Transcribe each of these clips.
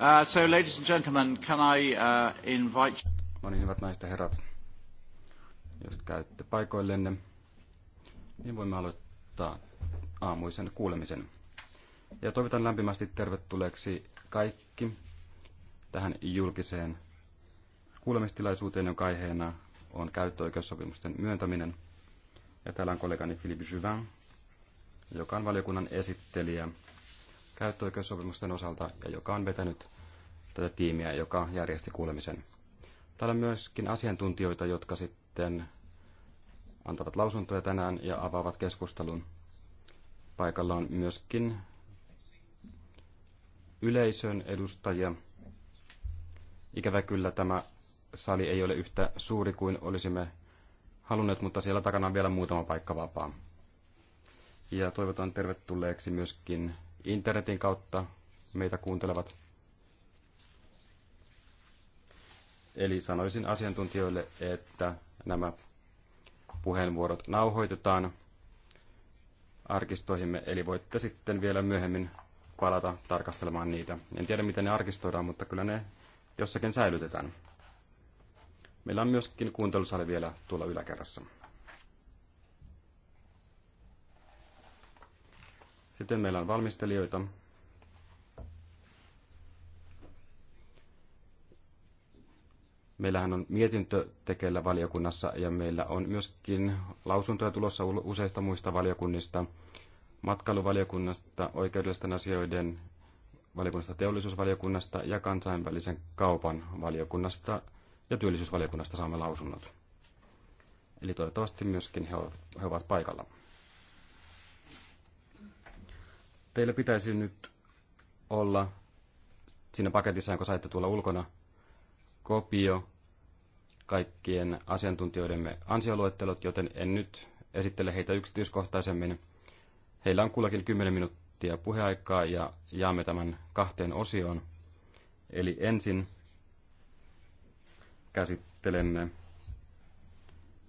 Uh, so, ladies and gentlemen, can I uh, invite... No niin, hyvät naiset ja herrat. Jos käytte paikoillenne, niin voimme aloittaa aamuisen kuulemisen. Ja toivotan lämpimästi tervetulleeksi kaikki tähän julkiseen kuulemistilaisuuteen, jonka aiheena on käyttöoikeussopimusten myöntäminen. Ja täällä on kollegani Philippe Juvin, joka on valiokunnan esittelijä käyttöoikeussopimusten osalta ja joka on vetänyt tätä tiimiä, joka järjesti kuulemisen. Täällä on myöskin asiantuntijoita, jotka sitten antavat lausuntoja tänään ja avaavat keskustelun. Paikalla on myöskin yleisön edustajia. Ikävä kyllä tämä sali ei ole yhtä suuri kuin olisimme halunneet, mutta siellä takana on vielä muutama paikka vapaa. Ja toivotan tervetulleeksi myöskin internetin kautta meitä kuuntelevat. Eli sanoisin asiantuntijoille, että nämä puheenvuorot nauhoitetaan arkistoihimme, eli voitte sitten vielä myöhemmin palata tarkastelemaan niitä. En tiedä, miten ne arkistoidaan, mutta kyllä ne jossakin säilytetään. Meillä on myöskin kuuntelusali vielä tuolla yläkerrassa. Sitten meillä on valmistelijoita. Meillähän on mietintö tekeillä valiokunnassa ja meillä on myöskin lausuntoja tulossa useista muista valiokunnista. Matkailuvaliokunnasta, oikeudellisten asioiden valiokunnasta, teollisuusvaliokunnasta ja kansainvälisen kaupan valiokunnasta ja työllisyysvaliokunnasta saamme lausunnot. Eli toivottavasti myöskin he ovat, he ovat paikalla. teillä pitäisi nyt olla siinä paketissa, jonka saitte tuolla ulkona, kopio kaikkien asiantuntijoidemme ansioluettelot, joten en nyt esittele heitä yksityiskohtaisemmin. Heillä on kullakin 10 minuuttia puheaikaa ja jaamme tämän kahteen osioon. Eli ensin käsittelemme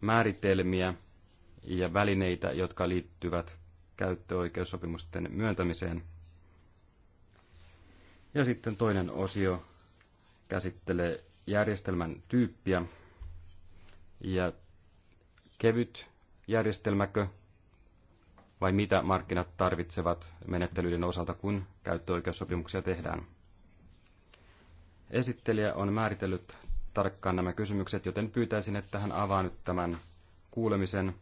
määritelmiä ja välineitä, jotka liittyvät käyttöoikeussopimusten myöntämiseen. Ja sitten toinen osio käsittelee järjestelmän tyyppiä ja kevyt järjestelmäkö vai mitä markkinat tarvitsevat menettelyiden osalta, kun käyttöoikeussopimuksia tehdään. Esittelijä on määritellyt tarkkaan nämä kysymykset, joten pyytäisin, että hän avaa nyt tämän kuulemisen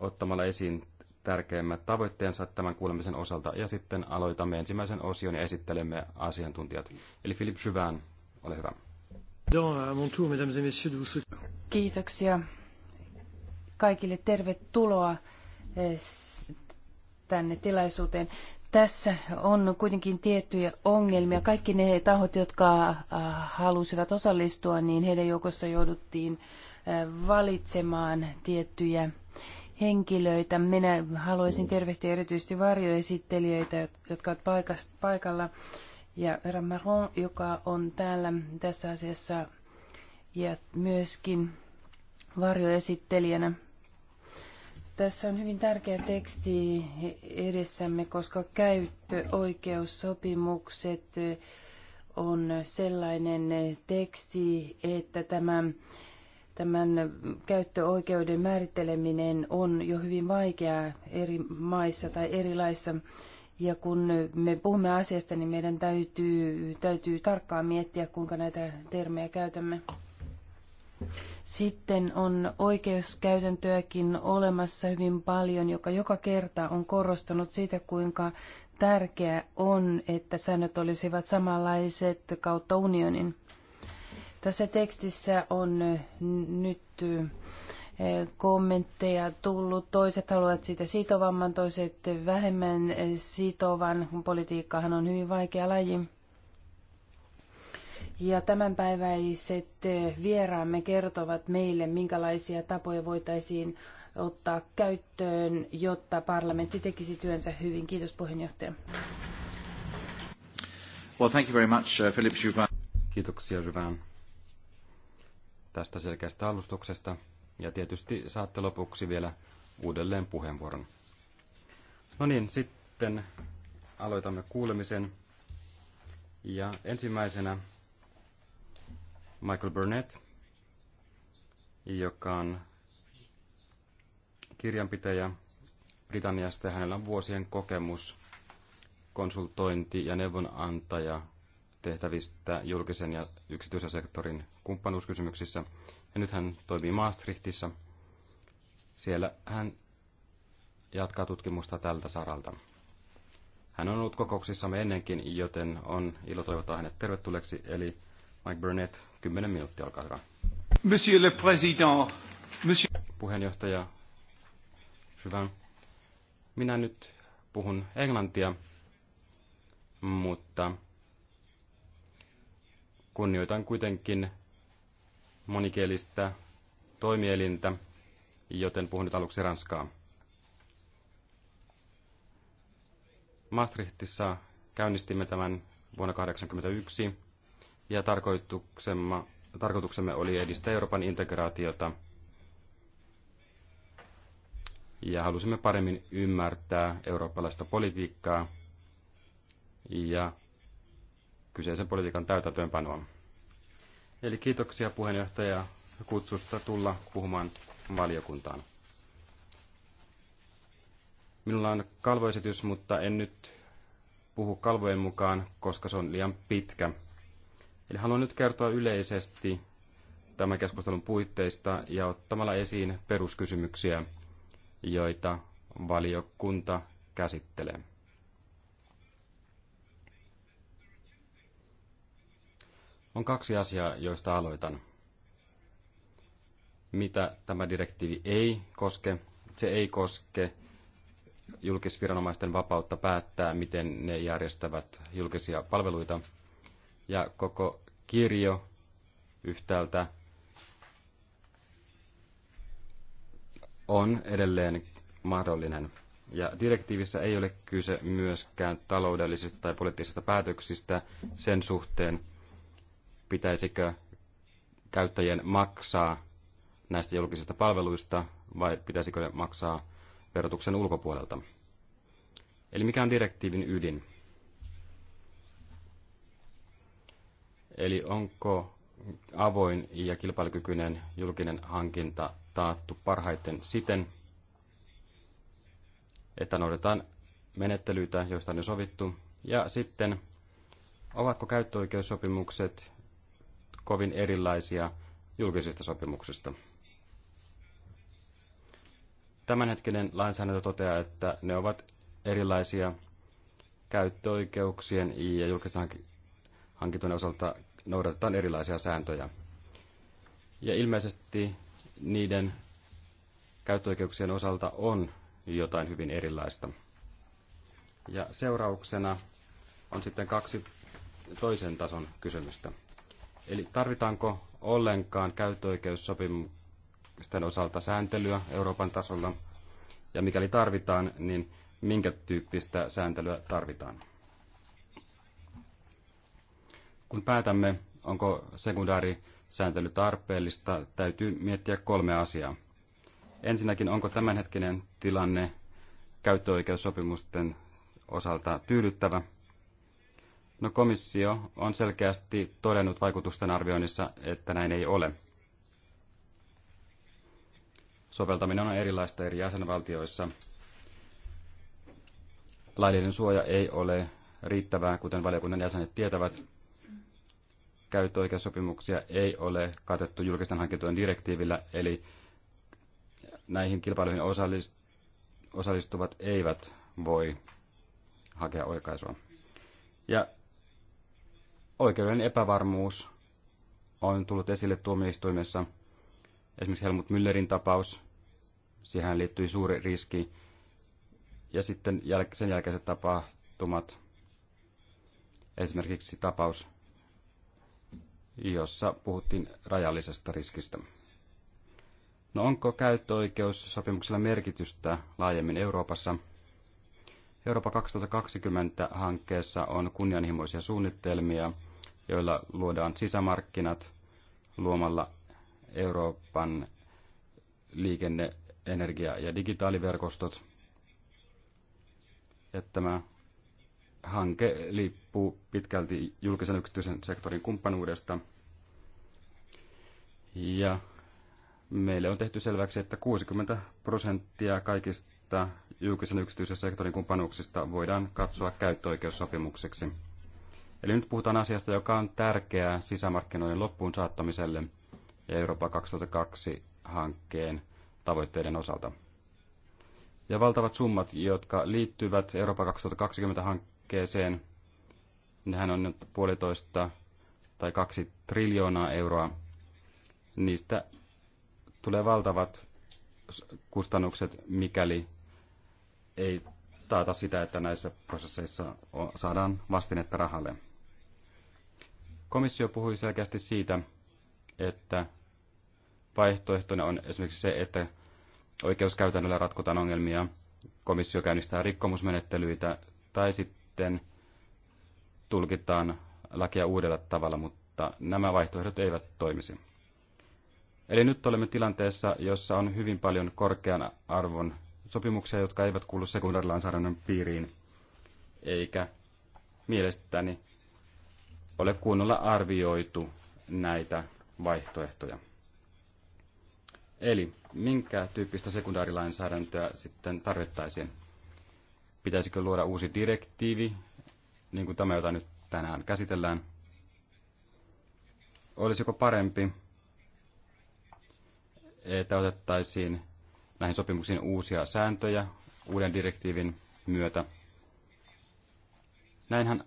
ottamalla esiin tärkeimmät tavoitteensa tämän kuulemisen osalta ja sitten aloitamme ensimmäisen osion ja esittelemme asiantuntijat. Eli Philippe Syvään, ole hyvä. Kiitoksia kaikille tervetuloa eh, tänne tilaisuuteen. Tässä on kuitenkin tiettyjä ongelmia. Kaikki ne tahot, jotka eh, halusivat osallistua, niin heidän joukossa jouduttiin eh, valitsemaan tiettyjä henkilöitä. Minä haluaisin tervehtiä erityisesti varjoesittelijöitä, jotka ovat paikalla. Ja Ramaron, joka on täällä tässä asiassa ja myöskin varjoesittelijänä. Tässä on hyvin tärkeä teksti edessämme, koska käyttöoikeussopimukset on sellainen teksti, että tämä tämän käyttöoikeuden määritteleminen on jo hyvin vaikeaa eri maissa tai erilaisissa. Ja kun me puhumme asiasta, niin meidän täytyy, täytyy tarkkaan miettiä, kuinka näitä termejä käytämme. Sitten on oikeuskäytäntöäkin olemassa hyvin paljon, joka joka kerta on korostanut sitä, kuinka tärkeää on, että säännöt olisivat samanlaiset kautta unionin. Tässä tekstissä on nyt kommentteja tullut. Toiset haluavat siitä sitovamman, toiset vähemmän sitovan, politiikkahan on hyvin vaikea laji. Ja tämänpäiväiset vieraamme kertovat meille, minkälaisia tapoja voitaisiin ottaa käyttöön, jotta parlamentti tekisi työnsä hyvin. Kiitos puheenjohtaja. Well, thank you very much, uh, Philip Juvin. Kiitoksia Juvin tästä selkeästä alustuksesta ja tietysti saatte lopuksi vielä uudelleen puheenvuoron. No niin, sitten aloitamme kuulemisen. Ja ensimmäisenä Michael Burnett, joka on kirjanpitäjä Britanniasta ja hänellä on vuosien kokemus konsultointi- ja neuvonantaja tehtävistä julkisen ja yksityisen sektorin kumppanuuskysymyksissä. Ja nyt hän toimii Maastrichtissa. Siellä hän jatkaa tutkimusta tältä saralta. Hän on ollut kokouksissamme ennenkin, joten on ilo toivottaa hänet tervetulleeksi. Eli Mike Burnett, 10 minuuttia, olkaa hyvä. Monsieur le Président, Monsieur... Puheenjohtaja Chauvin, minä nyt puhun englantia, mutta Kunnioitan kuitenkin monikielistä toimielintä, joten puhun nyt aluksi ranskaa. Maastrichtissa käynnistimme tämän vuonna 1981 ja tarkoituksemme, tarkoituksemme oli edistää Euroopan integraatiota ja halusimme paremmin ymmärtää eurooppalaista politiikkaa ja kyseisen politiikan täytäntöönpanoa. Eli kiitoksia puheenjohtaja kutsusta tulla puhumaan valiokuntaan. Minulla on kalvoesitys, mutta en nyt puhu kalvojen mukaan, koska se on liian pitkä. Eli haluan nyt kertoa yleisesti tämän keskustelun puitteista ja ottamalla esiin peruskysymyksiä, joita valiokunta käsittelee. On kaksi asiaa, joista aloitan. Mitä tämä direktiivi ei koske? Se ei koske julkisviranomaisten vapautta päättää, miten ne järjestävät julkisia palveluita. Ja koko kirjo yhtäältä on edelleen mahdollinen. Ja direktiivissä ei ole kyse myöskään taloudellisista tai poliittisista päätöksistä sen suhteen, pitäisikö käyttäjien maksaa näistä julkisista palveluista vai pitäisikö ne maksaa verotuksen ulkopuolelta. Eli mikä on direktiivin ydin? Eli onko avoin ja kilpailukykyinen julkinen hankinta taattu parhaiten siten, että noudetaan menettelyitä, joista on jo sovittu, ja sitten ovatko käyttöoikeussopimukset kovin erilaisia julkisista sopimuksista. Tämänhetkinen lainsäädäntö toteaa, että ne ovat erilaisia käyttöoikeuksien ja julkisten hankintojen osalta noudatetaan erilaisia sääntöjä. Ja ilmeisesti niiden käyttöoikeuksien osalta on jotain hyvin erilaista. Ja seurauksena on sitten kaksi toisen tason kysymystä. Eli tarvitaanko ollenkaan käyttöoikeussopimusten osalta sääntelyä Euroopan tasolla? Ja mikäli tarvitaan, niin minkä tyyppistä sääntelyä tarvitaan? Kun päätämme, onko sääntely tarpeellista, täytyy miettiä kolme asiaa. Ensinnäkin, onko tämänhetkinen tilanne käyttöoikeussopimusten osalta tyydyttävä – No komissio on selkeästi todennut vaikutusten arvioinnissa, että näin ei ole. Soveltaminen on erilaista eri jäsenvaltioissa. Laillinen suoja ei ole riittävää, kuten valiokunnan jäsenet tietävät. Käyttöoikeussopimuksia ei ole katettu julkisten hankintojen direktiivillä, eli näihin kilpailuihin osallistuvat eivät voi hakea oikaisua. Ja oikeudellinen epävarmuus on tullut esille tuomioistuimessa. Esimerkiksi Helmut Müllerin tapaus, siihen liittyi suuri riski. Ja sitten sen jälkeiset tapahtumat, esimerkiksi tapaus, jossa puhuttiin rajallisesta riskistä. No onko sopimuksella merkitystä laajemmin Euroopassa? Eurooppa 2020-hankkeessa on kunnianhimoisia suunnitelmia – joilla luodaan sisämarkkinat luomalla Euroopan liikenne-, energia- ja digitaaliverkostot. Ja tämä hanke liippuu pitkälti julkisen yksityisen sektorin kumppanuudesta. Ja meille on tehty selväksi, että 60 prosenttia kaikista julkisen yksityisen sektorin kumppanuuksista voidaan katsoa käyttöoikeussopimukseksi. Eli nyt puhutaan asiasta, joka on tärkeää sisämarkkinoiden loppuun saattamiselle ja Eurooppa 2002-hankkeen tavoitteiden osalta. Ja valtavat summat, jotka liittyvät Eurooppa 2020-hankkeeseen, nehän on nyt puolitoista tai kaksi triljoonaa euroa. Niistä tulee valtavat kustannukset, mikäli ei taata sitä, että näissä prosesseissa saadaan vastinetta rahalle. Komissio puhui selkeästi siitä, että vaihtoehtona on esimerkiksi se, että oikeuskäytännöllä ratkotaan ongelmia, komissio käynnistää rikkomusmenettelyitä tai sitten tulkitaan lakia uudella tavalla, mutta nämä vaihtoehdot eivät toimisi. Eli nyt olemme tilanteessa, jossa on hyvin paljon korkean arvon sopimuksia, jotka eivät kuulu sekundarilainsäädännön piiriin, eikä mielestäni ole kunnolla arvioitu näitä vaihtoehtoja. Eli minkä tyyppistä sekundaarilainsäädäntöä sitten tarvittaisiin? Pitäisikö luoda uusi direktiivi, niin kuin tämä, jota nyt tänään käsitellään? Olisiko parempi, että otettaisiin näihin sopimuksiin uusia sääntöjä uuden direktiivin myötä? Näinhän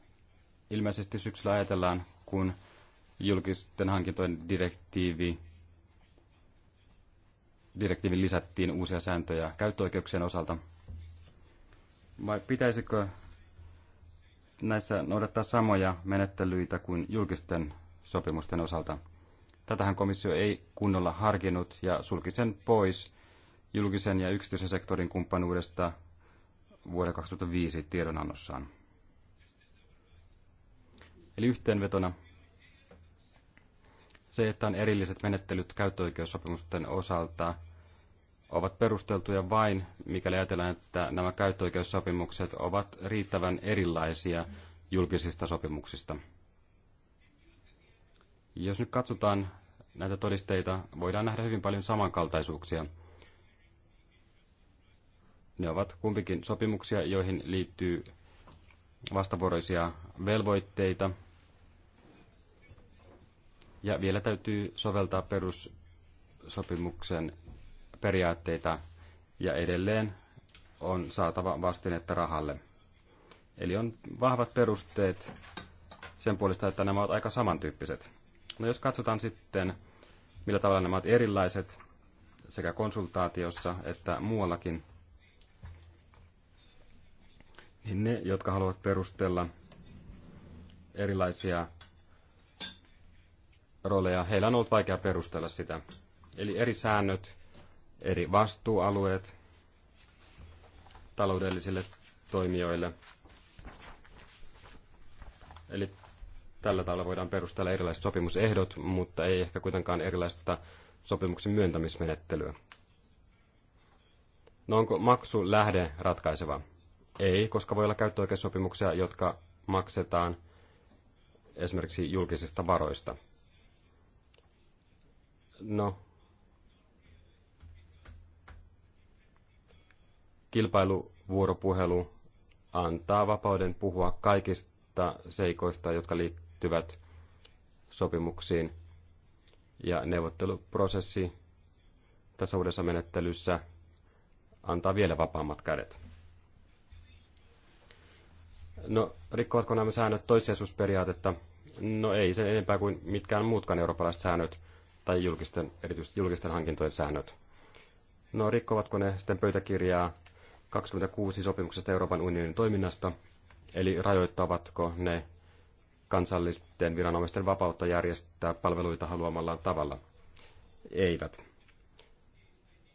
ilmeisesti syksyllä ajatellaan, kun julkisten hankintojen direktiivi, direktiivin lisättiin uusia sääntöjä käyttöoikeuksien osalta. Vai pitäisikö näissä noudattaa samoja menettelyitä kuin julkisten sopimusten osalta? Tätähän komissio ei kunnolla harkinnut ja sulki sen pois julkisen ja yksityisen sektorin kumppanuudesta vuoden 2005 tiedonannossaan. Eli yhteenvetona se, että on erilliset menettelyt käyttöoikeussopimusten osalta, ovat perusteltuja vain, mikäli ajatellaan, että nämä käyttöoikeussopimukset ovat riittävän erilaisia julkisista sopimuksista. Jos nyt katsotaan näitä todisteita, voidaan nähdä hyvin paljon samankaltaisuuksia. Ne ovat kumpikin sopimuksia, joihin liittyy vastavuoroisia velvoitteita ja vielä täytyy soveltaa perussopimuksen periaatteita ja edelleen on saatava vastinetta rahalle. Eli on vahvat perusteet sen puolesta, että nämä ovat aika samantyyppiset. No jos katsotaan sitten, millä tavalla nämä ovat erilaiset sekä konsultaatiossa että muuallakin, niin ne, jotka haluavat perustella erilaisia rooleja. Heillä on ollut vaikea perustella sitä. Eli eri säännöt, eri vastuualueet taloudellisille toimijoille. Eli tällä tavalla voidaan perustella erilaiset sopimusehdot, mutta ei ehkä kuitenkaan erilaista sopimuksen myöntämismenettelyä. No onko maksu lähde ratkaiseva? Ei, koska voi olla käyttöoikeussopimuksia, jotka maksetaan esimerkiksi julkisista varoista. No, kilpailuvuoropuhelu antaa vapauden puhua kaikista seikoista, jotka liittyvät sopimuksiin. Ja neuvotteluprosessi tässä uudessa menettelyssä antaa vielä vapaammat kädet. No, rikkovatko nämä säännöt toissijaisuusperiaatetta? No ei sen enempää kuin mitkään muutkaan eurooppalaiset säännöt – tai julkisten, erityisesti julkisten hankintojen säännöt. No rikkovatko ne sitten pöytäkirjaa 26 sopimuksesta Euroopan unionin toiminnasta, eli rajoittavatko ne kansallisten viranomaisten vapautta järjestää palveluita haluamallaan tavalla? Eivät.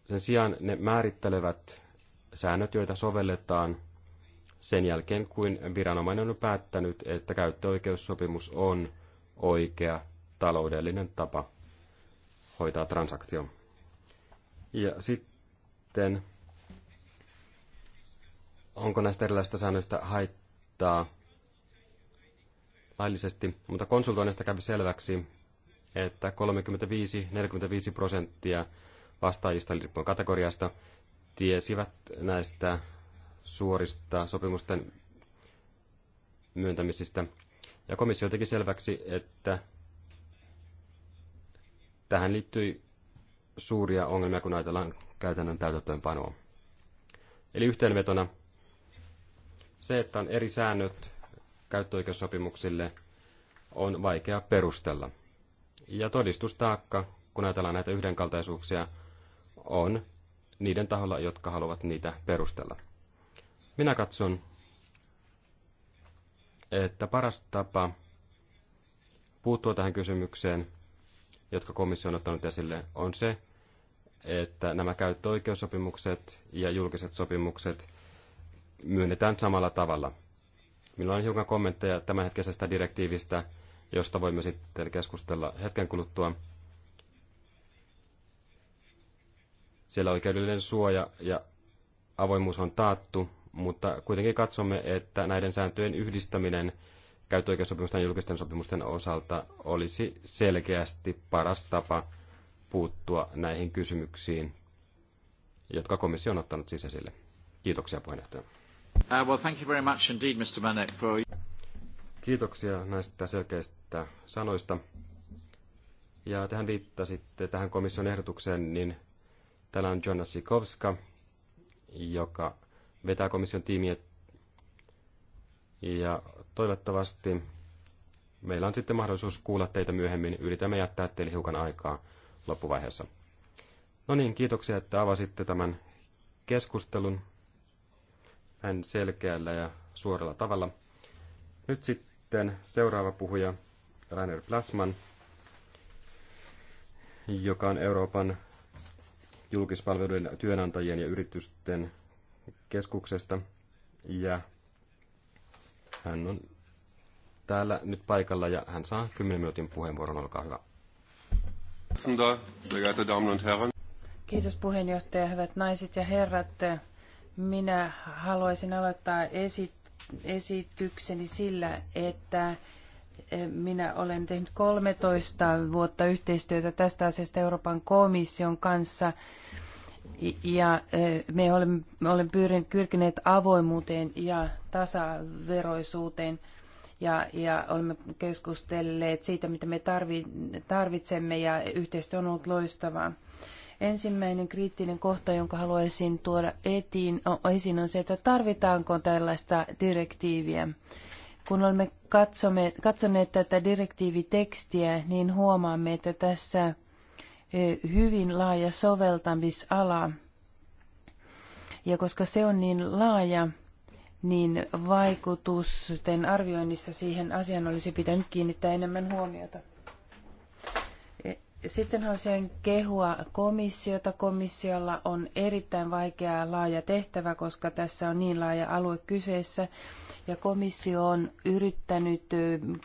Sen sijaan ne määrittelevät säännöt, joita sovelletaan sen jälkeen, kuin viranomainen on päättänyt, että käyttöoikeussopimus on oikea taloudellinen tapa hoitaa transaktio. Ja sitten, onko näistä erilaisista säännöistä haittaa laillisesti, mutta konsultoinnista kävi selväksi, että 35-45 prosenttia vastaajista riippuen kategoriasta tiesivät näistä suorista sopimusten myöntämisistä. Ja komissio teki selväksi, että Tähän liittyi suuria ongelmia, kun ajatellaan käytännön täytäntöönpanoa. Eli yhteenvetona se, että on eri säännöt käyttöoikeussopimuksille, on vaikea perustella. Ja todistustaakka, kun ajatellaan näitä yhdenkaltaisuuksia, on niiden taholla, jotka haluavat niitä perustella. Minä katson, että paras tapa puuttua tähän kysymykseen – jotka komissio on ottanut esille, on se, että nämä käyttöoikeussopimukset ja julkiset sopimukset myönnetään samalla tavalla. Minulla on hiukan kommentteja tämänhetkisestä direktiivistä, josta voimme sitten keskustella hetken kuluttua. Siellä oikeudellinen suoja ja avoimuus on taattu, mutta kuitenkin katsomme, että näiden sääntöjen yhdistäminen – käyttöoikeussopimusten ja julkisten sopimusten osalta olisi selkeästi paras tapa puuttua näihin kysymyksiin, jotka komissio on ottanut siis esille. Kiitoksia puheenjohtaja. Uh, well, thank you very much indeed, Mr. Manek, for... Kiitoksia näistä selkeistä sanoista. Ja tähän viittasitte tähän komission ehdotukseen, niin täällä on Jonas Sikowska, joka vetää komission tiimiä ja toivottavasti meillä on sitten mahdollisuus kuulla teitä myöhemmin. Yritämme jättää teille hiukan aikaa loppuvaiheessa. No niin, kiitoksia, että avasitte tämän keskustelun näin selkeällä ja suoralla tavalla. Nyt sitten seuraava puhuja, Rainer Plasman, joka on Euroopan julkispalveluiden työnantajien ja yritysten keskuksesta ja hän on täällä nyt paikalla ja hän saa 10 minuutin puheenvuoron. Olkaa hyvä. Kiitos puheenjohtaja, hyvät naiset ja herrat. Minä haluaisin aloittaa esitykseni sillä, että eh, minä olen tehnyt 13 vuotta yhteistyötä tästä asiasta Euroopan komission kanssa. Ja me olemme, me olemme pyrkineet avoimuuteen ja tasaveroisuuteen ja, ja olemme keskustelleet siitä, mitä me tarvi, tarvitsemme ja yhteistyö on ollut loistavaa. Ensimmäinen kriittinen kohta, jonka haluaisin tuoda etiin, esiin, on se, että tarvitaanko tällaista direktiiviä. Kun olemme katsomme, katsoneet tätä direktiivitekstiä, niin huomaamme, että tässä hyvin laaja soveltamisala. Ja koska se on niin laaja, niin vaikutusten arvioinnissa siihen asiaan olisi pitänyt kiinnittää enemmän huomiota. E, sitten haluaisin kehua komissiota. Komissiolla on erittäin vaikea ja laaja tehtävä, koska tässä on niin laaja alue kyseessä. Ja komissio on yrittänyt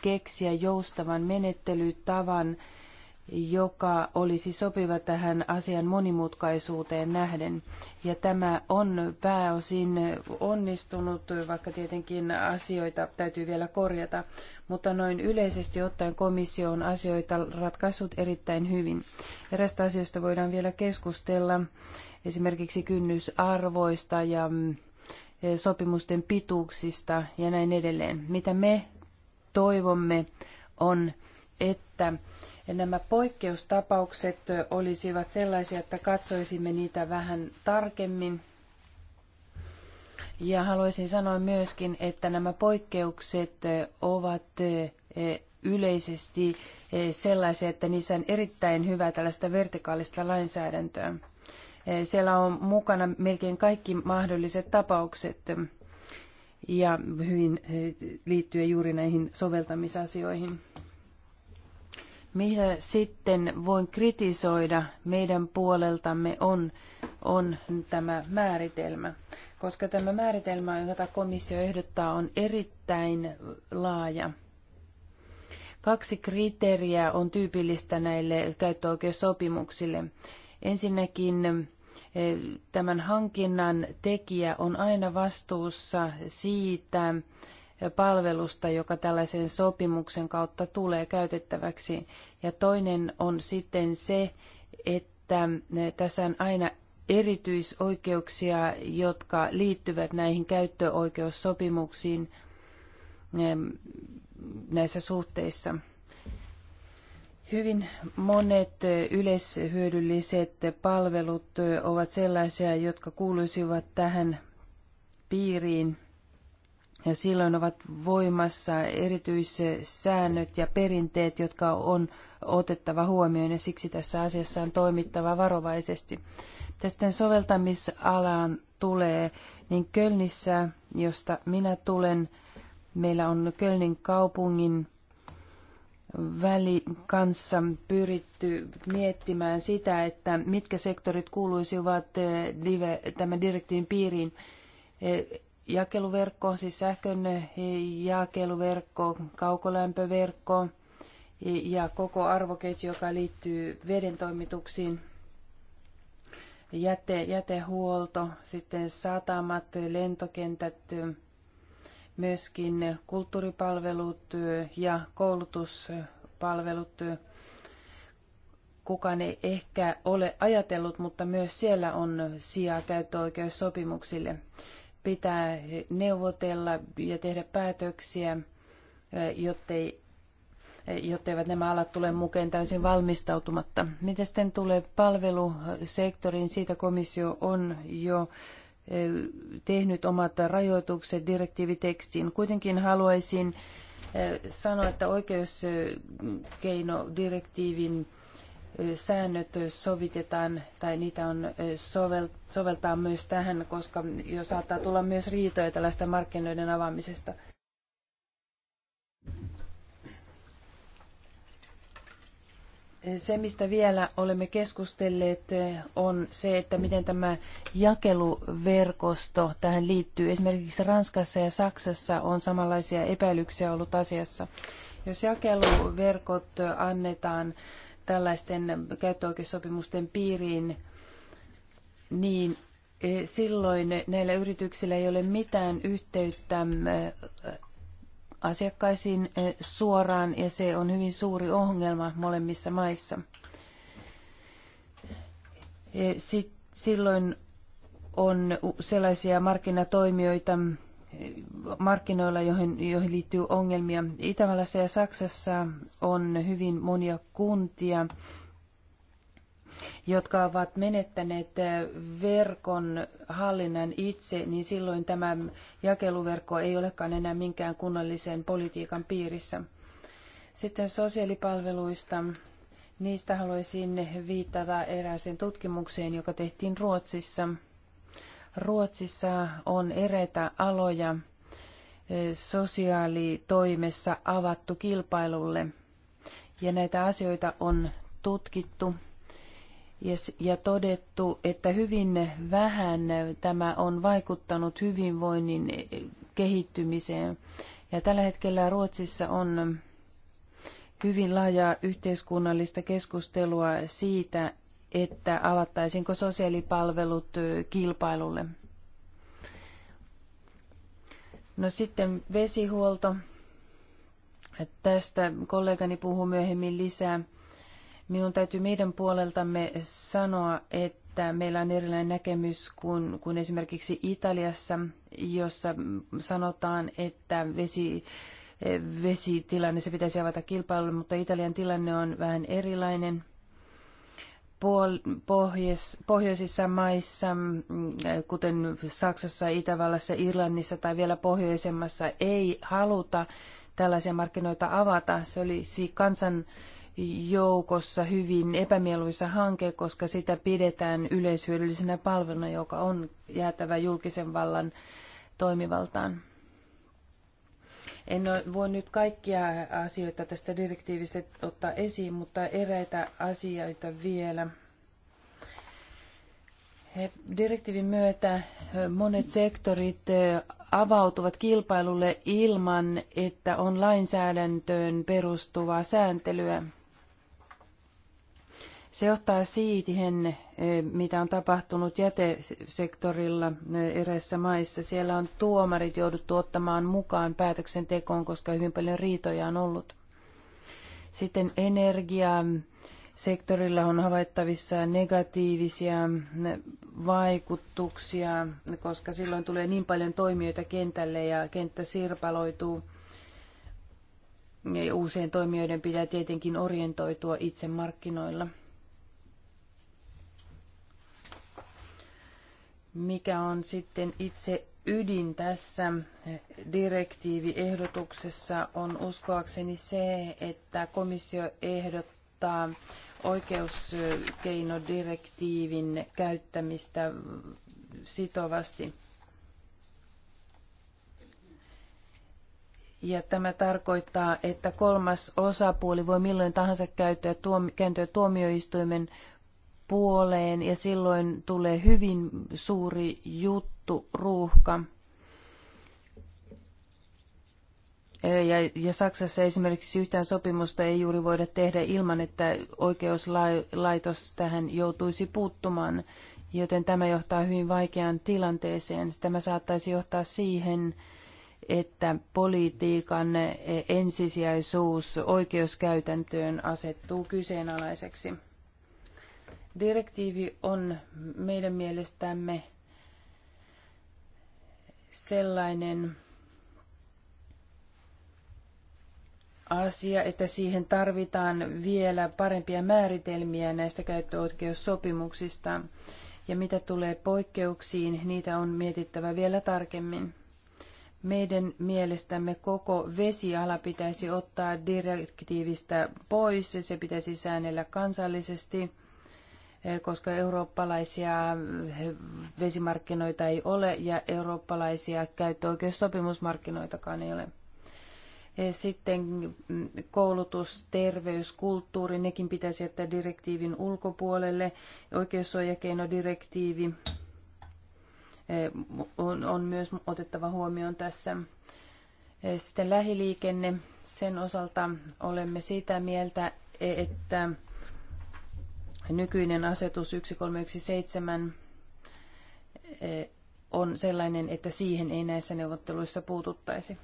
keksiä joustavan menettelytavan, joka olisi sopiva tähän asian monimutkaisuuteen nähden. Ja tämä on pääosin onnistunut, vaikka tietenkin asioita täytyy vielä korjata, mutta noin yleisesti ottaen komissio on asioita ratkaissut erittäin hyvin. Erästä asioista voidaan vielä keskustella, esimerkiksi kynnysarvoista ja mm, e, sopimusten pituuksista ja näin edelleen. Mitä me toivomme on, että nämä poikkeustapaukset olisivat sellaisia, että katsoisimme niitä vähän tarkemmin. Ja haluaisin sanoa myöskin, että nämä poikkeukset ovat eh, yleisesti eh, sellaisia, että niissä on erittäin hyvää tällaista vertikaalista lainsäädäntöä. Eh, siellä on mukana melkein kaikki mahdolliset tapaukset ja hyvin liittyen juuri näihin soveltamisasioihin. Mitä sitten voin kritisoida meidän puoleltamme on, on tämä määritelmä, koska tämä määritelmä, jota komissio ehdottaa, on erittäin laaja. Kaksi kriteeriä on tyypillistä näille käyttöoikeussopimuksille. Ensinnäkin eh, tämän hankinnan tekijä on aina vastuussa siitä, palvelusta, joka tällaisen sopimuksen kautta tulee käytettäväksi. Ja toinen on sitten se, että tässä on aina erityisoikeuksia, jotka liittyvät näihin käyttöoikeussopimuksiin ehm, näissä suhteissa. Hyvin monet yleishyödylliset palvelut ovat sellaisia, jotka kuuluisivat tähän piiriin – ja silloin ovat voimassa erityissäännöt ja perinteet, jotka on otettava huomioon ja siksi tässä asiassa on toimittava varovaisesti. Tästä soveltamisalaan tulee, niin Kölnissä, josta minä tulen, meillä on Kölnin kaupungin väli kanssa pyritty miettimään sitä, että mitkä sektorit kuuluisivat eh, tämän direktiivin piiriin eh, jakeluverkkoon, siis sähkön jakeluverkkoon, kaukolämpöverkko ja koko arvoketju, joka liittyy veden toimituksiin, jäte, jätehuolto, sitten satamat, lentokentät, myöskin kulttuuripalvelut ja koulutuspalvelut. Kukaan ei ehkä ole ajatellut, mutta myös siellä on sijaa käyttöoikeussopimuksille. sopimuksille pitää neuvotella ja tehdä päätöksiä, eh, jottei, eh, jotteivät nämä alat tule mukaan täysin valmistautumatta. Miten sitten tulee palvelusektoriin? Siitä komissio on jo eh, tehnyt omat rajoitukset direktiivitekstiin. Kuitenkin haluaisin sanoa, että oikeuskeinodirektiivin direktiivin säännöt sovitetaan tai niitä on soveltaa myös tähän, koska jo saattaa tulla myös riitoja tällaista markkinoiden avaamisesta. Se, mistä vielä olemme keskustelleet, on se, että miten tämä jakeluverkosto tähän liittyy. Esimerkiksi Ranskassa ja Saksassa on samanlaisia epäilyksiä ollut asiassa. Jos jakeluverkot annetaan tällaisten käyttöoikeussopimusten piiriin, niin eh, silloin näillä yrityksillä ei ole mitään yhteyttä eh, asiakkaisiin eh, suoraan ja se on hyvin suuri ongelma molemmissa maissa. silloin on sellaisia markkinatoimijoita, markkinoilla, joihin, joihin liittyy ongelmia. Itävallassa ja Saksassa on hyvin monia kuntia, jotka ovat menettäneet verkon hallinnan itse, niin silloin tämä jakeluverkko ei olekaan enää minkään kunnallisen politiikan piirissä. Sitten sosiaalipalveluista. Niistä haluaisin viitata erääseen tutkimukseen, joka tehtiin Ruotsissa – Ruotsissa on eräitä aloja eh, sosiaalitoimessa avattu kilpailulle ja näitä asioita on tutkittu ja todettu, että hyvin vähän tämä on vaikuttanut hyvinvoinnin eh, kehittymiseen. Ja tällä hetkellä Ruotsissa on hyvin laajaa yhteiskunnallista keskustelua siitä, että avattaisiinko sosiaalipalvelut kilpailulle. No sitten vesihuolto. Tästä kollegani puhuu myöhemmin lisää. Minun täytyy meidän puoleltamme sanoa, että meillä on erilainen näkemys kuin, kuin esimerkiksi Italiassa, jossa sanotaan, että vesi, vesitilanne se pitäisi avata kilpailulle, mutta Italian tilanne on vähän erilainen – pohjois- pohjoisissa maissa, mm, kuten Saksassa, Itävallassa, Irlannissa tai vielä pohjoisemmassa, ei haluta tällaisia markkinoita avata. Se olisi kansan joukossa hyvin epämieluisa hanke, koska sitä pidetään yleishyödyllisenä palveluna, joka on jäätävä julkisen vallan toimivaltaan. En voi nyt kaikkia asioita tästä direktiivistä ottaa esiin, mutta eräitä asioita vielä. Direktiivin myötä monet sektorit avautuvat kilpailulle ilman, että on lainsäädäntöön perustuvaa sääntelyä. Se johtaa siihen, eh, mitä on tapahtunut jätesektorilla eh, eräissä maissa. Siellä on tuomarit jouduttu ottamaan mukaan päätöksentekoon, koska hyvin paljon riitoja on ollut. Sitten energia sektorilla on havaittavissa negatiivisia eh, vaikutuksia, koska silloin tulee niin paljon toimijoita kentälle ja kenttä sirpaloituu. Uusien toimijoiden pitää tietenkin orientoitua itse markkinoilla. mikä on sitten itse ydin tässä direktiiviehdotuksessa on uskoakseni se, että komissio ehdottaa oikeuskeinodirektiivin käyttämistä sitovasti. Ja tämä tarkoittaa, että kolmas osapuoli voi milloin tahansa käyttää tuomioistuimen puoleen ja silloin tulee hyvin suuri juttu, ruuhka. Ja, ja Saksassa esimerkiksi yhtään sopimusta ei juuri voida tehdä ilman, että oikeuslaitos tähän joutuisi puuttumaan, joten tämä johtaa hyvin vaikeaan tilanteeseen. Tämä saattaisi johtaa siihen, että politiikan ensisijaisuus oikeuskäytäntöön asettuu kyseenalaiseksi. Direktiivi on meidän mielestämme sellainen asia, että siihen tarvitaan vielä parempia määritelmiä näistä käyttöoikeussopimuksista. Ja mitä tulee poikkeuksiin, niitä on mietittävä vielä tarkemmin. Meidän mielestämme koko vesiala pitäisi ottaa direktiivistä pois ja se pitäisi säännellä kansallisesti – Eh, koska eurooppalaisia eh, vesimarkkinoita ei ole ja eurooppalaisia käyttöoikeussopimusmarkkinoitakaan ei ole. Eh, sitten mm, koulutus, terveys, kulttuuri, nekin pitäisi jättää direktiivin ulkopuolelle. Oikeussuojakeinodirektiivi on, on myös otettava huomioon tässä. Sitten lähiliikenne, sen osalta olemme sitä mieltä, e, että nykyinen asetus 1317 eh, on sellainen, että siihen ei näissä neuvotteluissa puututtaisi.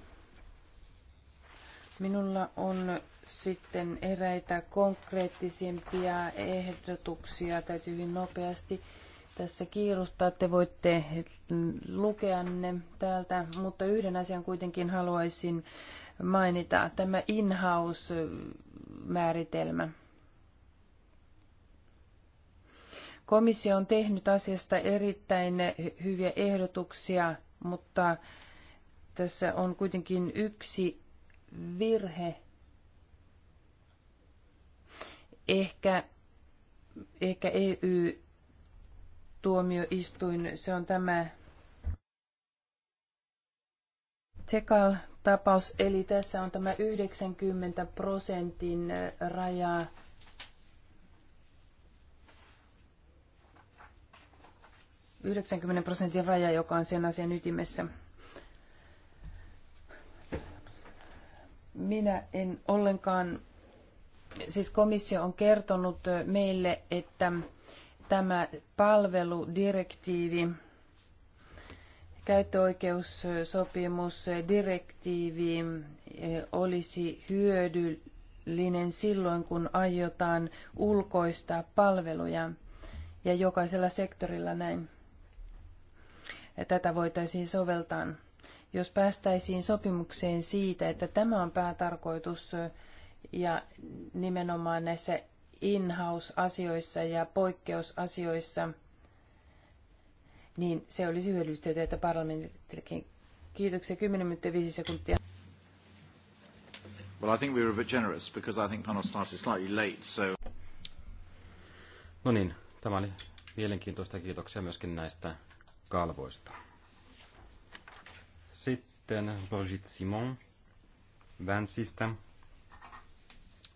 Minulla on sitten eräitä konkreettisimpia ehdotuksia, täytyy hyvin nopeasti tässä kiiruhtaa. Te voitte lukea ne täältä, mutta yhden asian kuitenkin haluaisin mainita, tämä in-house määritelmä. Komissio on tehnyt asiasta erittäin hyviä ehdotuksia, mutta tässä on kuitenkin yksi virhe. Ehkä, ehkä EU-tuomioistuin, se on tämä Tekal-tapaus, eli tässä on tämä 90 prosentin raja 90 prosentin raja, joka on sen asian ytimessä. Minä en ollenkaan, siis komissio on kertonut meille, että tämä palveludirektiivi, käyttöoikeussopimusdirektiivi eh, olisi hyödyllinen silloin, kun aiotaan ulkoistaa palveluja ja jokaisella sektorilla näin tätä voitaisiin soveltaa. Jos päästäisiin sopimukseen siitä, että tämä on päätarkoitus ja nimenomaan näissä in-house-asioissa ja poikkeusasioissa, niin se olisi hyödyllistä työtä parlamentillekin. Kiitoksia. 10 minuuttia 5 sekuntia. Well, I think we were a bit generous because I think panel started slightly late, so... No niin, tämä oli mielenkiintoista. Kiitoksia myöskin näistä kalvoista. Sitten Brigitte Simon Vänsistä.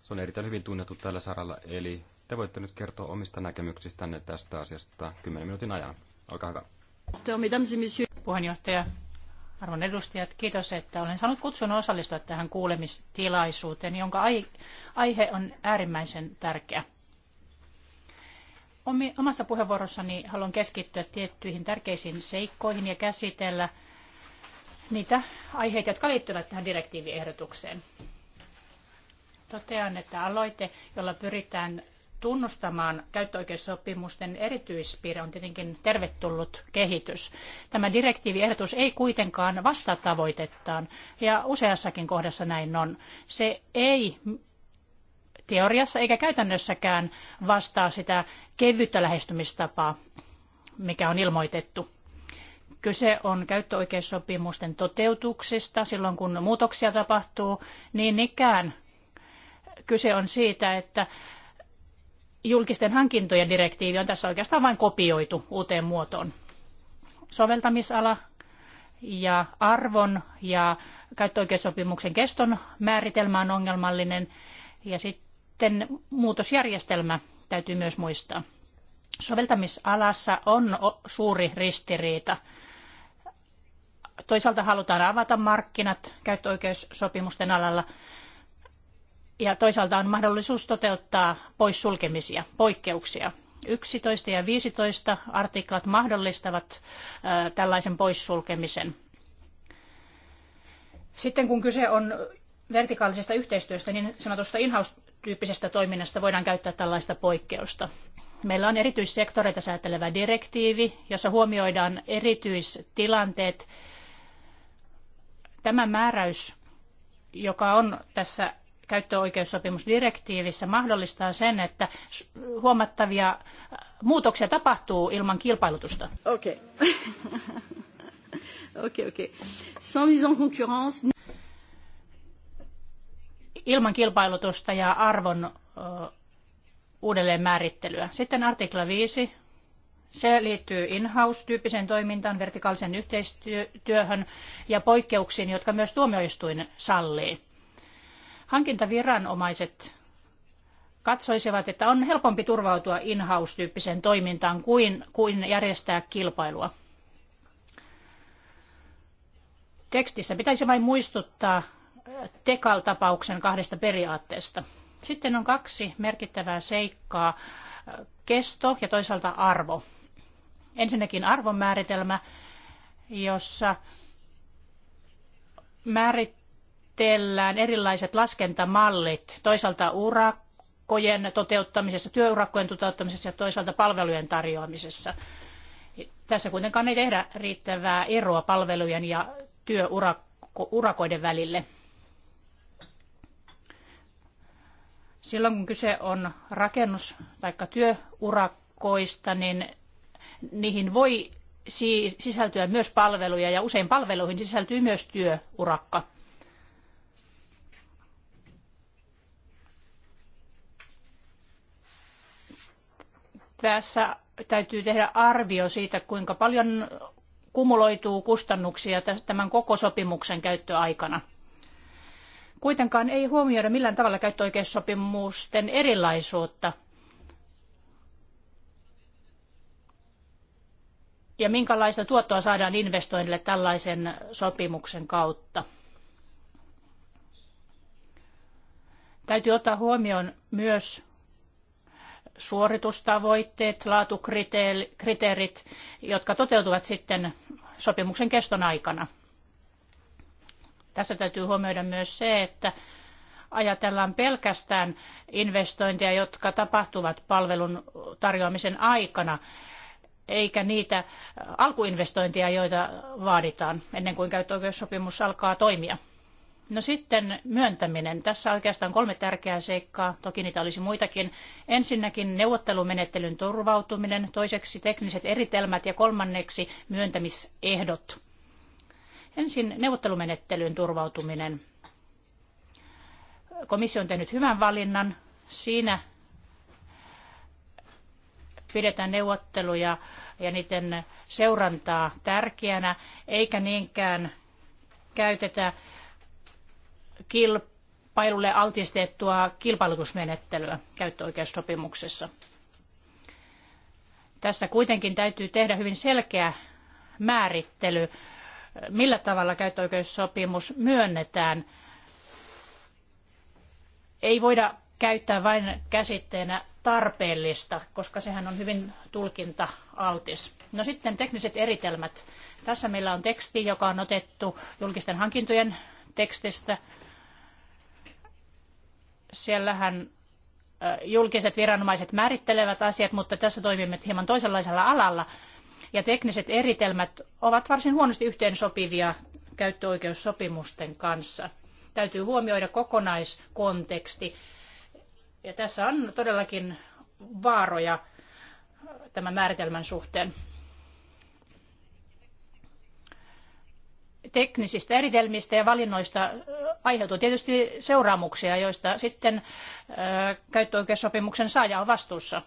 Se on erittäin hyvin tunnettu tällä saralla, eli te voitte nyt kertoa omista näkemyksistänne tästä asiasta 10 minuutin ajan. Olkaa hyvä. Puheenjohtaja, arvon edustajat, kiitos, että olen saanut kutsun osallistua tähän kuulemistilaisuuteen, jonka aihe on äärimmäisen tärkeä omassa puheenvuorossani haluan keskittyä tiettyihin tärkeisiin seikkoihin ja käsitellä niitä aiheita, jotka liittyvät tähän direktiiviehdotukseen. Totean, että aloite, jolla pyritään tunnustamaan käyttöoikeussopimusten erityispiirre on tietenkin tervetullut kehitys. Tämä direktiiviehdotus ei kuitenkaan vastaa tavoitettaan, ja useassakin kohdassa näin on. Se ei teoriassa eikä käytännössäkään vastaa sitä kevyttä lähestymistapaa, mikä on ilmoitettu. Kyse on käyttöoikeussopimusten toteutuksista silloin, kun muutoksia tapahtuu, niin ikään kyse on siitä, että julkisten hankintojen direktiivi on tässä oikeastaan vain kopioitu uuteen muotoon. Soveltamisala ja arvon ja käyttöoikeussopimuksen keston määritelmä on ongelmallinen. Ja sitten sitten muutosjärjestelmä täytyy myös muistaa. Soveltamisalassa on suuri ristiriita. Toisaalta halutaan avata markkinat käyttöoikeussopimusten alalla ja toisaalta on mahdollisuus toteuttaa poissulkemisia, poikkeuksia. 11 ja 15 artiklat mahdollistavat tällaisen poissulkemisen. Sitten kun kyse on vertikaalisesta yhteistyöstä, niin sanotusta in-house tyyppisestä toiminnasta voidaan käyttää tällaista poikkeusta. Meillä on erityissektoreita säätelevä direktiivi, jossa huomioidaan erityistilanteet. Tämä määräys, joka on tässä käyttöoikeussopimusdirektiivissä, mahdollistaa sen, että huomattavia muutoksia tapahtuu ilman kilpailutusta. Okei. Okay. okei, okay, okei. Okay. Sans mise en concurrence ilman kilpailutusta ja arvon uudelleenmäärittelyä. Sitten artikla 5. Se liittyy in-house-tyyppiseen toimintaan, vertikaalisen yhteistyöhön ja poikkeuksiin, jotka myös tuomioistuin sallii. Hankintaviranomaiset katsoisivat, että on helpompi turvautua in-house-tyyppiseen toimintaan kuin, kuin järjestää kilpailua. Tekstissä pitäisi vain muistuttaa Tekal-tapauksen kahdesta periaatteesta. Sitten on kaksi merkittävää seikkaa, kesto ja toisaalta arvo. Ensinnäkin arvonmääritelmä, jossa määritellään erilaiset laskentamallit, toisaalta urakkojen toteuttamisessa, työurakkojen toteuttamisessa ja toisaalta palvelujen tarjoamisessa. Tässä kuitenkaan ei tehdä riittävää eroa palvelujen ja työurakoiden välille. Silloin kun kyse on rakennus- tai työurakoista, niin niihin voi sisältyä myös palveluja ja usein palveluihin sisältyy myös työurakka. Tässä täytyy tehdä arvio siitä, kuinka paljon kumuloituu kustannuksia tämän koko sopimuksen käyttöaikana. Kuitenkaan ei huomioida millään tavalla käyttöoikeussopimusten erilaisuutta ja minkälaista tuottoa saadaan investoinnille tällaisen sopimuksen kautta. Täytyy ottaa huomioon myös suoritustavoitteet, laatukriteerit, jotka toteutuvat sitten sopimuksen keston aikana. Tässä täytyy huomioida myös se, että ajatellaan pelkästään investointeja, jotka tapahtuvat palvelun tarjoamisen aikana, eikä niitä alkuinvestointeja, joita vaaditaan ennen kuin käyttöoikeussopimus alkaa toimia. No sitten myöntäminen. Tässä oikeastaan kolme tärkeää seikkaa, toki niitä olisi muitakin. Ensinnäkin neuvottelumenettelyn turvautuminen, toiseksi tekniset eritelmät ja kolmanneksi myöntämisehdot. Ensin neuvottelumenettelyyn turvautuminen. Komissio on tehnyt hyvän valinnan. Siinä pidetään neuvotteluja ja niiden seurantaa tärkeänä, eikä niinkään käytetä kilpailulle altistettua kilpailutusmenettelyä käyttöoikeussopimuksessa. Tässä kuitenkin täytyy tehdä hyvin selkeä määrittely millä tavalla käyttöoikeussopimus myönnetään. Ei voida käyttää vain käsitteenä tarpeellista, koska sehän on hyvin tulkinta-altis. No sitten tekniset eritelmät. Tässä meillä on teksti, joka on otettu julkisten hankintojen tekstistä. Siellähän julkiset viranomaiset määrittelevät asiat, mutta tässä toimimme hieman toisenlaisella alalla – ja tekniset eritelmät ovat varsin huonosti yhteensopivia käyttöoikeussopimusten kanssa. Täytyy huomioida kokonaiskonteksti. Ja tässä on todellakin vaaroja tämän määritelmän suhteen. teknisistä eritelmistä ja valinnoista aiheutuu tietysti seuraamuksia, joista sitten käyttöoikeussopimuksen saaja on vastuussa.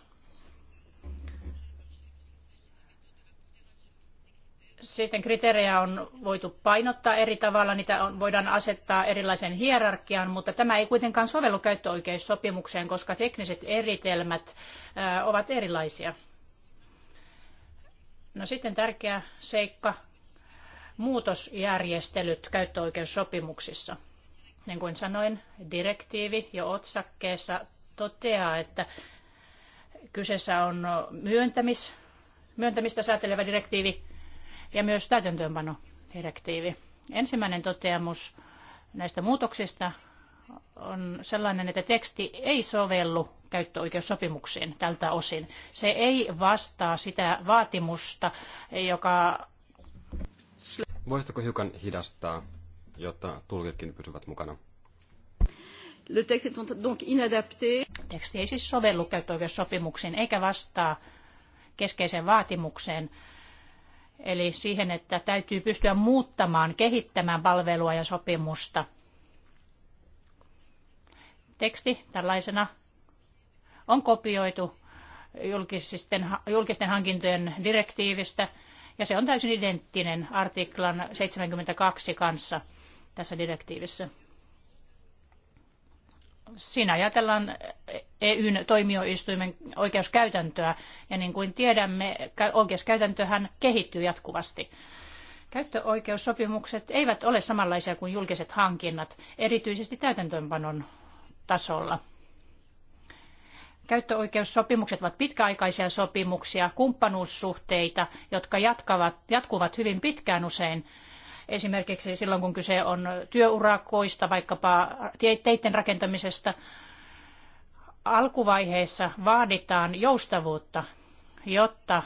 Sitten kriteerejä on voitu painottaa eri tavalla, niitä on, voidaan asettaa erilaisen hierarkiaan, mutta tämä ei kuitenkaan sovellu käyttöoikeussopimukseen, koska tekniset eritelmät ö, ovat erilaisia. No sitten tärkeä seikka, muutosjärjestelyt käyttöoikeussopimuksissa. Niin kuin sanoin, direktiivi jo otsakkeessa toteaa, että kyseessä on myöntämis, myöntämistä säätelevä direktiivi, ja myös täytäntöönpanodirektiivi. Ensimmäinen toteamus näistä muutoksista on sellainen, että teksti ei sovellu käyttöoikeussopimuksiin tältä osin. Se ei vastaa sitä vaatimusta, joka... Voisitko hiukan hidastaa, jotta tulkitkin pysyvät mukana? Le texte est donc inadapté. Teksti ei siis sovellu käyttöoikeussopimuksiin eikä vastaa keskeiseen vaatimukseen, Eli siihen, että täytyy pystyä muuttamaan, kehittämään palvelua ja sopimusta. Teksti tällaisena on kopioitu julkisten, julkisten hankintojen direktiivistä ja se on täysin identtinen artiklan 72 kanssa tässä direktiivissä siinä ajatellaan EUn toimioistuimen oikeuskäytäntöä, ja niin kuin tiedämme, oikeuskäytäntöhän kehittyy jatkuvasti. Käyttöoikeussopimukset eivät ole samanlaisia kuin julkiset hankinnat, erityisesti täytäntöönpanon tasolla. Käyttöoikeussopimukset ovat pitkäaikaisia sopimuksia, kumppanuussuhteita, jotka jatkavat, jatkuvat hyvin pitkään usein, esimerkiksi silloin kun kyse on työurakoista, vaikkapa teiden rakentamisesta. Alkuvaiheessa vaaditaan joustavuutta, jotta,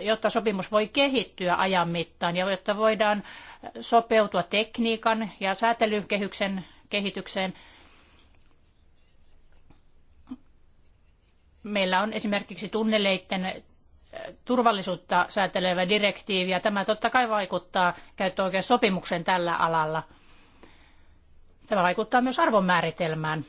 jotta sopimus voi kehittyä ajan mittaan ja jotta voidaan sopeutua tekniikan ja säätelykehyksen kehitykseen. Meillä on esimerkiksi tunneleiden turvallisuutta säätelevä direktiivi ja tämä totta kai vaikuttaa käyttöoikeussopimuksen tällä alalla. Tämä vaikuttaa myös arvonmääritelmään.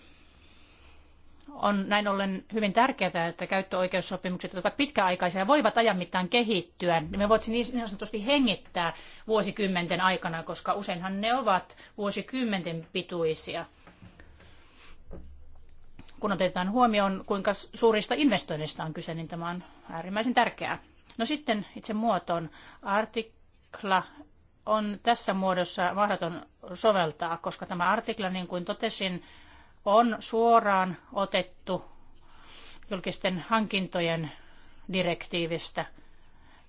On näin ollen hyvin tärkeää, että käyttöoikeussopimukset, jotka ovat pitkäaikaisia, voivat ajan mittaan kehittyä. Me voimme niin, niin sanotusti hengittää vuosikymmenten aikana, koska useinhan ne ovat vuosikymmenten pituisia – kun otetaan huomioon, kuinka suurista investoinnista on kyse, niin tämä on äärimmäisen tärkeää. No sitten itse muotoon. Artikla on tässä muodossa mahdoton soveltaa, koska tämä artikla, niin kuin totesin, on suoraan otettu julkisten hankintojen direktiivistä.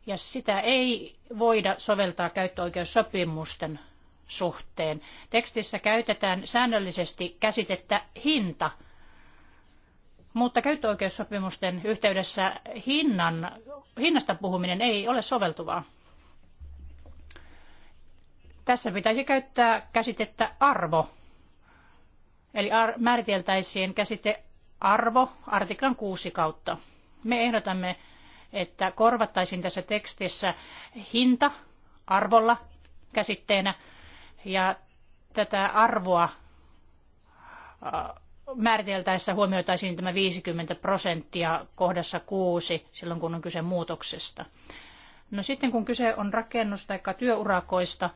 Ja sitä ei voida soveltaa käyttöoikeussopimusten suhteen. Tekstissä käytetään säännöllisesti käsitettä hinta – mutta käyttöoikeussopimusten yhteydessä hinnan, hinnasta puhuminen ei ole soveltuvaa. Tässä pitäisi käyttää käsitettä arvo. Eli ar- määriteltäisiin käsite arvo artiklan 6 kautta. Me ehdotamme, että korvattaisiin tässä tekstissä hinta arvolla käsitteenä ja tätä arvoa määriteltäessä huomioitaisiin tämä 50 prosenttia kohdassa kuusi silloin, kun on kyse muutoksesta. No sitten kun kyse on rakennus- tai työurakoista,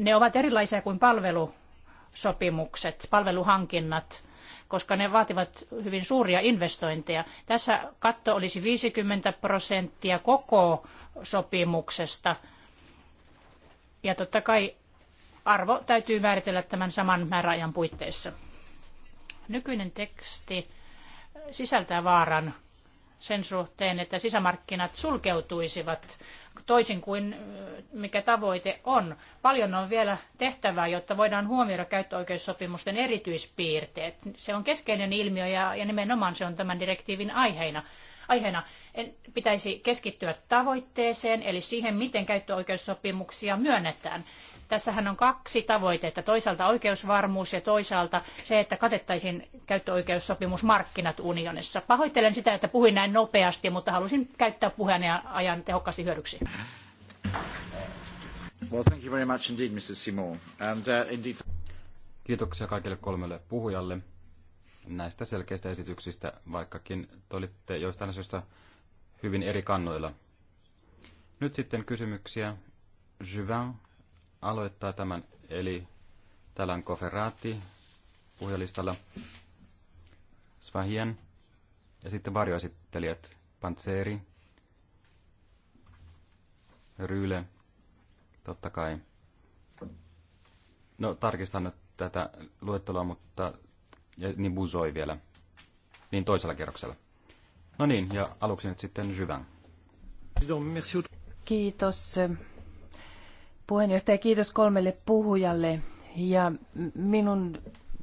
ne ovat erilaisia kuin palvelusopimukset, palveluhankinnat, koska ne vaativat hyvin suuria investointeja. Tässä katto olisi 50 prosenttia koko sopimuksesta. Ja totta kai arvo täytyy määritellä tämän saman määräajan puitteissa. Nykyinen teksti sisältää vaaran sen suhteen, että sisämarkkinat sulkeutuisivat toisin kuin mikä tavoite on. Paljon on vielä tehtävää, jotta voidaan huomioida käyttöoikeussopimusten erityispiirteet. Se on keskeinen ilmiö ja, ja nimenomaan se on tämän direktiivin aiheena aiheena. En, pitäisi keskittyä tavoitteeseen, eli siihen, miten käyttöoikeussopimuksia myönnetään. Tässähän on kaksi tavoitetta. Toisaalta oikeusvarmuus ja toisaalta se, että katettaisiin käyttöoikeussopimusmarkkinat unionissa. Pahoittelen sitä, että puhuin näin nopeasti, mutta halusin käyttää puheen ja ajan tehokkaasti hyödyksi. Well, thank you very much indeed, Mr. Simon. And, uh, indeed... Kiitoksia kaikille kolmelle puhujalle näistä selkeistä esityksistä, vaikkakin te olitte joistain asioista hyvin eri kannoilla. Nyt sitten kysymyksiä. Juvin aloittaa tämän, eli täällä on Koferaati puhujalistalla, Svahien ja sitten varjoesittelijät Pantseri, Ryle, totta kai. No tarkistan nyt tätä luetteloa, mutta ja niin Buzoi vielä, niin toisella kerroksella. No niin, ja aluksi nyt sitten Jyvän. Kiitos eh, puheenjohtaja, kiitos kolmelle puhujalle. Ja minun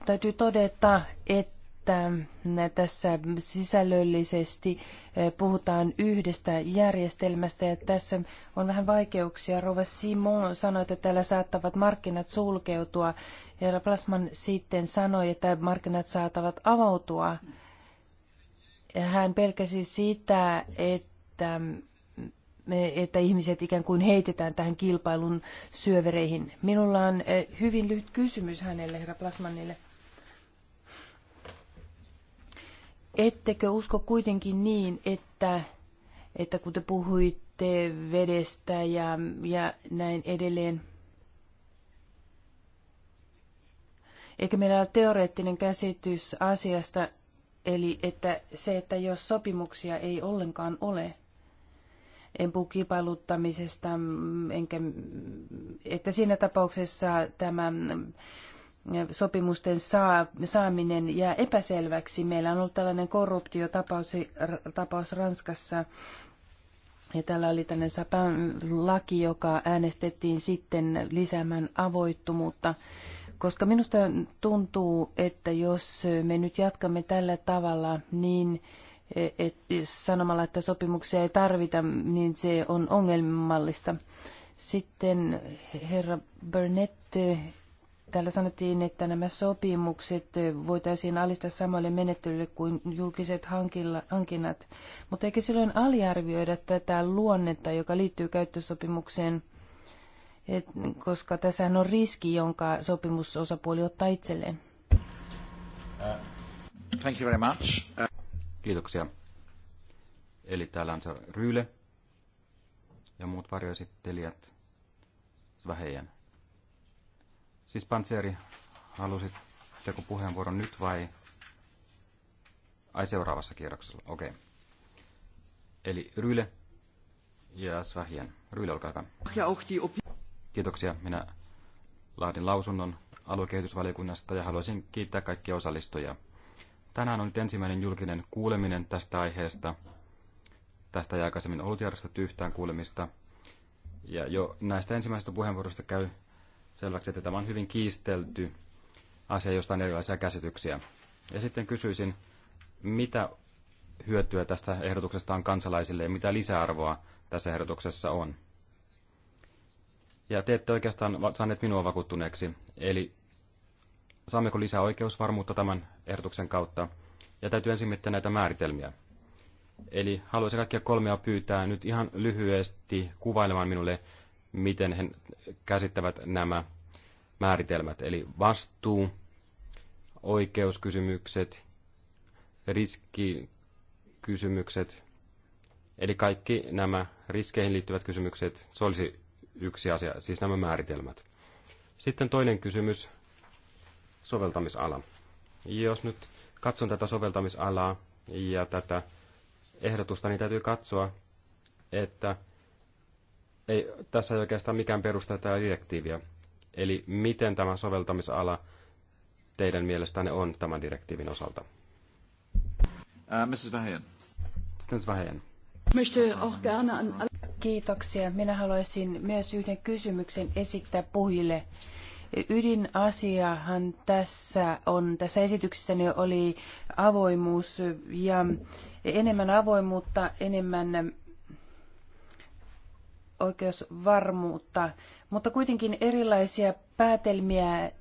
täytyy todeta, että että tässä sisällöllisesti eh, puhutaan yhdestä järjestelmästä ja tässä on vähän vaikeuksia. Rova Simon sanoi, että täällä saattavat markkinat sulkeutua. Herra Plasman sitten sanoi, että markkinat saattavat avautua. Ja hän pelkäsi sitä, että mm, että ihmiset ikään kuin heitetään tähän kilpailun syövereihin. Minulla on eh, hyvin lyhyt kysymys hänelle, herra Plasmanille. Ettekö usko kuitenkin niin, että, että kun te puhuitte vedestä ja, ja näin edelleen, eikä meillä ole teoreettinen käsitys asiasta, eli että se, että jos sopimuksia ei ollenkaan ole, en puhu kilpailuttamisesta, mm, enkä, että siinä tapauksessa tämä mm, sopimusten saa, saaminen jää epäselväksi. Meillä on ollut tällainen korruptiotapaus tapaus Ranskassa. Ja täällä oli tällainen laki, joka äänestettiin sitten lisäämään avoittumuutta. Koska minusta tuntuu, että jos me nyt jatkamme tällä tavalla, niin e, et, sanomalla, että sopimuksia ei tarvita, niin se on ongelmallista. Sitten herra Burnett Täällä sanottiin, että nämä sopimukset voitaisiin alistaa samalle menettelylle kuin julkiset hankinnat, mutta eikä silloin aliarvioida tätä luonnetta, joka liittyy käyttösopimukseen, et, koska tässä on riski, jonka sopimusosapuoli ottaa itselleen. Uh, thank you very much. Uh, Kiitoksia. Eli täällä on se Ryyle ja muut varjoesittelijät. Vähejän. Siis Pantseri, halusitteko puheenvuoron nyt vai ai seuraavassa kierroksella? Okei. Okay. Eli Ryle ja Svahien. Ryle, olkaa hyvä. Kiitoksia. Minä laadin lausunnon aluekehitysvaliokunnasta ja haluaisin kiittää kaikkia osallistujia. Tänään on nyt ensimmäinen julkinen kuuleminen tästä aiheesta. Tästä ei aikaisemmin ollut järjestetty yhtään kuulemista. Ja jo näistä ensimmäisistä puheenvuoroista käy selväksi, että tämä on hyvin kiistelty asia, josta on erilaisia käsityksiä. Ja sitten kysyisin, mitä hyötyä tästä ehdotuksesta on kansalaisille ja mitä lisäarvoa tässä ehdotuksessa on. Ja te ette oikeastaan saaneet minua vakuuttuneeksi, eli saammeko lisää oikeusvarmuutta tämän ehdotuksen kautta, ja täytyy ensin miettiä näitä määritelmiä. Eli haluaisin kaikkia kolmea pyytää nyt ihan lyhyesti kuvailemaan minulle, miten he käsittävät nämä määritelmät, eli vastuu, oikeuskysymykset, riskikysymykset, eli kaikki nämä riskeihin liittyvät kysymykset, se olisi yksi asia, siis nämä määritelmät. Sitten toinen kysymys, soveltamisala. Jos nyt katson tätä soveltamisalaa ja tätä ehdotusta, niin täytyy katsoa, että ei, tässä ei oikeastaan mikään perusta tätä direktiiviä. Eli miten tämä soveltamisala teidän mielestänne on tämän direktiivin osalta? Uh, äh, Mrs. Vähäjän. Mrs. Vähäjän. Kiitoksia. Minä haluaisin myös yhden kysymyksen esittää puhujille. Ydinasiahan tässä on, tässä esityksessäni oli avoimuus ja enemmän avoimuutta, enemmän oikeusvarmuutta, mutta kuitenkin erilaisia päätelmiä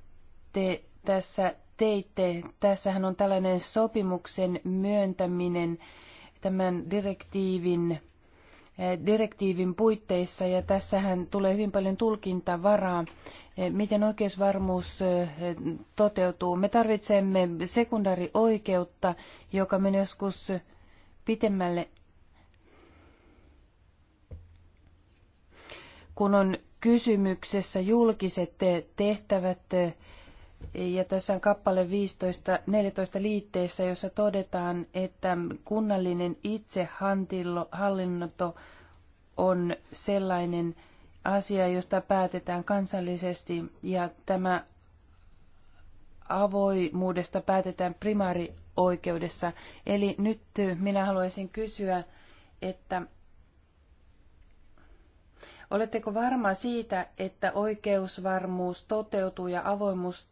te tässä teitte. Tässähän on tällainen sopimuksen myöntäminen tämän direktiivin, eh, direktiivin puitteissa ja tässähän tulee hyvin paljon tulkintavaraa. Eh, miten oikeusvarmuus eh, toteutuu? Me tarvitsemme sekundaarioikeutta, joka menee joskus pitemmälle kun on kysymyksessä julkiset tehtävät, ja tässä on kappale 15, 14 liitteessä, jossa todetaan, että kunnallinen itsehallinto on sellainen asia, josta päätetään kansallisesti ja tämä avoimuudesta päätetään primaarioikeudessa. Eli nyt minä haluaisin kysyä, että Oletteko varma siitä, että oikeusvarmuus toteutuu ja avoimuus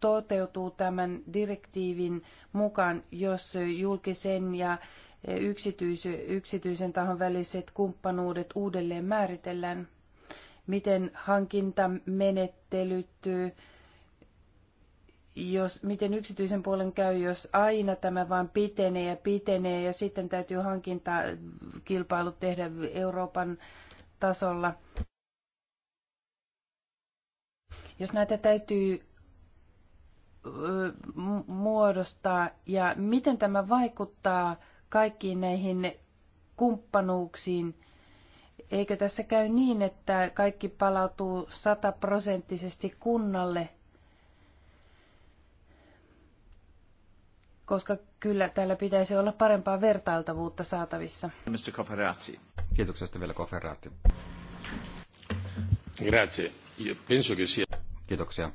toteutuu tämän direktiivin mukaan, jos julkisen ja e, yksityisen tahon väliset kumppanuudet uudelleen määritellään? Miten hankintamenettelyt e, jos, miten yksityisen puolen käy, jos aina tämä vain pitenee ja pitenee ja sitten täytyy hankintakilpailut tehdä Euroopan tasolla. Jos näitä täytyy muodostaa ja miten tämä vaikuttaa kaikkiin näihin kumppanuuksiin, eikö tässä käy niin, että kaikki palautuu sataprosenttisesti kunnalle koska kyllä täällä pitäisi olla parempaa vertailtavuutta saatavissa. Mr. Cofferati. Kiitoksesta vielä Cofferati. Grazie. Io penso che sia... Kiitoksia.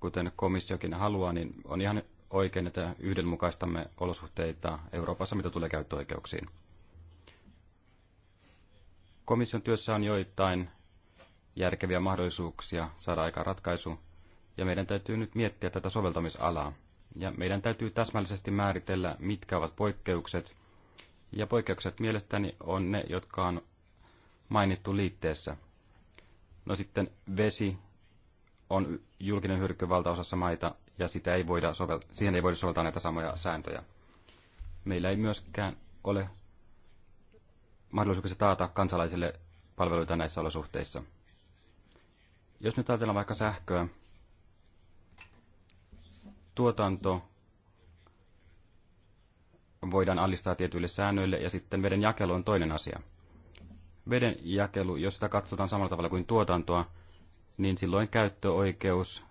Kuten komissiokin haluaa, niin on ihan oikein, että yhdenmukaistamme olosuhteita Euroopassa, mitä tulee käyttöoikeuksiin. Komission työssä on joitain järkeviä mahdollisuuksia saada aikaan ratkaisu, ja meidän täytyy nyt miettiä tätä soveltamisalaa – ja meidän täytyy täsmällisesti määritellä, mitkä ovat poikkeukset. Ja poikkeukset mielestäni on ne, jotka on mainittu liitteessä. No sitten vesi on julkinen hyödykkö valtaosassa maita, ja sitä ei voida sovel- siihen ei voida soveltaa näitä samoja sääntöjä. Meillä ei myöskään ole mahdollisuuksia taata kansalaisille palveluita näissä olosuhteissa. Jos nyt ajatellaan vaikka sähköä, tuotanto voidaan alistaa tietyille säännöille ja sitten veden jakelu on toinen asia. Veden jakelu, jos sitä katsotaan samalla tavalla kuin tuotantoa, niin silloin käyttöoikeus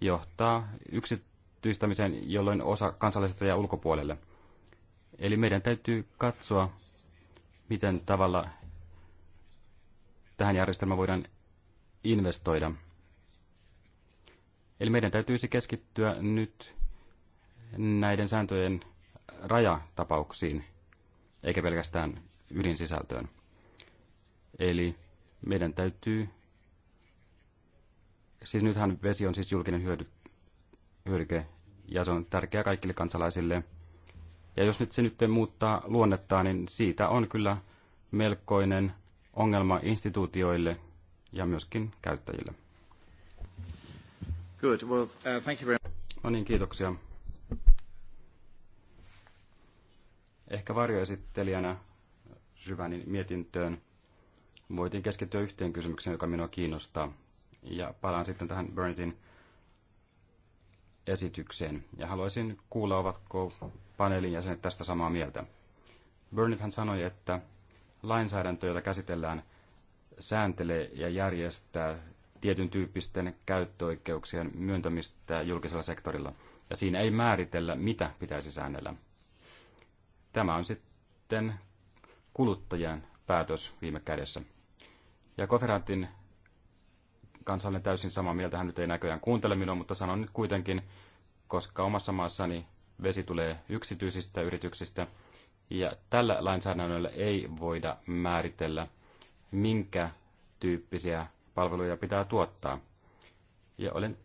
johtaa yksityistämiseen, jolloin osa kansallisesta jää ulkopuolelle. Eli meidän täytyy katsoa, miten tavalla tähän järjestelmään voidaan investoida. Eli meidän täytyisi keskittyä nyt näiden sääntöjen rajatapauksiin, eikä pelkästään ydinsisältöön. Eli meidän täytyy, siis nythän vesi on siis julkinen hyödy, hyödyke, ja se on tärkeää kaikille kansalaisille. Ja jos nyt se nyt muuttaa luonnettaan, niin siitä on kyllä melkoinen ongelma instituutioille ja myöskin käyttäjille. Good. Well, uh, thank you very much. No niin, kiitoksia. Ehkä varjoesittelijänä Syvänin mietintöön voitin keskittyä yhteen kysymykseen, joka minua kiinnostaa. Ja palaan sitten tähän Burnettin esitykseen. Ja haluaisin kuulla, ovatko paneelin jäsenet tästä samaa mieltä. Burnett hän sanoi, että lainsäädäntö, jota käsitellään, sääntelee ja järjestää tietyn tyyppisten käyttöoikeuksien myöntämistä julkisella sektorilla. Ja siinä ei määritellä, mitä pitäisi säännellä. Tämä on sitten kuluttajien päätös viime kädessä. Ja Koferantin kanssa olen täysin samaa mieltä, hän nyt ei näköjään kuuntele minua, mutta sanon nyt kuitenkin, koska omassa maassani vesi tulee yksityisistä yrityksistä, ja tällä lainsäädännöllä ei voida määritellä, minkä tyyppisiä palveluja pitää tuottaa. Ja olen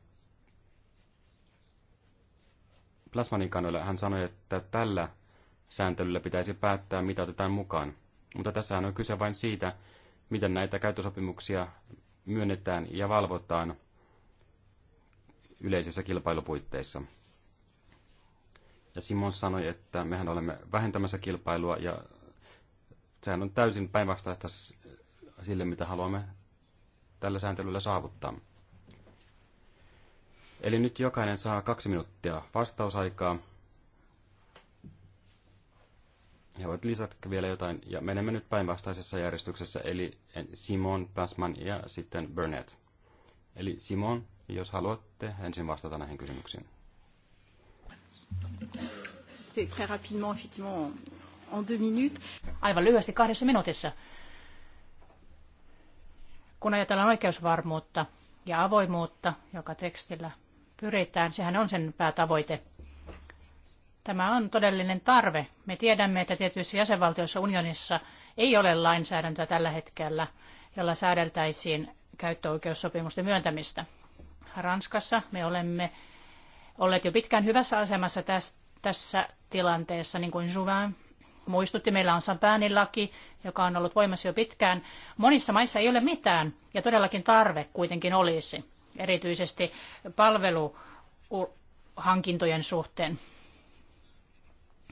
Plasmanin kannalla. Hän sanoi, että tällä sääntelyllä pitäisi päättää, mitä otetaan mukaan. Mutta tässä on kyse vain siitä, miten näitä käyttösopimuksia myönnetään ja valvotaan yleisissä kilpailupuitteissa. Ja Simon sanoi, että mehän olemme vähentämässä kilpailua ja sehän on täysin päinvastaista sille, mitä haluamme tällä sääntelyllä saavuttaa. Eli nyt jokainen saa kaksi minuuttia vastausaikaa. Ja voit lisätä vielä jotain. Ja menemme nyt päinvastaisessa järjestyksessä, eli Simon, Passman ja sitten Burnett. Eli Simon, jos haluatte ensin vastata näihin kysymyksiin. Aivan lyhyesti kahdessa minuutissa kun ajatellaan oikeusvarmuutta ja avoimuutta, joka tekstillä pyritään, sehän on sen päätavoite. Tämä on todellinen tarve. Me tiedämme, että tietyissä jäsenvaltioissa unionissa ei ole lainsäädäntöä tällä hetkellä, jolla säädeltäisiin käyttöoikeussopimusten myöntämistä. Ranskassa me olemme olleet jo pitkään hyvässä asemassa tässä tilanteessa, niin kuin Juvain muistutti, meillä on Sampäänin laki, joka on ollut voimassa jo pitkään. Monissa maissa ei ole mitään, ja todellakin tarve kuitenkin olisi, erityisesti palveluhankintojen suhteen.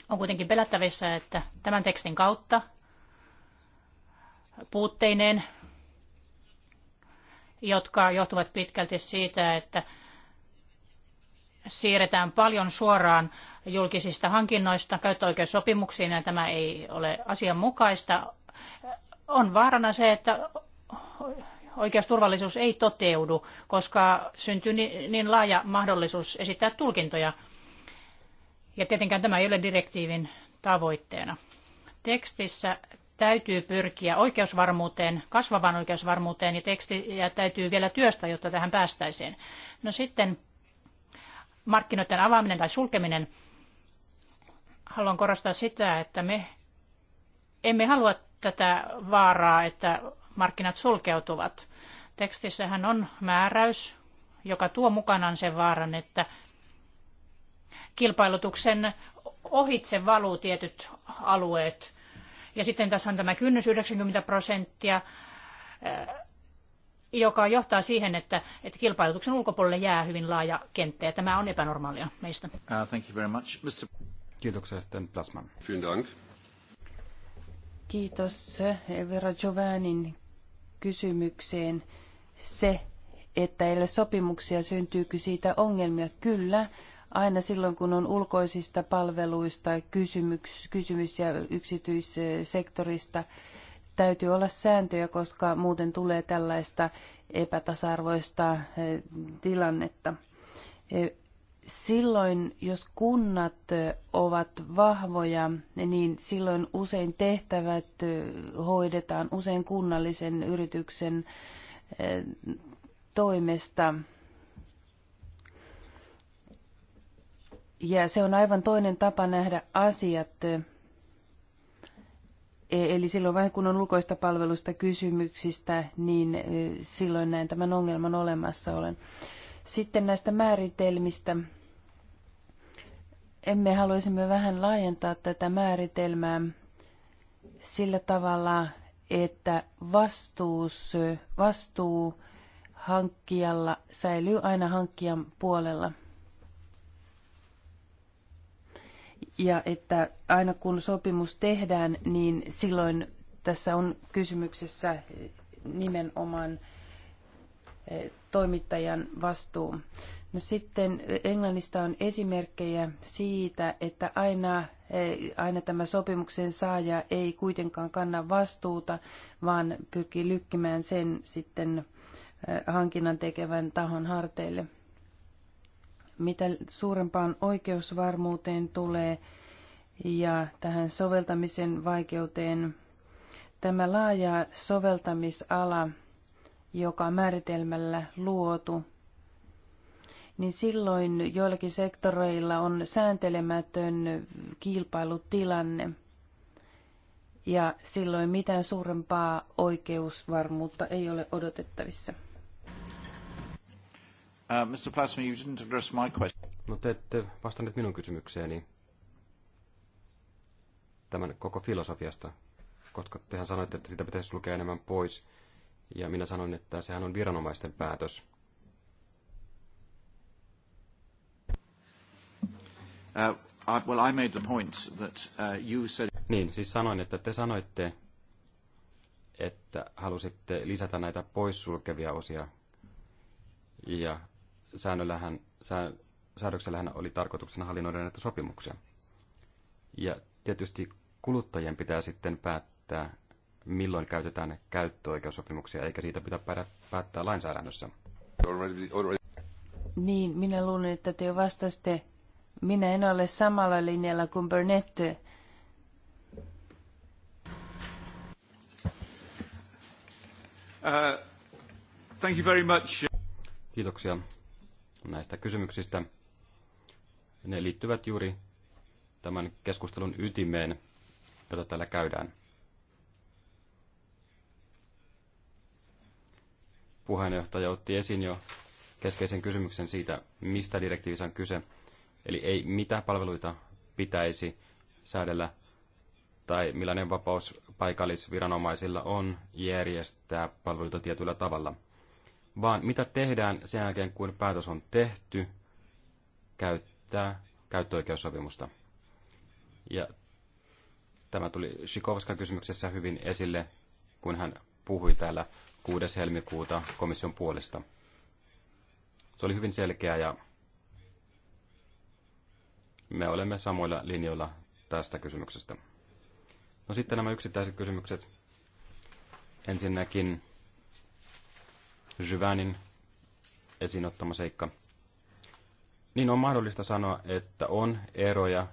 On kuitenkin pelättävissä, että tämän tekstin kautta puutteineen, jotka johtuvat pitkälti siitä, että siirretään paljon suoraan julkisista hankinnoista käyttöoikeussopimuksiin ja tämä ei ole asianmukaista. On vaarana se, että oikeusturvallisuus ei toteudu, koska syntyy niin laaja mahdollisuus esittää tulkintoja. Ja tietenkään tämä ei ole direktiivin tavoitteena. Tekstissä täytyy pyrkiä oikeusvarmuuteen, kasvavaan oikeusvarmuuteen, ja tekstiä täytyy vielä työstä, jotta tähän päästäisiin. No sitten markkinoiden avaaminen tai sulkeminen – haluan korostaa sitä, että me emme halua tätä vaaraa, että markkinat sulkeutuvat. Tekstissähän on määräys, joka tuo mukanaan sen vaaran, että kilpailutuksen ohitse valuu tietyt alueet. Ja sitten tässä on tämä kynnys 90 prosenttia, eh, joka johtaa siihen, että, että kilpailutuksen ulkopuolelle jää hyvin laaja kenttä. Ja tämä on epänormaalia meistä. Uh, thank you very much. Mr. Kiitoksia sitten Plasman. Dank. Kiitos eh, Vera Giovannin kysymykseen. Se, että ei ole sopimuksia, syntyykö siitä ongelmia? Kyllä, aina silloin kun on ulkoisista palveluista kysymys, kysymys ja yksityissektorista täytyy olla sääntöjä, koska muuten tulee tällaista epätasa-arvoista eh, tilannetta. Eh, silloin, jos kunnat ovat vahvoja, niin silloin usein tehtävät hoidetaan usein kunnallisen yrityksen eh, toimesta. Ja se on aivan toinen tapa nähdä asiat. E, eli silloin vain kun on ulkoista palvelusta kysymyksistä, niin eh, silloin näen tämän ongelman olemassa olen. Sitten näistä määritelmistä emme haluaisimme vähän laajentaa tätä määritelmää sillä tavalla, että vastuus, vastuu hankkijalla säilyy aina hankkijan puolella. Ja että aina kun sopimus tehdään, niin silloin tässä on kysymyksessä nimenomaan eh, toimittajan vastuu. No sitten Englannista on esimerkkejä siitä, että aina, aina tämä sopimuksen saaja ei kuitenkaan kanna vastuuta, vaan pyrkii lykkimään sen sitten hankinnan tekevän tahon harteille. Mitä suurempaan oikeusvarmuuteen tulee ja tähän soveltamisen vaikeuteen, tämä laaja soveltamisala, joka on määritelmällä luotu, niin silloin joillakin sektoreilla on sääntelemätön kilpailutilanne. Ja silloin mitään suurempaa oikeusvarmuutta ei ole odotettavissa. Uh, Mr. Plasma, you didn't address my question. No te ette vastanneet minun kysymykseeni tämän koko filosofiasta, koska tehän sanoitte, että sitä pitäisi lukea enemmän pois. Ja minä sanoin, että sehän on viranomaisten päätös. Uh, well, I made the point that uh, you said... Niin, siis sanoin, että te sanoitte, että halusitte lisätä näitä poissulkevia osia. Ja säännöllähän, sään, säädöksellähän oli tarkoituksena hallinnoida näitä sopimuksia. Ja tietysti kuluttajien pitää sitten päättää, milloin käytetään käyttöoikeussopimuksia, eikä siitä pitää päättää lainsäädännössä. Niin, minä luulen, että te jo vastasitte minä en ole samalla linjalla kuin Burnett. Uh, thank you very much. Kiitoksia näistä kysymyksistä. Ne liittyvät juuri tämän keskustelun ytimeen, jota täällä käydään. Puheenjohtaja otti esiin jo keskeisen kysymyksen siitä, mistä direktiivissä on kyse – Eli ei mitä palveluita pitäisi säädellä tai millainen vapaus paikallisviranomaisilla on järjestää palveluita tietyllä tavalla, vaan mitä tehdään sen jälkeen, kun päätös on tehty käyttää käyttöoikeussopimusta. Ja tämä tuli Shikovskan kysymyksessä hyvin esille, kun hän puhui täällä 6. helmikuuta komission puolesta. Se oli hyvin selkeä ja me olemme samoilla linjoilla tästä kysymyksestä. No sitten nämä yksittäiset kysymykset. Ensinnäkin Jyvänin esiin ottama seikka. Niin on mahdollista sanoa, että on eroja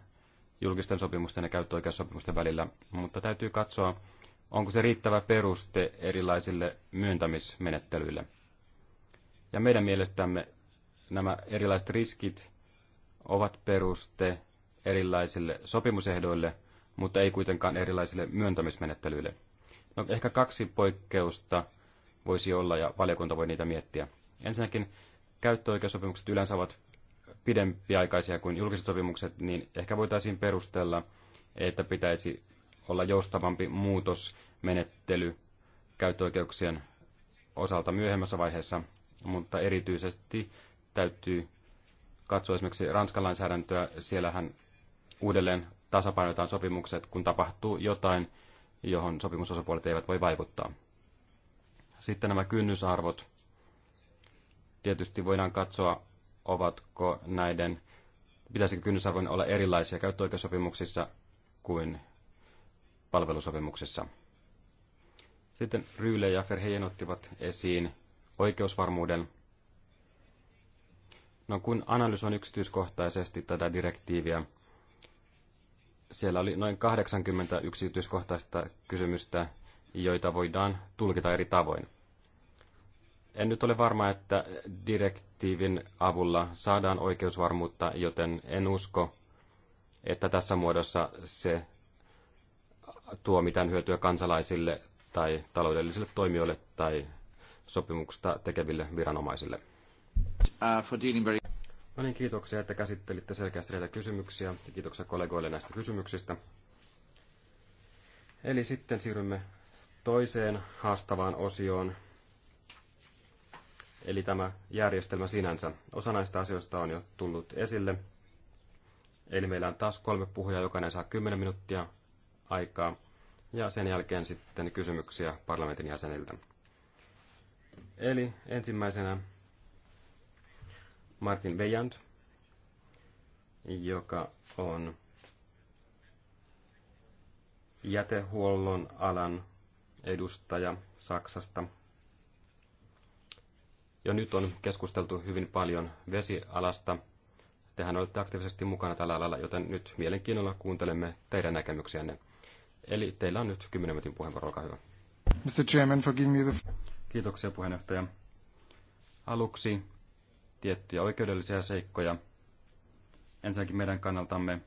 julkisten sopimusten ja käyttöoikeussopimusten välillä, mutta täytyy katsoa, onko se riittävä peruste erilaisille myöntämismenettelyille. Ja meidän mielestämme nämä erilaiset riskit ovat peruste erilaisille sopimusehdoille, mutta ei kuitenkaan erilaisille myöntämismenettelyille. No, ehkä kaksi poikkeusta voisi olla ja valiokunta voi niitä miettiä. Ensinnäkin käyttöoikeussopimukset yleensä ovat pidempiaikaisia kuin julkiset sopimukset, niin ehkä voitaisiin perustella, että pitäisi olla joustavampi muutosmenettely käyttöoikeuksien osalta myöhemmässä vaiheessa, mutta erityisesti täytyy katsoo esimerkiksi Ranskan lainsäädäntöä, siellähän uudelleen tasapainotetaan sopimukset, kun tapahtuu jotain, johon sopimusosapuolet eivät voi vaikuttaa. Sitten nämä kynnysarvot. Tietysti voidaan katsoa, ovatko näiden, pitäisikö kynnysarvojen olla erilaisia käyttöoikeussopimuksissa kuin palvelusopimuksissa. Sitten Ryyle ja Ferheyen ottivat esiin oikeusvarmuuden. No kun analysoin yksityiskohtaisesti tätä direktiiviä, siellä oli noin 80 yksityiskohtaista kysymystä, joita voidaan tulkita eri tavoin. En nyt ole varma, että direktiivin avulla saadaan oikeusvarmuutta, joten en usko, että tässä muodossa se tuo mitään hyötyä kansalaisille tai taloudellisille toimijoille tai sopimuksesta tekeville viranomaisille. Uh, for dealing very... No niin, kiitoksia, että käsittelitte selkeästi näitä kysymyksiä ja kiitoksia kollegoille näistä kysymyksistä. Eli sitten siirrymme toiseen haastavaan osioon, eli tämä järjestelmä sinänsä. Osa näistä asioista on jo tullut esille. Eli meillä on taas kolme puhujaa, jokainen saa 10 minuuttia aikaa, ja sen jälkeen sitten kysymyksiä parlamentin jäseniltä. Eli ensimmäisenä Martin Bejand, joka on jätehuollon alan edustaja Saksasta. Jo nyt on keskusteltu hyvin paljon vesialasta. Tehän olette aktiivisesti mukana tällä alalla, joten nyt mielenkiinnolla kuuntelemme teidän näkemyksiänne. Eli teillä on nyt 10 minuutin puheenvuoro, olkaa hyvä. Mr. Chairman, forgive me the... Kiitoksia puheenjohtaja. Aluksi tiettyjä oikeudellisia seikkoja. Ensinnäkin meidän kannaltamme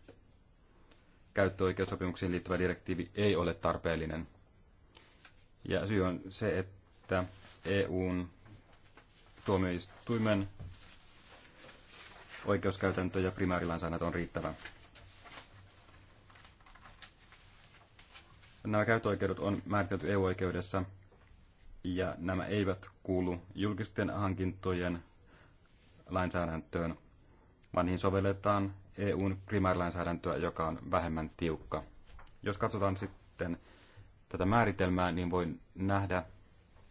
käyttöoikeussopimuksiin liittyvä direktiivi ei ole tarpeellinen. Ja syy on se, että EUn tuomioistuimen oikeuskäytäntö ja primäärilainsäädäntö on riittävä. Nämä käyttöoikeudet on määritelty EU-oikeudessa ja nämä eivät kuulu julkisten hankintojen lainsäädäntöön, vaan niihin sovelletaan EUn primäärilainsäädäntöä, joka on vähemmän tiukka. Jos katsotaan sitten tätä määritelmää, niin voin nähdä,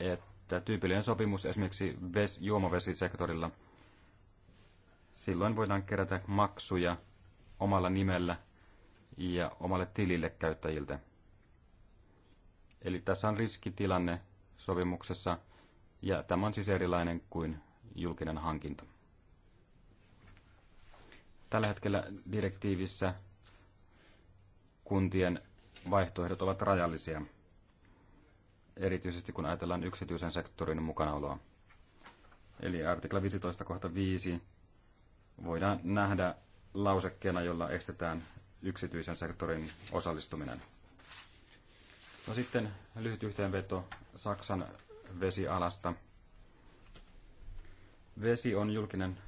että tyypillinen sopimus esimerkiksi ves, juomavesisektorilla, silloin voidaan kerätä maksuja omalla nimellä ja omalle tilille käyttäjiltä. Eli tässä on riskitilanne sopimuksessa, ja tämä on siis erilainen kuin julkinen hankinta. Tällä hetkellä direktiivissä kuntien vaihtoehdot ovat rajallisia, erityisesti kun ajatellaan yksityisen sektorin mukanaoloa. Eli artikla 15 kohta 5 voidaan nähdä lausekkeena, jolla estetään yksityisen sektorin osallistuminen. No sitten lyhyt yhteenveto Saksan vesialasta. Vesi on julkinen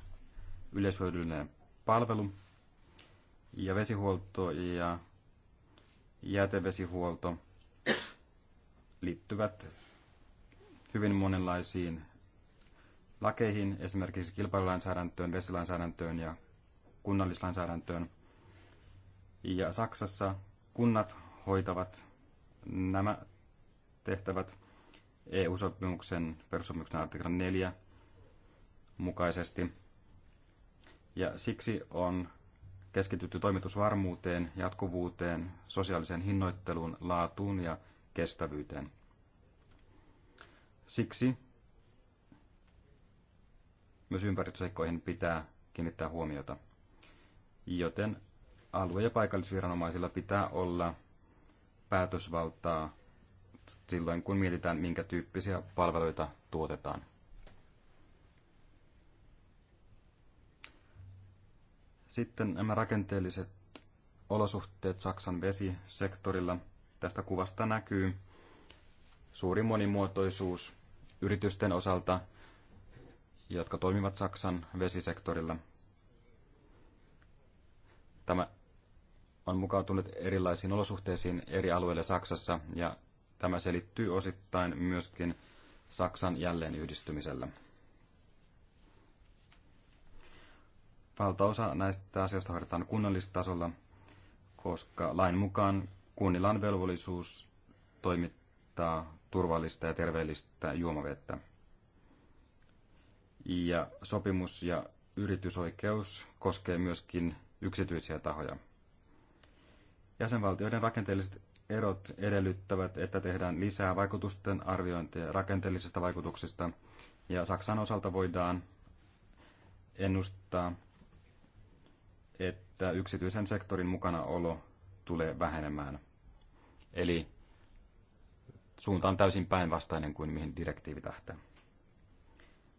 yleishyödyllinen palvelu ja vesihuolto ja jätevesihuolto liittyvät hyvin monenlaisiin lakeihin, esimerkiksi kilpailulainsäädäntöön, vesilainsäädäntöön ja kunnallislainsäädäntöön. Ja Saksassa kunnat hoitavat nämä tehtävät EU-sopimuksen perussopimuksen artiklan 4 mukaisesti. Ja siksi on keskitytty toimitusvarmuuteen, jatkuvuuteen, sosiaaliseen hinnoitteluun, laatuun ja kestävyyteen. Siksi myös ympäristöseikkoihin pitää kiinnittää huomiota. Joten alue- ja paikallisviranomaisilla pitää olla päätösvaltaa silloin, kun mietitään, minkä tyyppisiä palveluita tuotetaan. Sitten nämä rakenteelliset olosuhteet Saksan vesisektorilla. Tästä kuvasta näkyy suuri monimuotoisuus yritysten osalta, jotka toimivat Saksan vesisektorilla. Tämä on mukautunut erilaisiin olosuhteisiin eri alueille Saksassa ja tämä selittyy osittain myöskin Saksan jälleenyhdistymisellä. yhdistymisellä. Valtaosa näistä asioista hoidetaan kunnallistasolla, koska lain mukaan kunnilla on velvollisuus toimittaa turvallista ja terveellistä juomavettä. Ja sopimus ja yritysoikeus koskee myöskin yksityisiä tahoja. Jäsenvaltioiden rakenteelliset erot edellyttävät, että tehdään lisää vaikutusten arviointia rakenteellisista vaikutuksista, ja Saksan osalta voidaan ennustaa että yksityisen sektorin mukanaolo tulee vähenemään. Eli suunta on täysin päinvastainen kuin mihin direktiivi tähtää.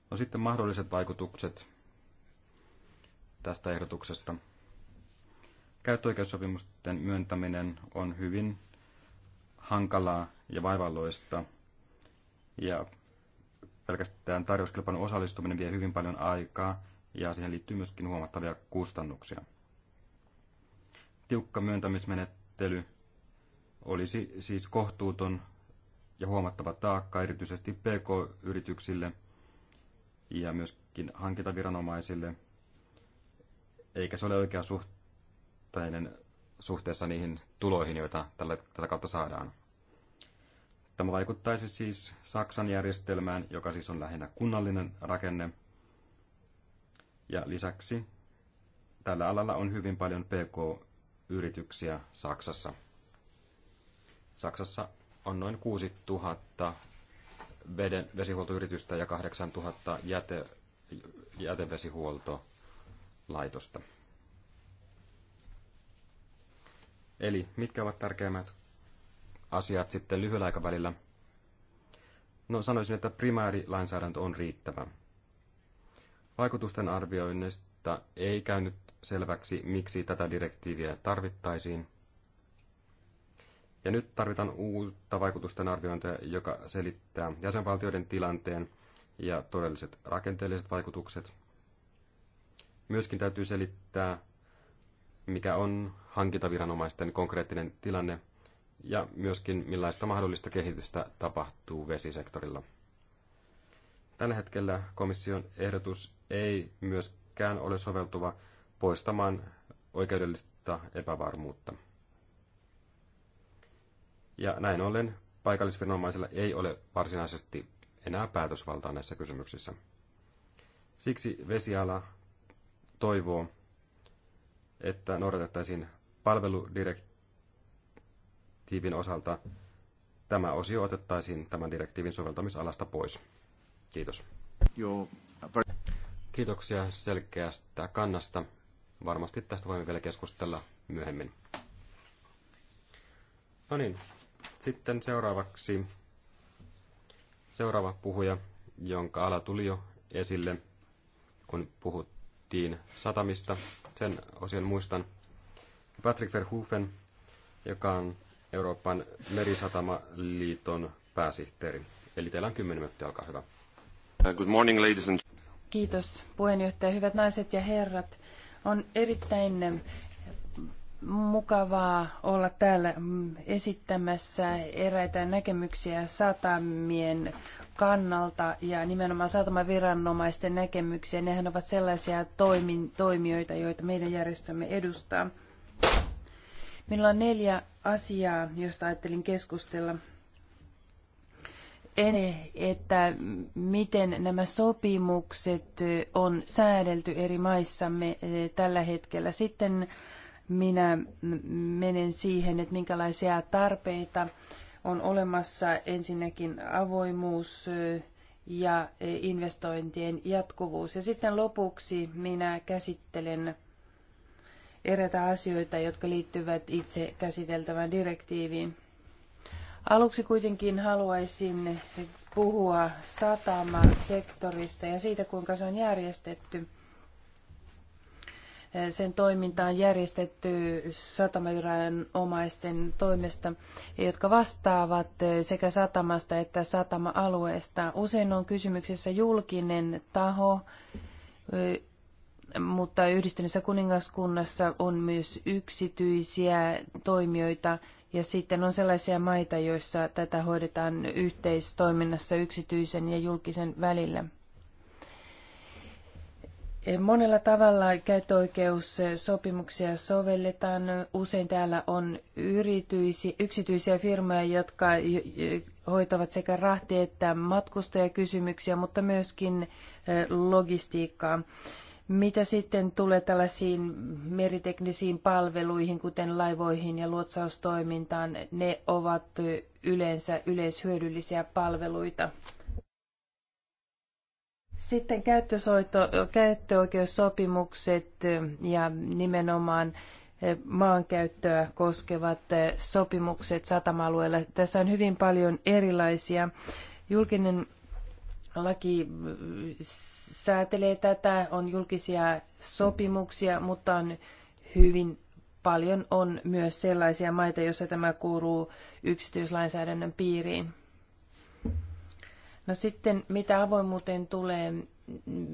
No sitten mahdolliset vaikutukset tästä ehdotuksesta. Käyttöoikeussopimusten myöntäminen on hyvin hankalaa ja vaivalloista, ja pelkästään tarjouskilpailun osallistuminen vie hyvin paljon aikaa, ja siihen liittyy myöskin huomattavia kustannuksia tiukka myöntämismenettely olisi siis kohtuuton ja huomattava taakka erityisesti PK-yrityksille ja myöskin hankintaviranomaisille, eikä se ole oikeasuhtainen suhteessa niihin tuloihin, joita tällä, tätä kautta saadaan. Tämä vaikuttaisi siis Saksan järjestelmään, joka siis on lähinnä kunnallinen rakenne. Ja lisäksi tällä alalla on hyvin paljon pk yrityksiä Saksassa. Saksassa on noin 6000 veden, vesihuoltoyritystä ja 8000 jäte, jätevesihuoltolaitosta. Eli mitkä ovat tärkeimmät asiat sitten lyhyellä aikavälillä? No sanoisin, että primäärilainsäädäntö on riittävä. Vaikutusten arvioinnista ei käynyt selväksi, miksi tätä direktiiviä tarvittaisiin. Ja nyt tarvitaan uutta vaikutusten arviointia, joka selittää jäsenvaltioiden tilanteen ja todelliset rakenteelliset vaikutukset. Myöskin täytyy selittää, mikä on hankintaviranomaisten konkreettinen tilanne ja myöskin millaista mahdollista kehitystä tapahtuu vesisektorilla. Tällä hetkellä komission ehdotus ei myöskään ole soveltuva poistamaan oikeudellista epävarmuutta. Ja näin ollen paikallisviranomaisilla ei ole varsinaisesti enää päätösvaltaa näissä kysymyksissä. Siksi vesiala toivoo, että noudatettaisiin palveludirektiivin osalta tämä osio otettaisiin tämän direktiivin soveltamisalasta pois. Kiitos. Kiitoksia selkeästä kannasta varmasti tästä voimme vielä keskustella myöhemmin. No niin, sitten seuraavaksi seuraava puhuja, jonka ala tuli jo esille, kun puhuttiin satamista. Sen osion muistan. Patrick Verhoeven, joka on Euroopan merisatamaliiton pääsihteeri. Eli teillä on 10 minuuttia, olkaa hyvä. Uh, good morning, ladies and Kiitos puheenjohtaja, hyvät naiset ja herrat. On erittäin mukavaa olla täällä esittämässä eräitä näkemyksiä satamien kannalta ja nimenomaan satamaviranomaisten näkemyksiä. Nehän ovat sellaisia toimin, toimijoita, joita meidän järjestömme edustaa. Minulla on neljä asiaa, joista ajattelin keskustella että miten nämä sopimukset on säädelty eri maissamme tällä hetkellä. Sitten minä menen siihen, että minkälaisia tarpeita on olemassa ensinnäkin avoimuus ja investointien jatkuvuus. Ja sitten lopuksi minä käsittelen eräitä asioita, jotka liittyvät itse käsiteltävään direktiiviin. Aluksi kuitenkin haluaisin puhua satamasektorista ja siitä, kuinka se on järjestetty. Sen toiminta on järjestetty satamaviranomaisten toimesta, jotka vastaavat sekä satamasta että satama-alueesta. Usein on kysymyksessä julkinen taho, mutta yhdistyneessä kuningaskunnassa on myös yksityisiä toimijoita – ja sitten on sellaisia maita, joissa tätä hoidetaan yhteistoiminnassa yksityisen ja julkisen välillä. Monella tavalla käyttöoikeussopimuksia sovelletaan. Usein täällä on yrityisi, yksityisiä firmoja, jotka hoitavat sekä rahti- että matkustajakysymyksiä, mutta myöskin eh, logistiikkaa. Mitä sitten tulee tällaisiin meriteknisiin palveluihin, kuten laivoihin ja luotsaustoimintaan, ne ovat yleensä yleishyödyllisiä palveluita. Sitten käyttösoito, käyttöoikeussopimukset ja nimenomaan maankäyttöä koskevat sopimukset satama-alueella. Tässä on hyvin paljon erilaisia. Julkinen laki mm, säätelee tätä, on julkisia sopimuksia, mutta on hyvin paljon on myös sellaisia maita, joissa tämä kuuluu yksityislainsäädännön piiriin. No sitten mitä avoimuuteen tulee,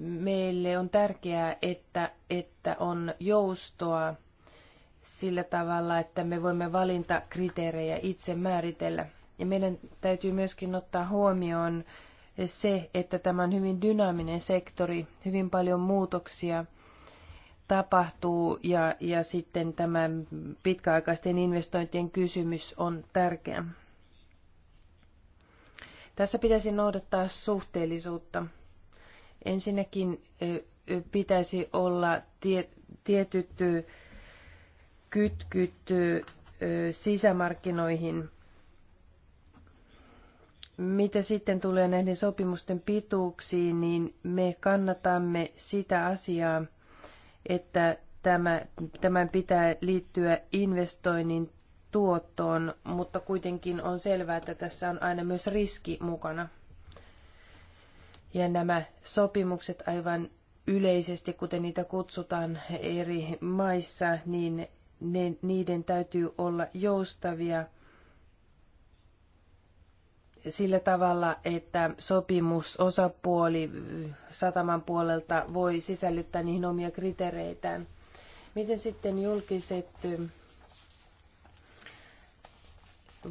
meille on tärkeää, että, että on joustoa sillä tavalla, että me voimme valintakriteerejä itse määritellä. Ja meidän täytyy myöskin ottaa huomioon se, että tämä on hyvin dynaaminen sektori, hyvin paljon muutoksia tapahtuu ja, ja sitten tämä pitkäaikaisten investointien kysymys on tärkeä. Tässä pitäisi noudattaa suhteellisuutta. Ensinnäkin pitäisi olla tie, tietyt kytkyt sisämarkkinoihin – mitä sitten tulee näiden sopimusten pituuksiin, niin me kannatamme sitä asiaa, että tämä, tämän pitää liittyä investoinnin tuottoon, mutta kuitenkin on selvää, että tässä on aina myös riski mukana. Ja nämä sopimukset aivan yleisesti, kuten niitä kutsutaan eri maissa, niin ne, niiden täytyy olla joustavia – sillä tavalla, että sopimusosapuoli sataman puolelta voi sisällyttää niihin omia kriteereitään. Miten sitten julkiset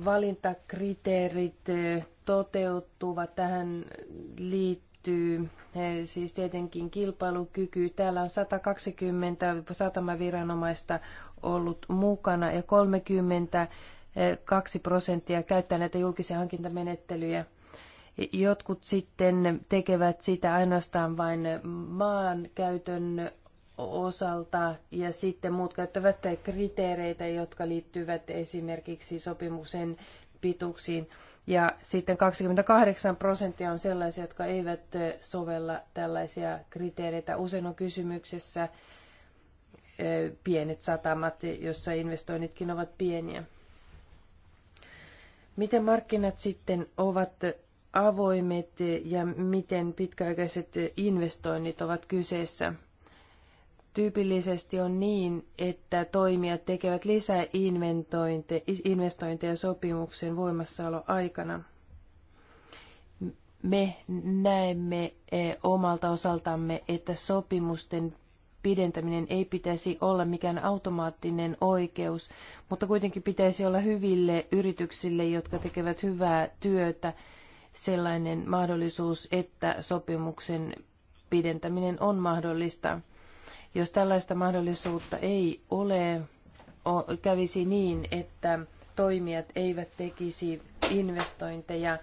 valintakriteerit toteutuvat? Tähän liittyy siis tietenkin kilpailukyky. Täällä on 120 satamaviranomaista ollut mukana ja 30 kaksi prosenttia käyttää näitä julkisia hankintamenettelyjä. Jotkut sitten tekevät sitä ainoastaan vain maan käytön osalta ja sitten muut käyttävät kriteereitä, jotka liittyvät esimerkiksi sopimuksen pituksiin Ja sitten 28 prosenttia on sellaisia, jotka eivät sovella tällaisia kriteereitä. Usein on kysymyksessä pienet satamat, jossa investoinnitkin ovat pieniä. Miten markkinat sitten ovat avoimet ja miten pitkäaikaiset investoinnit ovat kyseessä? Tyypillisesti on niin, että toimijat tekevät lisää investointeja sopimuksen voimassaoloaikana. Me näemme eh, omalta osaltamme, että sopimusten pidentäminen ei pitäisi olla mikään automaattinen oikeus, mutta kuitenkin pitäisi olla hyville yrityksille, jotka tekevät hyvää työtä, sellainen mahdollisuus, että sopimuksen pidentäminen on mahdollista. Jos tällaista mahdollisuutta ei ole, kävisi niin, että toimijat eivät tekisi investointeja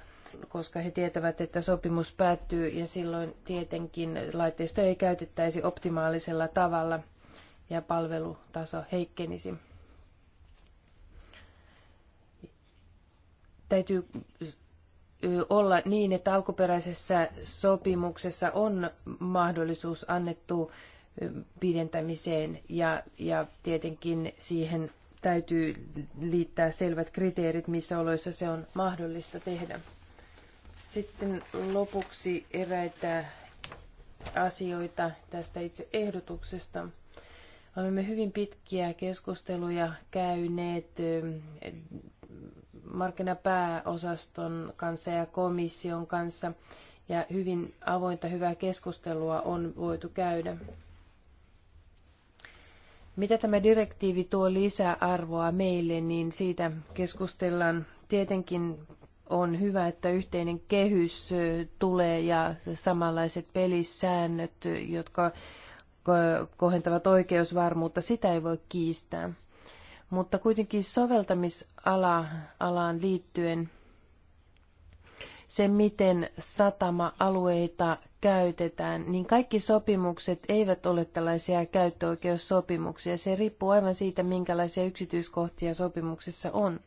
koska he tietävät, että sopimus päättyy ja silloin tietenkin laitteisto ei käytettäisi optimaalisella tavalla ja palvelutaso heikkenisi. Täytyy olla niin, että alkuperäisessä sopimuksessa on mahdollisuus annettu pidentämiseen ja, ja tietenkin siihen täytyy liittää selvät kriteerit, missä oloissa se on mahdollista tehdä. Sitten lopuksi eräitä asioita tästä itse ehdotuksesta. Olemme hyvin pitkiä keskusteluja käyneet ähm, markkinapääosaston kanssa ja komission kanssa ja hyvin avointa hyvää keskustelua on voitu käydä. Mitä tämä direktiivi tuo lisäarvoa meille, niin siitä keskustellaan tietenkin on hyvä, että yhteinen kehys tulee ja samanlaiset pelisäännöt, jotka kohentavat oikeusvarmuutta, sitä ei voi kiistää. Mutta kuitenkin soveltamisalaan liittyen se, miten satama-alueita käytetään, niin kaikki sopimukset eivät ole tällaisia käyttöoikeussopimuksia. Se riippuu aivan siitä, minkälaisia yksityiskohtia sopimuksessa on.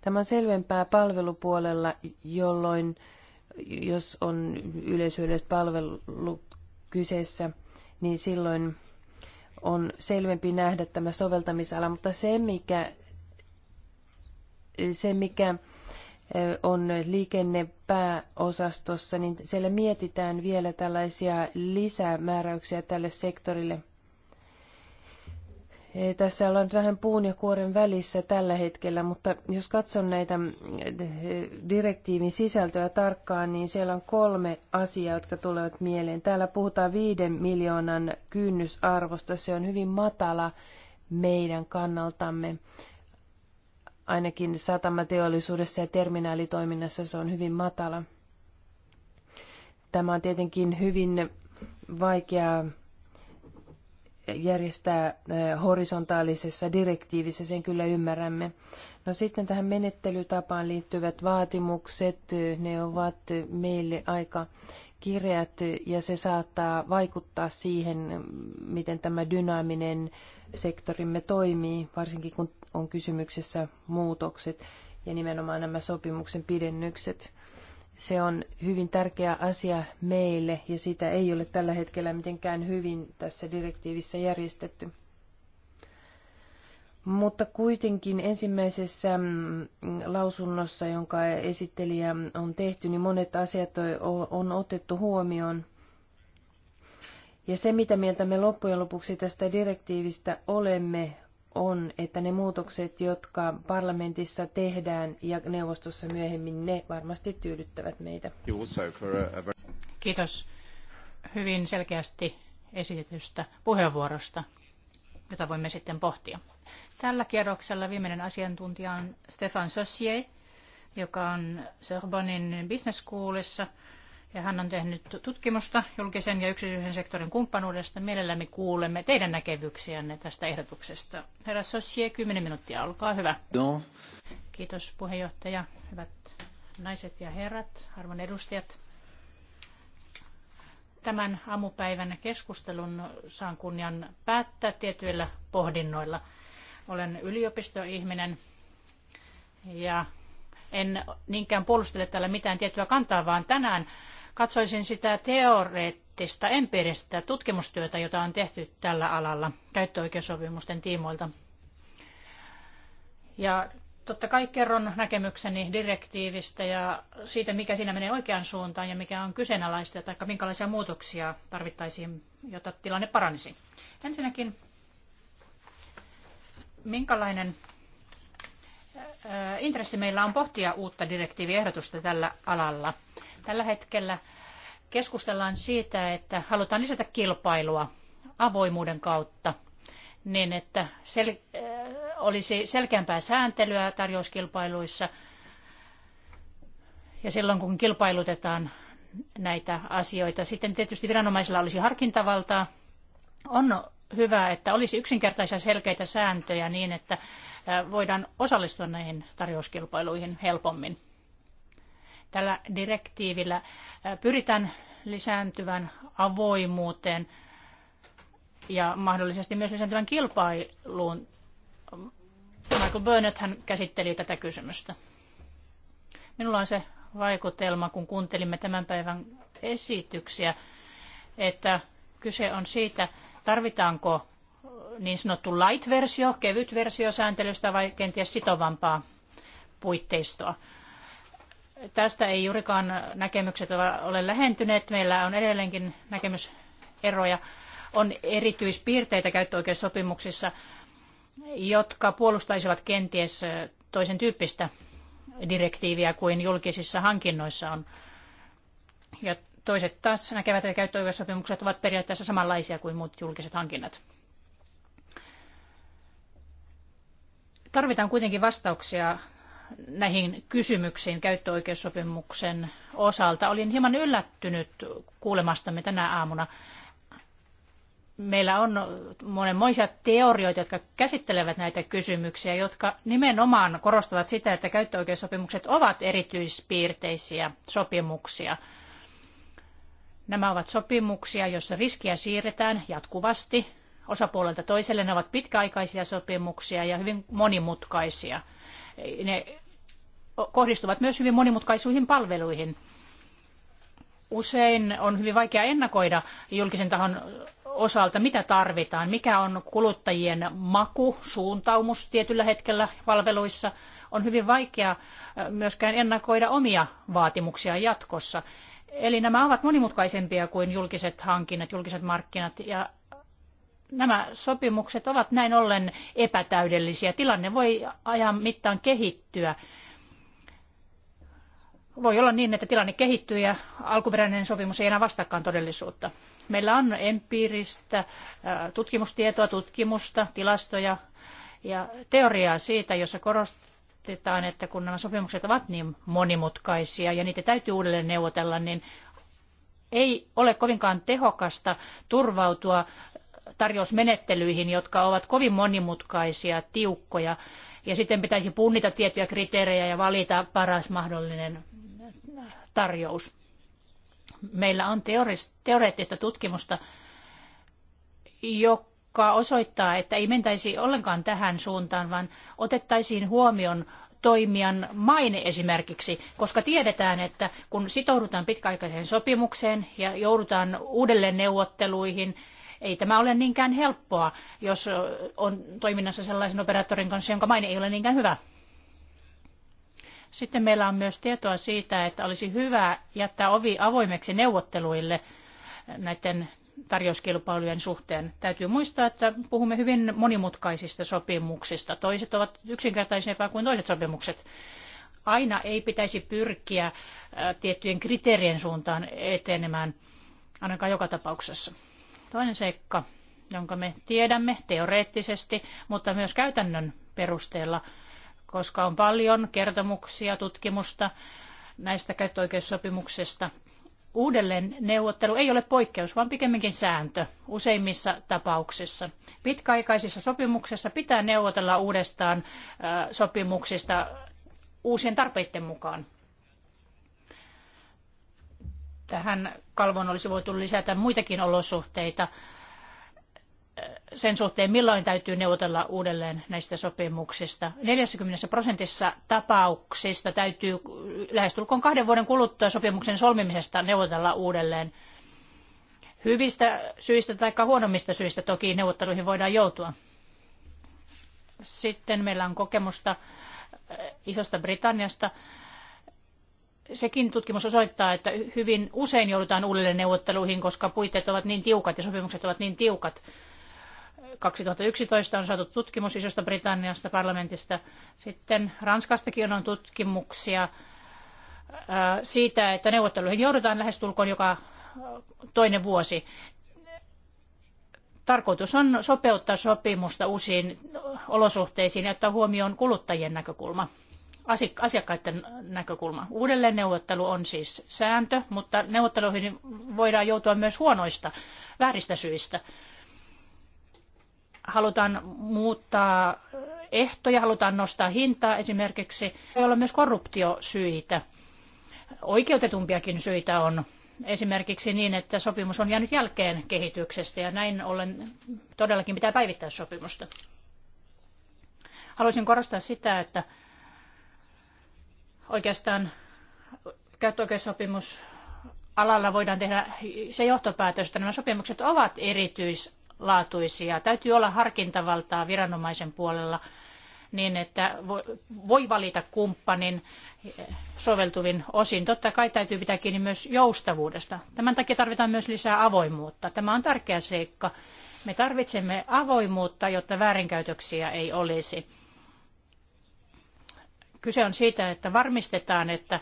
Tämä on selvempää palvelupuolella, jolloin jos on yleisyydestä palvelu kyseessä, niin silloin on selvempi nähdä tämä soveltamisala, mutta se mikä, se mikä on liikennepääosastossa, niin siellä mietitään vielä tällaisia lisämääräyksiä tälle sektorille. Ei, tässä ollaan nyt vähän puun ja kuoren välissä tällä hetkellä, mutta jos katson näitä eh, direktiivin sisältöä tarkkaan, niin siellä on kolme asiaa, jotka tulevat mieleen. Täällä puhutaan viiden miljoonan kynnysarvosta. Se on hyvin matala meidän kannaltamme. Ainakin satamateollisuudessa ja terminaalitoiminnassa se on hyvin matala. Tämä on tietenkin hyvin vaikeaa järjestää horisontaalisessa direktiivissä, sen kyllä ymmärrämme. No sitten tähän menettelytapaan liittyvät vaatimukset, ne ovat meille aika kirjat ja se saattaa vaikuttaa siihen, miten tämä dynaaminen sektorimme toimii, varsinkin kun on kysymyksessä muutokset ja nimenomaan nämä sopimuksen pidennykset. Se on hyvin tärkeä asia meille ja sitä ei ole tällä hetkellä mitenkään hyvin tässä direktiivissä järjestetty. Mutta kuitenkin ensimmäisessä mm, lausunnossa, jonka esittelijä on tehty, niin monet asiat on otettu huomioon. Ja se, mitä mieltä me loppujen lopuksi tästä direktiivistä olemme, on, että ne muutokset, jotka parlamentissa tehdään ja neuvostossa myöhemmin, ne varmasti tyydyttävät meitä. Kiitos hyvin selkeästi esitetystä puheenvuorosta, jota voimme sitten pohtia. Tällä kierroksella viimeinen asiantuntija on Stefan Sossier, joka on Sorbonin Business Schoolissa – ja hän on tehnyt tutkimusta julkisen ja yksityisen sektorin kumppanuudesta. Mielellämme kuulemme teidän näkemyksiänne tästä ehdotuksesta. Herra Sossier, 10 minuuttia, olkaa hyvä. No. Kiitos puheenjohtaja, hyvät naiset ja herrat, arvon edustajat. Tämän aamupäivän keskustelun saan kunnian päättää tietyillä pohdinnoilla. Olen yliopistoihminen ja en niinkään puolustele täällä mitään tiettyä kantaa, vaan tänään katsoisin sitä teoreettista, empiiristä tutkimustyötä, jota on tehty tällä alalla käyttöoikeussopimusten tiimoilta. Ja totta kai kerron näkemykseni direktiivistä ja siitä, mikä siinä menee oikeaan suuntaan ja mikä on kyseenalaista, tai minkälaisia muutoksia tarvittaisiin, jotta tilanne paranisi. Ensinnäkin, minkälainen intressi meillä on pohtia uutta direktiiviehdotusta tällä alalla. Tällä hetkellä keskustellaan siitä, että halutaan lisätä kilpailua avoimuuden kautta niin, että sel- äh, olisi selkeämpää sääntelyä tarjouskilpailuissa. Ja silloin kun kilpailutetaan näitä asioita, sitten tietysti viranomaisilla olisi harkintavaltaa. On hyvä, että olisi yksinkertaisia selkeitä sääntöjä niin, että äh, voidaan osallistua näihin tarjouskilpailuihin helpommin. Tällä direktiivillä pyritään lisääntyvän avoimuuteen ja mahdollisesti myös lisääntyvän kilpailuun. Michael Burnett hän käsitteli tätä kysymystä. Minulla on se vaikutelma, kun kuuntelimme tämän päivän esityksiä, että kyse on siitä, tarvitaanko niin sanottu light-versio, kevyt versio sääntelystä vai kenties sitovampaa puitteistoa tästä ei juurikaan näkemykset ole lähentyneet. Meillä on edelleenkin näkemyseroja. On erityispiirteitä käyttöoikeussopimuksissa, jotka puolustaisivat kenties toisen tyyppistä direktiiviä kuin julkisissa hankinnoissa on. Ja toiset taas näkevät, että käyttöoikeussopimukset ovat periaatteessa samanlaisia kuin muut julkiset hankinnat. Tarvitaan kuitenkin vastauksia näihin kysymyksiin käyttöoikeussopimuksen osalta. Olin hieman yllättynyt kuulemastamme tänä aamuna. Meillä on monenmoisia teorioita, jotka käsittelevät näitä kysymyksiä, jotka nimenomaan korostavat sitä, että käyttöoikeussopimukset ovat erityispiirteisiä sopimuksia. Nämä ovat sopimuksia, joissa riskiä siirretään jatkuvasti osapuolelta toiselle. Ne ovat pitkäaikaisia sopimuksia ja hyvin monimutkaisia. Ne kohdistuvat myös hyvin monimutkaisuihin palveluihin. Usein on hyvin vaikea ennakoida julkisen tahon osalta, mitä tarvitaan, mikä on kuluttajien maku, suuntaumus tietyllä hetkellä palveluissa. On hyvin vaikea äh, myöskään ennakoida omia vaatimuksia jatkossa. Eli nämä ovat monimutkaisempia kuin julkiset hankinnat, julkiset markkinat ja nämä sopimukset ovat näin ollen epätäydellisiä. Tilanne voi ajan mittaan kehittyä voi olla niin, että tilanne kehittyy ja alkuperäinen sopimus ei enää vastaakaan todellisuutta. Meillä on empiiristä tutkimustietoa, tutkimusta, tilastoja ja teoriaa siitä, jossa korostetaan, että kun nämä sopimukset ovat niin monimutkaisia ja niitä täytyy uudelleen neuvotella, niin ei ole kovinkaan tehokasta turvautua tarjousmenettelyihin, jotka ovat kovin monimutkaisia, tiukkoja ja sitten pitäisi punnita tiettyjä kriteerejä ja valita paras mahdollinen tarjous. Meillä on teoreettista tutkimusta, joka osoittaa, että ei mentäisi ollenkaan tähän suuntaan, vaan otettaisiin huomioon toimijan maine esimerkiksi, koska tiedetään, että kun sitoudutaan pitkäaikaiseen sopimukseen ja joudutaan uudelleen neuvotteluihin, ei tämä ole niinkään helppoa, jos on toiminnassa sellaisen operaattorin kanssa, jonka maine ei ole niinkään hyvä. Sitten meillä on myös tietoa siitä, että olisi hyvä jättää ovi avoimeksi neuvotteluille näiden tarjouskilpailujen suhteen. Täytyy muistaa, että puhumme hyvin monimutkaisista sopimuksista. Toiset ovat yksinkertaisempia kuin toiset sopimukset. Aina ei pitäisi pyrkiä tiettyjen kriteerien suuntaan etenemään, ainakaan joka tapauksessa. Toinen seikka, jonka me tiedämme teoreettisesti, mutta myös käytännön perusteella – koska on paljon kertomuksia, tutkimusta näistä käyttöoikeussopimuksista. Uudelleen neuvottelu ei ole poikkeus, vaan pikemminkin sääntö useimmissa tapauksissa. Pitkäaikaisissa sopimuksissa pitää neuvotella uudestaan sopimuksista uusien tarpeiden mukaan. Tähän kalvoon olisi voitu lisätä muitakin olosuhteita sen suhteen, milloin täytyy neuvotella uudelleen näistä sopimuksista. 40 prosentissa tapauksista täytyy lähestulkoon kahden vuoden kuluttua sopimuksen solmimisesta neuvotella uudelleen. Hyvistä syistä tai huonommista syistä toki neuvotteluihin voidaan joutua. Sitten meillä on kokemusta eh, Isosta Britanniasta. Sekin tutkimus osoittaa, että hyvin usein joudutaan uudelleen neuvotteluihin, koska puitteet ovat niin tiukat ja sopimukset ovat niin tiukat 2011 on saatu tutkimus Isosta Britanniasta parlamentista. Sitten Ranskastakin on tutkimuksia siitä, että neuvotteluihin joudutaan lähestulkoon joka toinen vuosi. Tarkoitus on sopeuttaa sopimusta uusiin olosuhteisiin ja ottaa huomioon kuluttajien näkökulma, asiakkaiden näkökulma. Uudelleen neuvottelu on siis sääntö, mutta neuvotteluihin voidaan joutua myös huonoista, vääristä syistä halutaan muuttaa ehtoja, halutaan nostaa hintaa esimerkiksi. Voi olla myös korruptiosyitä. Oikeutetumpiakin syitä on esimerkiksi niin, että sopimus on jäänyt jälkeen kehityksestä ja näin ollen todellakin pitää päivittää sopimusta. Haluaisin korostaa sitä, että oikeastaan käyttöoikeussopimus alalla voidaan tehdä se johtopäätös, että nämä sopimukset ovat erityis laatuisia. Täytyy olla harkintavaltaa viranomaisen puolella niin, että voi valita kumppanin soveltuvin osin. Totta kai täytyy pitää kiinni myös joustavuudesta. Tämän takia tarvitaan myös lisää avoimuutta. Tämä on tärkeä seikka. Me tarvitsemme avoimuutta, jotta väärinkäytöksiä ei olisi. Kyse on siitä, että varmistetaan, että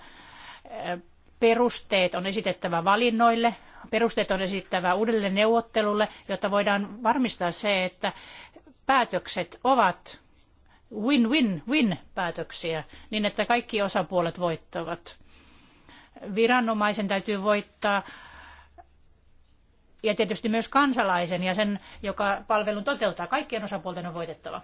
perusteet on esitettävä valinnoille, perusteet on esittävä uudelle neuvottelulle, jotta voidaan varmistaa se, että päätökset ovat win-win-win päätöksiä, niin että kaikki osapuolet voittavat. Viranomaisen täytyy voittaa ja tietysti myös kansalaisen ja sen, joka palvelun toteuttaa. Kaikkien osapuolten on voitettava.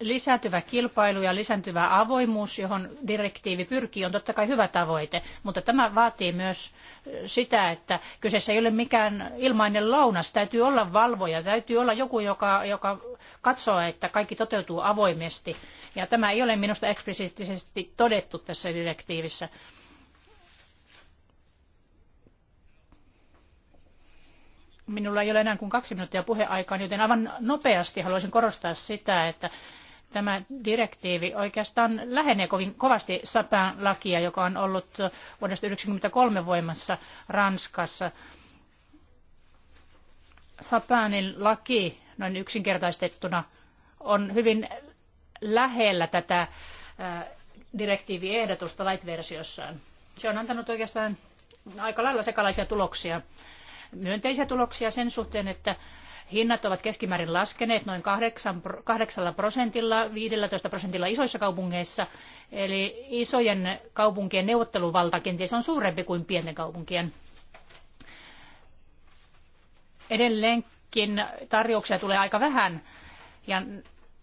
lisääntyvä kilpailu ja lisääntyvä avoimuus, johon direktiivi pyrkii, on totta kai hyvä tavoite, mutta tämä vaatii myös sitä, että kyseessä ei ole mikään ilmainen lounas, täytyy olla valvoja, täytyy olla joku, joka, joka katsoo, että kaikki toteutuu avoimesti. Ja tämä ei ole minusta eksplisiittisesti todettu tässä direktiivissä. Minulla ei ole enää kuin kaksi minuuttia puheaikaan, joten aivan nopeasti haluaisin korostaa sitä, että tämä direktiivi oikeastaan lähenee kovin kovasti sapään lakia, joka on ollut vuodesta 1993 voimassa Ranskassa. Sapanin laki noin yksinkertaistettuna on hyvin lähellä tätä direktiiviehdotusta light-versiossaan. Se on antanut oikeastaan aika lailla sekalaisia tuloksia, myönteisiä tuloksia sen suhteen, että Hinnat ovat keskimäärin laskeneet noin 8, 8 prosentilla, 15 prosentilla isoissa kaupungeissa. Eli isojen kaupunkien neuvotteluvalta kenties on suurempi kuin pienten kaupunkien. Edelleenkin tarjouksia tulee aika vähän ja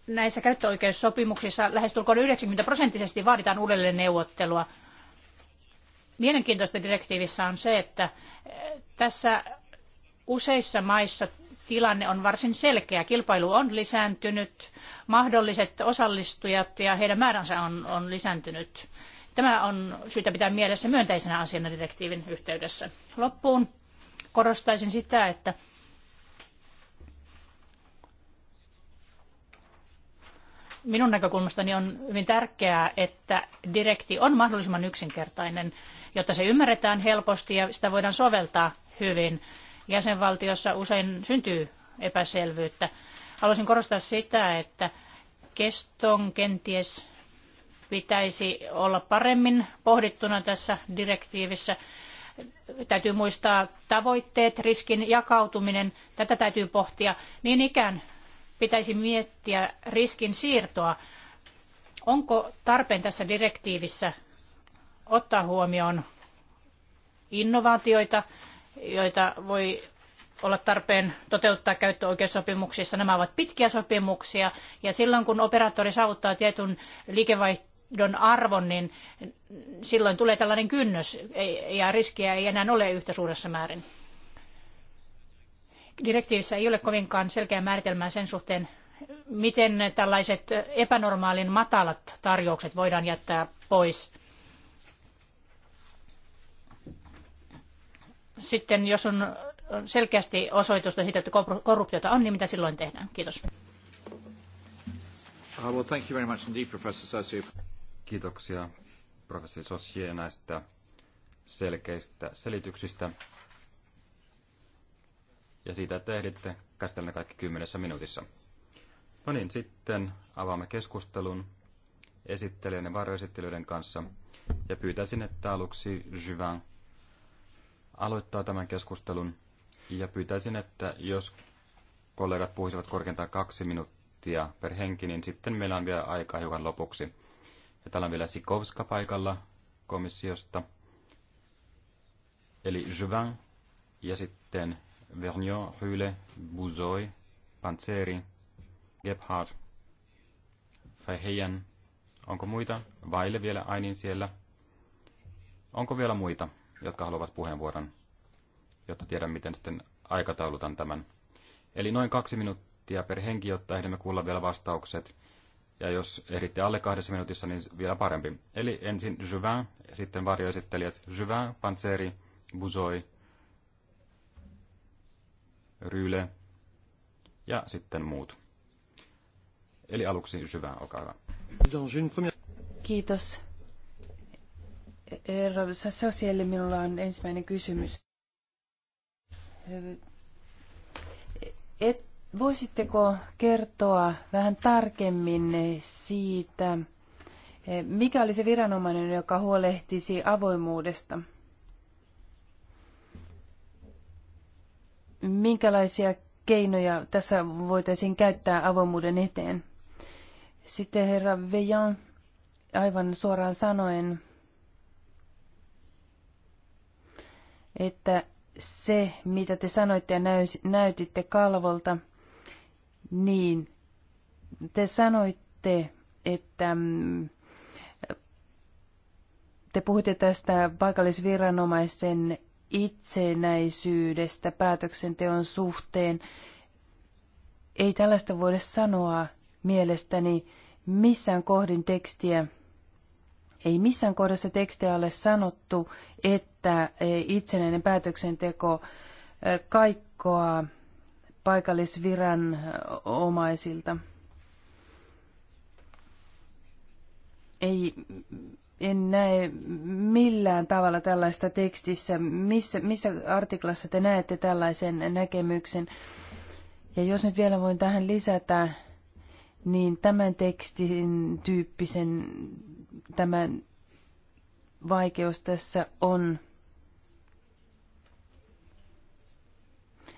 näissä käyttöoikeussopimuksissa lähestulkoon 90 prosenttisesti vaaditaan uudelleen neuvottelua. Mielenkiintoista direktiivissä on se, että tässä useissa maissa tilanne on varsin selkeä. Kilpailu on lisääntynyt, mahdolliset osallistujat ja heidän määränsä on, on lisääntynyt. Tämä on syytä pitää mielessä myönteisenä asiana direktiivin yhteydessä. Loppuun korostaisin sitä, että minun näkökulmastani on hyvin tärkeää, että direkti on mahdollisimman yksinkertainen, jotta se ymmärretään helposti ja sitä voidaan soveltaa hyvin jäsenvaltiossa usein syntyy epäselvyyttä. Haluaisin korostaa sitä, että keston kenties pitäisi olla paremmin pohdittuna tässä direktiivissä. Täytyy muistaa tavoitteet, riskin jakautuminen, tätä täytyy pohtia. Niin ikään pitäisi miettiä riskin siirtoa. Onko tarpeen tässä direktiivissä ottaa huomioon innovaatioita, joita voi olla tarpeen toteuttaa käyttöoikeussopimuksissa. Nämä ovat pitkiä sopimuksia ja silloin kun operaattori saavuttaa tietyn liikevaihdon arvon, niin silloin tulee tällainen kynnys ja riskiä ei enää ole yhtä suuressa määrin. Direktiivissä ei ole kovinkaan selkeää määritelmää sen suhteen, miten tällaiset epänormaalin matalat tarjoukset voidaan jättää pois. sitten, jos on selkeästi osoitusta siitä, että korruptiota on, niin mitä silloin tehdään? Kiitos. Uh, thank you very much indeed, Professor Kiitoksia professori Sosie näistä selkeistä selityksistä ja siitä, että ehditte käsitellä ne kaikki kymmenessä minuutissa. No niin, sitten avaamme keskustelun esittelijän ja varjoesittelijöiden kanssa ja pyytäisin, että aluksi Jyvän aloittaa tämän keskustelun ja pyytäisin, että jos kollegat puhuisivat korkeintaan kaksi minuuttia per henki, niin sitten meillä on vielä aikaa hiukan lopuksi. Ja täällä on vielä Sikovska paikalla komissiosta, eli Juvin ja sitten Vergnion, Hyle, Buzoi, Panzeri, Gebhardt, Feheyen. Onko muita? Vaille vielä Ainin siellä. Onko vielä muita? jotka haluavat puheenvuoron, jotta tiedän, miten sitten aikataulutan tämän. Eli noin kaksi minuuttia per henki, jotta ehdimme kuulla vielä vastaukset. Ja jos ehditte alle kahdessa minuutissa, niin vielä parempi. Eli ensin Juvin, sitten varjoesittelijät Juvin, Panseri, Buzoi, Ryle ja sitten muut. Eli aluksi Juvin, olkaa hyvä. Kiitos Herra Sosiaali, minulla on ensimmäinen kysymys. Et, voisitteko kertoa vähän tarkemmin siitä, mikä oli se viranomainen, joka huolehtisi avoimuudesta? Minkälaisia keinoja tässä voitaisiin käyttää avoimuuden eteen? Sitten herra Vejan aivan suoraan sanoen että se, mitä te sanoitte ja näytitte kalvolta, niin te sanoitte, että mm, te puhutte tästä paikallisviranomaisten itsenäisyydestä päätöksenteon suhteen. Ei tällaista voida sanoa mielestäni missään kohdin tekstiä ei missään kohdassa tekstiä ole sanottu, että e, itsenäinen päätöksenteko e, kaikkoa paikallisviranomaisilta. E, Ei, en näe millään tavalla tällaista tekstissä. Missä, missä artiklassa te näette tällaisen näkemyksen? Ja jos nyt vielä voin tähän lisätä, niin tämän tekstin tyyppisen tämän vaikeus tässä on.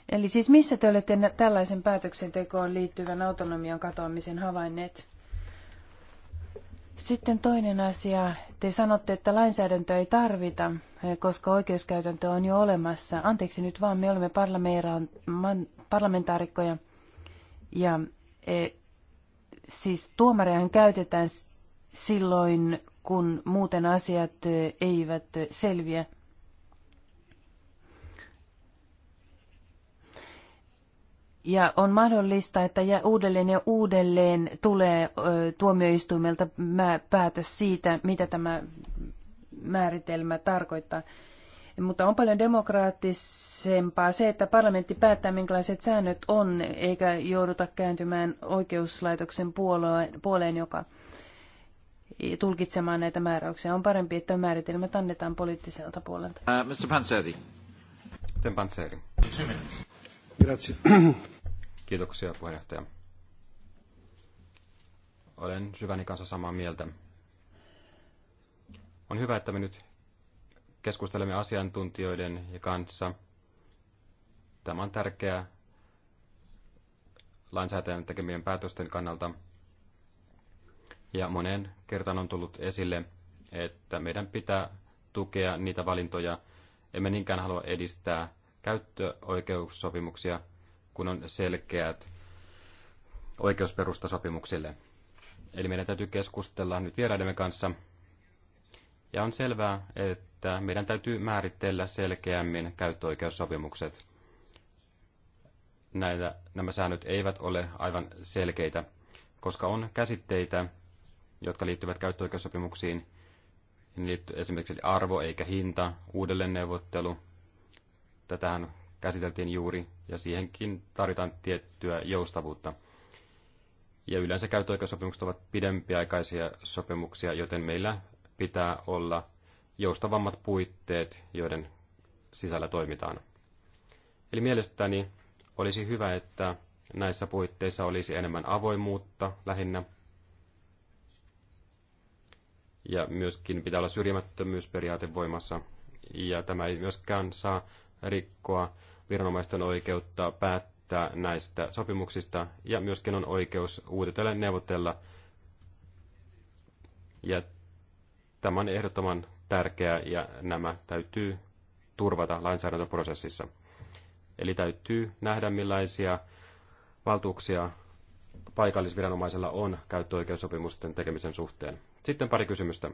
Eli siis missä te olette tällaisen päätöksentekoon liittyvän autonomian katoamisen havainneet? Sitten toinen asia. Te sanotte, että lainsäädäntöä ei tarvita, eh, koska oikeuskäytäntö on jo olemassa. Anteeksi nyt vaan, me olemme parlamentaarikkoja. Ja e, siis tuomareahan käytetään silloin, kun muuten asiat eivät selviä. Ja on mahdollista, että ja uudelleen ja uudelleen tulee tuomioistuimelta päätös siitä, mitä tämä määritelmä tarkoittaa. Mutta on paljon demokraattisempaa se, että parlamentti päättää, minkälaiset säännöt on, eikä jouduta kääntymään oikeuslaitoksen puoleen, joka tulkitsemaan näitä määräyksiä. On parempi, että määritelmät annetaan poliittiselta puolelta. Uh, äh, Mr. Panseri. Miten Panseri? Two minutes. Grazie. Kiitoksia puheenjohtaja. Olen syväni kanssa samaa mieltä. On hyvä, että me nyt keskustelemme asiantuntijoiden kanssa. Tämä on tärkeää lainsäätäjän tekemien päätösten kannalta – ja monen kertaan on tullut esille, että meidän pitää tukea niitä valintoja. Emme niinkään halua edistää käyttöoikeussopimuksia, kun on selkeät oikeusperustasopimuksille. Eli meidän täytyy keskustella nyt vieraidemme kanssa. Ja on selvää, että meidän täytyy määritellä selkeämmin käyttöoikeussopimukset. Näitä, nämä säännöt eivät ole aivan selkeitä, koska on käsitteitä, jotka liittyvät käyttöoikeussopimuksiin, liittyy esimerkiksi arvo eikä hinta, uudelleenneuvottelu. Tätähän käsiteltiin juuri ja siihenkin tarvitaan tiettyä joustavuutta. Ja yleensä käyttöoikeussopimukset ovat pidempiaikaisia sopimuksia, joten meillä pitää olla joustavammat puitteet, joiden sisällä toimitaan. Eli mielestäni olisi hyvä, että näissä puitteissa olisi enemmän avoimuutta lähinnä – ja myöskin pitää olla syrjimättömyysperiaate voimassa. Ja tämä ei myöskään saa rikkoa viranomaisten oikeutta päättää näistä sopimuksista ja myöskin on oikeus uudetella neuvotella. Ja tämä on ehdottoman tärkeää ja nämä täytyy turvata lainsäädäntöprosessissa. Eli täytyy nähdä, millaisia valtuuksia paikallisviranomaisella on käyttöoikeussopimusten tekemisen suhteen. Sitten pari kysymystä.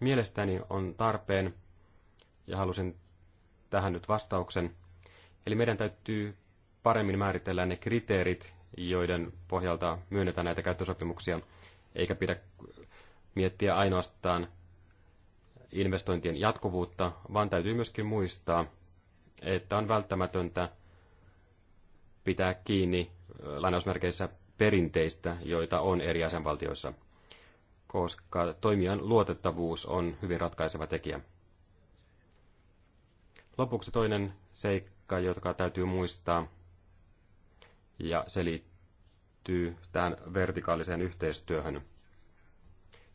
Mielestäni on tarpeen, ja halusin tähän nyt vastauksen, eli meidän täytyy paremmin määritellä ne kriteerit, joiden pohjalta myönnetään näitä käyttösopimuksia, eikä pidä miettiä ainoastaan investointien jatkuvuutta, vaan täytyy myöskin muistaa, että on välttämätöntä pitää kiinni lainausmerkeissä perinteistä, joita on eri jäsenvaltioissa koska toimijan luotettavuus on hyvin ratkaiseva tekijä. Lopuksi toinen seikka, joka täytyy muistaa, ja se liittyy tähän vertikaaliseen yhteistyöhön.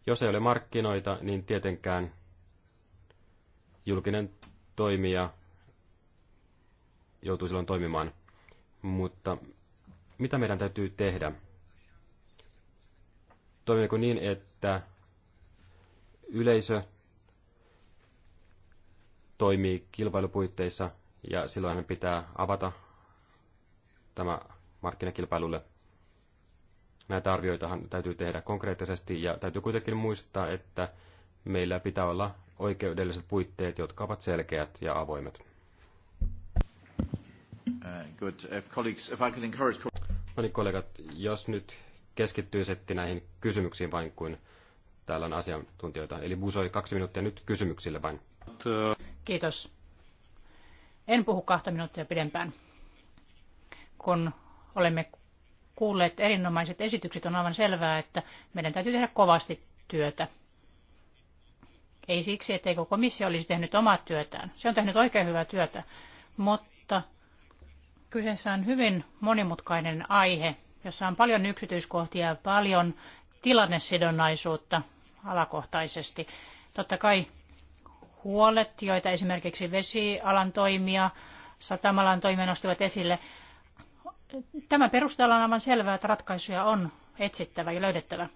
Jos ei ole markkinoita, niin tietenkään julkinen toimija joutuu silloin toimimaan. Mutta mitä meidän täytyy tehdä? toimiiko niin, että yleisö toimii kilpailupuitteissa ja silloin pitää avata tämä markkinakilpailulle. Näitä arvioitahan täytyy tehdä konkreettisesti ja täytyy kuitenkin muistaa, että meillä pitää olla oikeudelliset puitteet, jotka ovat selkeät ja avoimet. Uh, good. If uh, colleagues, if I could encourage... No niin, kollegat, jos nyt setti näihin kysymyksiin vain, kuin täällä on asiantuntijoita. Eli Busoi kaksi minuuttia nyt kysymyksille vain. Kiitos. En puhu kahta minuuttia pidempään. Kun olemme kuulleet erinomaiset esitykset, on aivan selvää, että meidän täytyy tehdä kovasti työtä. Ei siksi, etteikö komissio olisi tehnyt omaa työtään. Se on tehnyt oikein hyvää työtä, mutta kyseessä on hyvin monimutkainen aihe, jossa on paljon yksityiskohtia ja paljon tilannesidonnaisuutta alakohtaisesti. Totta kai huolet, joita esimerkiksi vesialan toimija, satamalan toimija nostivat esille, tämän perusteella on aivan selvää, että ratkaisuja on etsittävä ja löydettävä.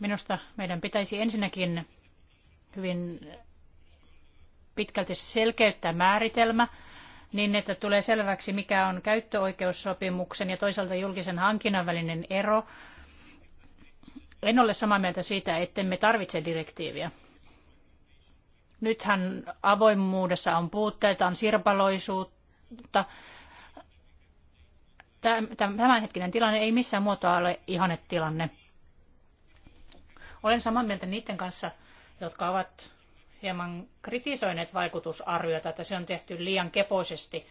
Minusta meidän pitäisi ensinnäkin hyvin pitkälti selkeyttää määritelmä – niin että tulee selväksi, mikä on käyttöoikeussopimuksen ja toisaalta julkisen hankinnan välinen ero. En ole samaa mieltä siitä, ettemme tarvitse direktiiviä. Nythän avoimuudessa on puutteita, on sirpaloisuutta. Tämänhetkinen tilanne ei missään muotoa ole ihannetilanne. Olen samaa mieltä niiden kanssa, jotka ovat hieman kritisoineet vaikutusarviota, että se on tehty liian kepoisesti,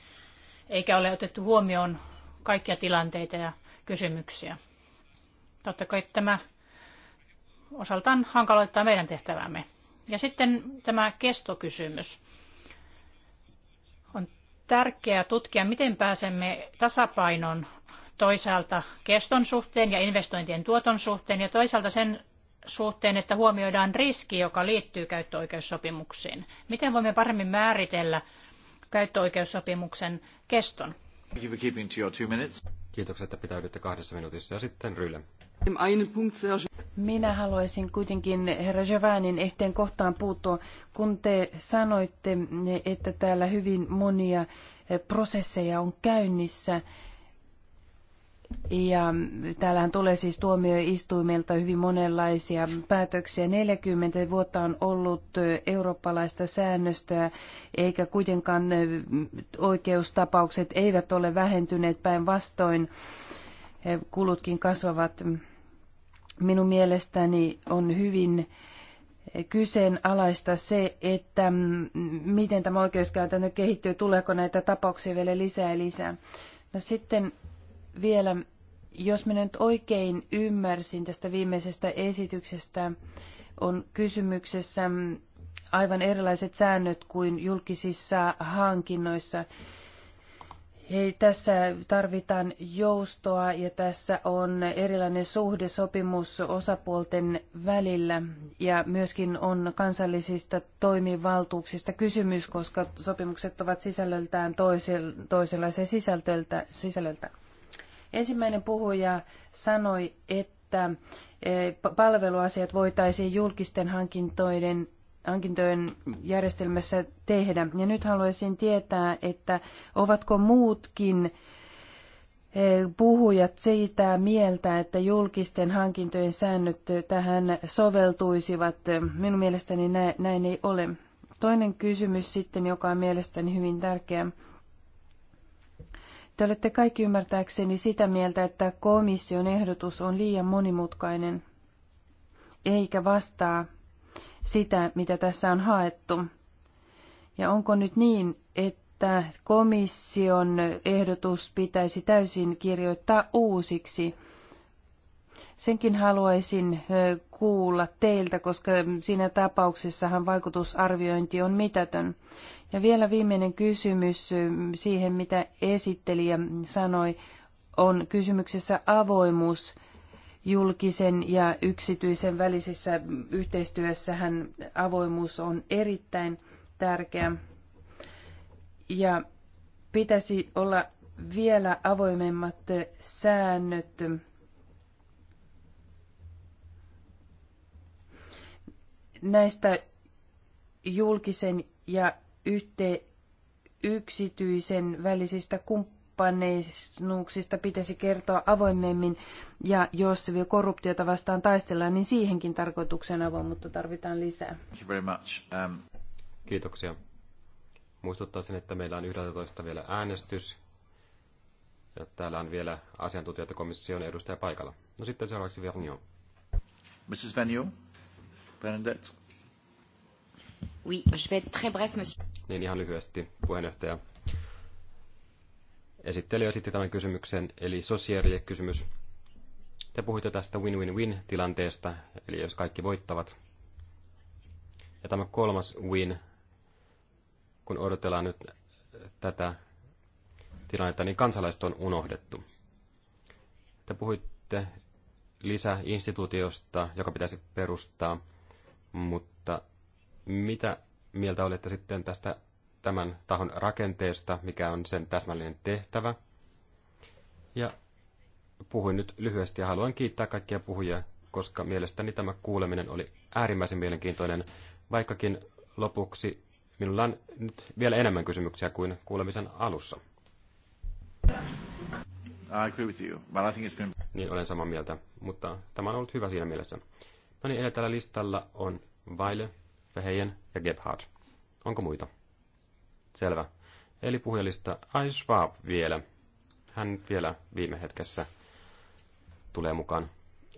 eikä ole otettu huomioon kaikkia tilanteita ja kysymyksiä. Totta kai tämä osaltaan hankaloittaa meidän tehtävämme. Ja sitten tämä kestokysymys. On tärkeää tutkia, miten pääsemme tasapainon toisaalta keston suhteen ja investointien tuoton suhteen ja toisaalta sen suhteen, että huomioidaan riski, joka liittyy käyttöoikeussopimuksiin. Miten voimme paremmin määritellä käyttöoikeussopimuksen keston? Kiitokset, että pitäydytte kahdessa minuutissa ja sitten Ryle. Minä haluaisin kuitenkin herra Javanin ehteen kohtaan puuttua, kun te sanoitte, että täällä hyvin monia prosesseja on käynnissä ja täällähän tulee siis tuomioistuimelta hyvin monenlaisia päätöksiä. 40 vuotta on ollut eurooppalaista säännöstöä, eikä kuitenkaan oikeustapaukset eivät ole vähentyneet päinvastoin. Kulutkin kasvavat. Minun mielestäni on hyvin kyseenalaista se, että miten tämä oikeuskäytäntö kehittyy, tuleeko näitä tapauksia vielä lisää ja lisää. No sitten vielä, jos minä nyt oikein ymmärsin tästä viimeisestä esityksestä, on kysymyksessä aivan erilaiset säännöt kuin julkisissa hankinnoissa. Hei, tässä tarvitaan joustoa ja tässä on erilainen suhde sopimus osapuolten välillä ja myöskin on kansallisista toimivaltuuksista kysymys, koska sopimukset ovat sisällöltään toisella toisenlaisia sisältöltä, sisällöltä. Ensimmäinen puhuja sanoi, että e, palveluasiat voitaisiin julkisten hankintoiden hankintojen järjestelmässä tehdä. Ja nyt haluaisin tietää, että ovatko muutkin e, puhujat siitä mieltä, että julkisten hankintojen säännöt tähän soveltuisivat. Minun mielestäni näin ei ole. Toinen kysymys sitten, joka on mielestäni hyvin tärkeä. Te olette kaikki ymmärtääkseni sitä mieltä, että komission ehdotus on liian monimutkainen eikä vastaa sitä, mitä tässä on haettu. Ja onko nyt niin, että komission ehdotus pitäisi täysin kirjoittaa uusiksi? Senkin haluaisin kuulla teiltä, koska siinä tapauksessahan vaikutusarviointi on mitätön. Ja vielä viimeinen kysymys ähm, siihen, mitä esittelijä sanoi, on kysymyksessä avoimuus julkisen ja yksityisen välisessä yhteistyössähän avoimuus on erittäin tärkeä. Ja pitäisi olla vielä avoimemmat säännöt. Näistä julkisen ja yhte, yksityisen välisistä kumppaneisnuuksista pitäisi kertoa avoimemmin, ja jos korruptiota vastaan taistellaan, niin siihenkin tarkoituksen avoimuutta tarvitaan lisää. Um, Kiitoksia. Muistuttaisin, että meillä on 11 vielä äänestys, ja täällä on vielä asiantuntijat ja komission edustaja paikalla. No sitten seuraavaksi Vernio. Mrs. Vernio. Bernadette. Oui, je vais être très bref, monsieur. Niin ihan lyhyesti puheenjohtaja esitteli esitti tämän kysymyksen, eli sosiaalinen kysymys. Te puhuitte tästä win-win-win-tilanteesta, eli jos kaikki voittavat. Ja tämä kolmas win, kun odotellaan nyt tätä tilannetta, niin kansalaiset on unohdettu. Te puhuitte lisäinstituutiosta, joka pitäisi perustaa, mutta mitä mieltä olette sitten tästä tämän tahon rakenteesta, mikä on sen täsmällinen tehtävä. Ja puhuin nyt lyhyesti ja haluan kiittää kaikkia puhujia, koska mielestäni tämä kuuleminen oli äärimmäisen mielenkiintoinen, vaikkakin lopuksi minulla on nyt vielä enemmän kysymyksiä kuin kuulemisen alussa. I agree with you, but I think it's been... Niin, olen samaa mieltä, mutta tämä on ollut hyvä siinä mielessä. No niin, tällä listalla on Vaile, Feheyen ja Gebhardt. Onko muita? Selvä. Eli puhelista Ai Schwab vielä. Hän vielä viime hetkessä tulee mukaan.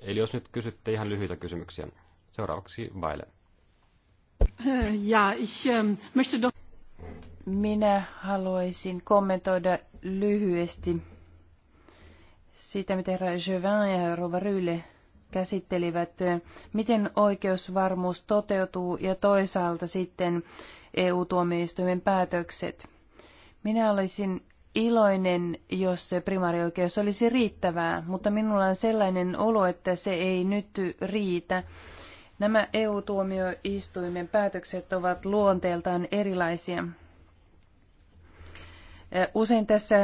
Eli jos nyt kysytte ihan lyhyitä kysymyksiä. Seuraavaksi Vaile. Ja, ich ähm, möchte doch... Minä haluaisin kommentoida lyhyesti sitä, mitä herra Jevin ja rouva Ryle käsittelivät, miten oikeusvarmuus toteutuu ja toisaalta sitten EU-tuomioistuimen päätökset. Minä olisin iloinen, jos se primaarioikeus olisi riittävää, mutta minulla on sellainen olo, että se ei nyt riitä. Nämä EU-tuomioistuimen päätökset ovat luonteeltaan erilaisia. Usein tässä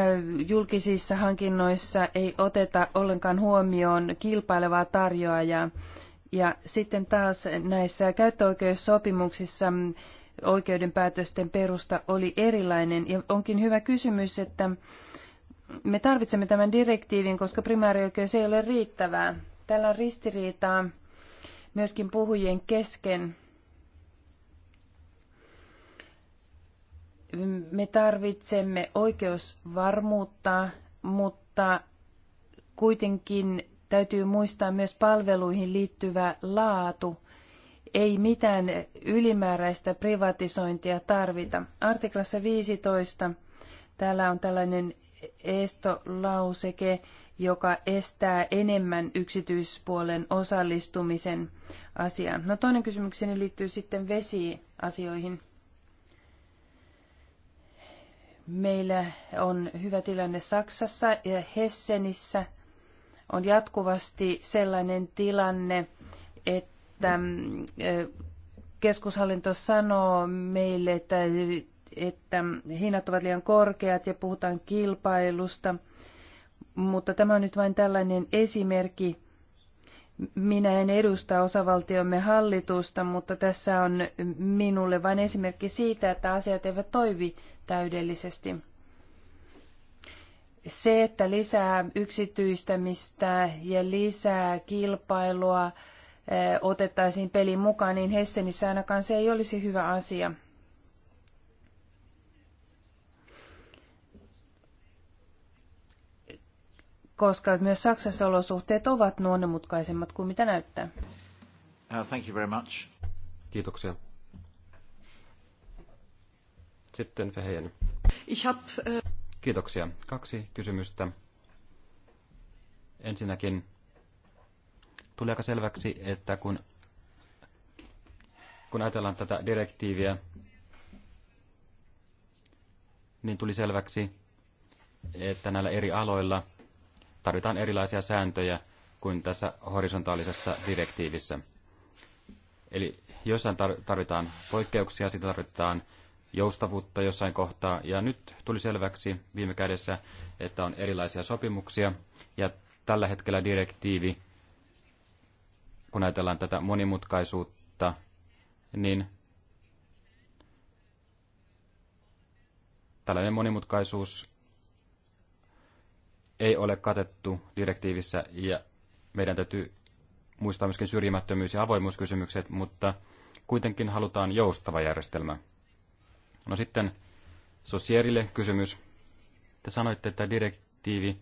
julkisissa hankinnoissa ei oteta ollenkaan huomioon kilpailevaa tarjoajaa. Ja sitten taas näissä käyttöoikeussopimuksissa oikeudenpäätösten perusta oli erilainen. Ja onkin hyvä kysymys, että me tarvitsemme tämän direktiivin, koska primäärioikeus ei ole riittävää. Täällä on ristiriitaa myöskin puhujien kesken Me tarvitsemme oikeusvarmuutta, mutta kuitenkin täytyy muistaa myös palveluihin liittyvä laatu. Ei mitään ylimääräistä privatisointia tarvita. Artiklassa 15 täällä on tällainen estolauseke, joka estää enemmän yksityispuolen osallistumisen asiaan. No toinen kysymykseni liittyy sitten vesiasioihin. Meillä on hyvä tilanne Saksassa ja Hessenissä on jatkuvasti sellainen tilanne, että mm, keskushallinto sanoo meille, että, että mm, hinnat ovat liian korkeat ja puhutaan kilpailusta. Mutta tämä on nyt vain tällainen esimerkki minä en edusta osavaltiomme hallitusta, mutta tässä on minulle vain esimerkki siitä, että asiat eivät toivi täydellisesti. Se, että lisää yksityistämistä ja lisää kilpailua eh, otettaisiin peliin mukaan, niin Hessenissä ainakaan se ei olisi hyvä asia. koska myös Saksassa olosuhteet ovat nuonemutkaisemmat kuin mitä näyttää. Uh, thank you very much. Kiitoksia. Sitten Fehejeni. uh... Äh, Kiitoksia. Kaksi kysymystä. Ensinnäkin tuli aika selväksi, että kun, kun ajatellaan tätä direktiiviä, niin tuli selväksi, että näillä eri aloilla – tarvitaan erilaisia sääntöjä kuin tässä horisontaalisessa direktiivissä. Eli jossain tarvitaan poikkeuksia, sitä tarvitaan joustavuutta jossain kohtaa. Ja nyt tuli selväksi viime kädessä, että on erilaisia sopimuksia. Ja tällä hetkellä direktiivi, kun ajatellaan tätä monimutkaisuutta, niin tällainen monimutkaisuus ei ole katettu direktiivissä ja meidän täytyy muistaa myöskin syrjimättömyys- ja avoimuuskysymykset, mutta kuitenkin halutaan joustava järjestelmä. No sitten Sosierille kysymys. Te sanoitte, että direktiivi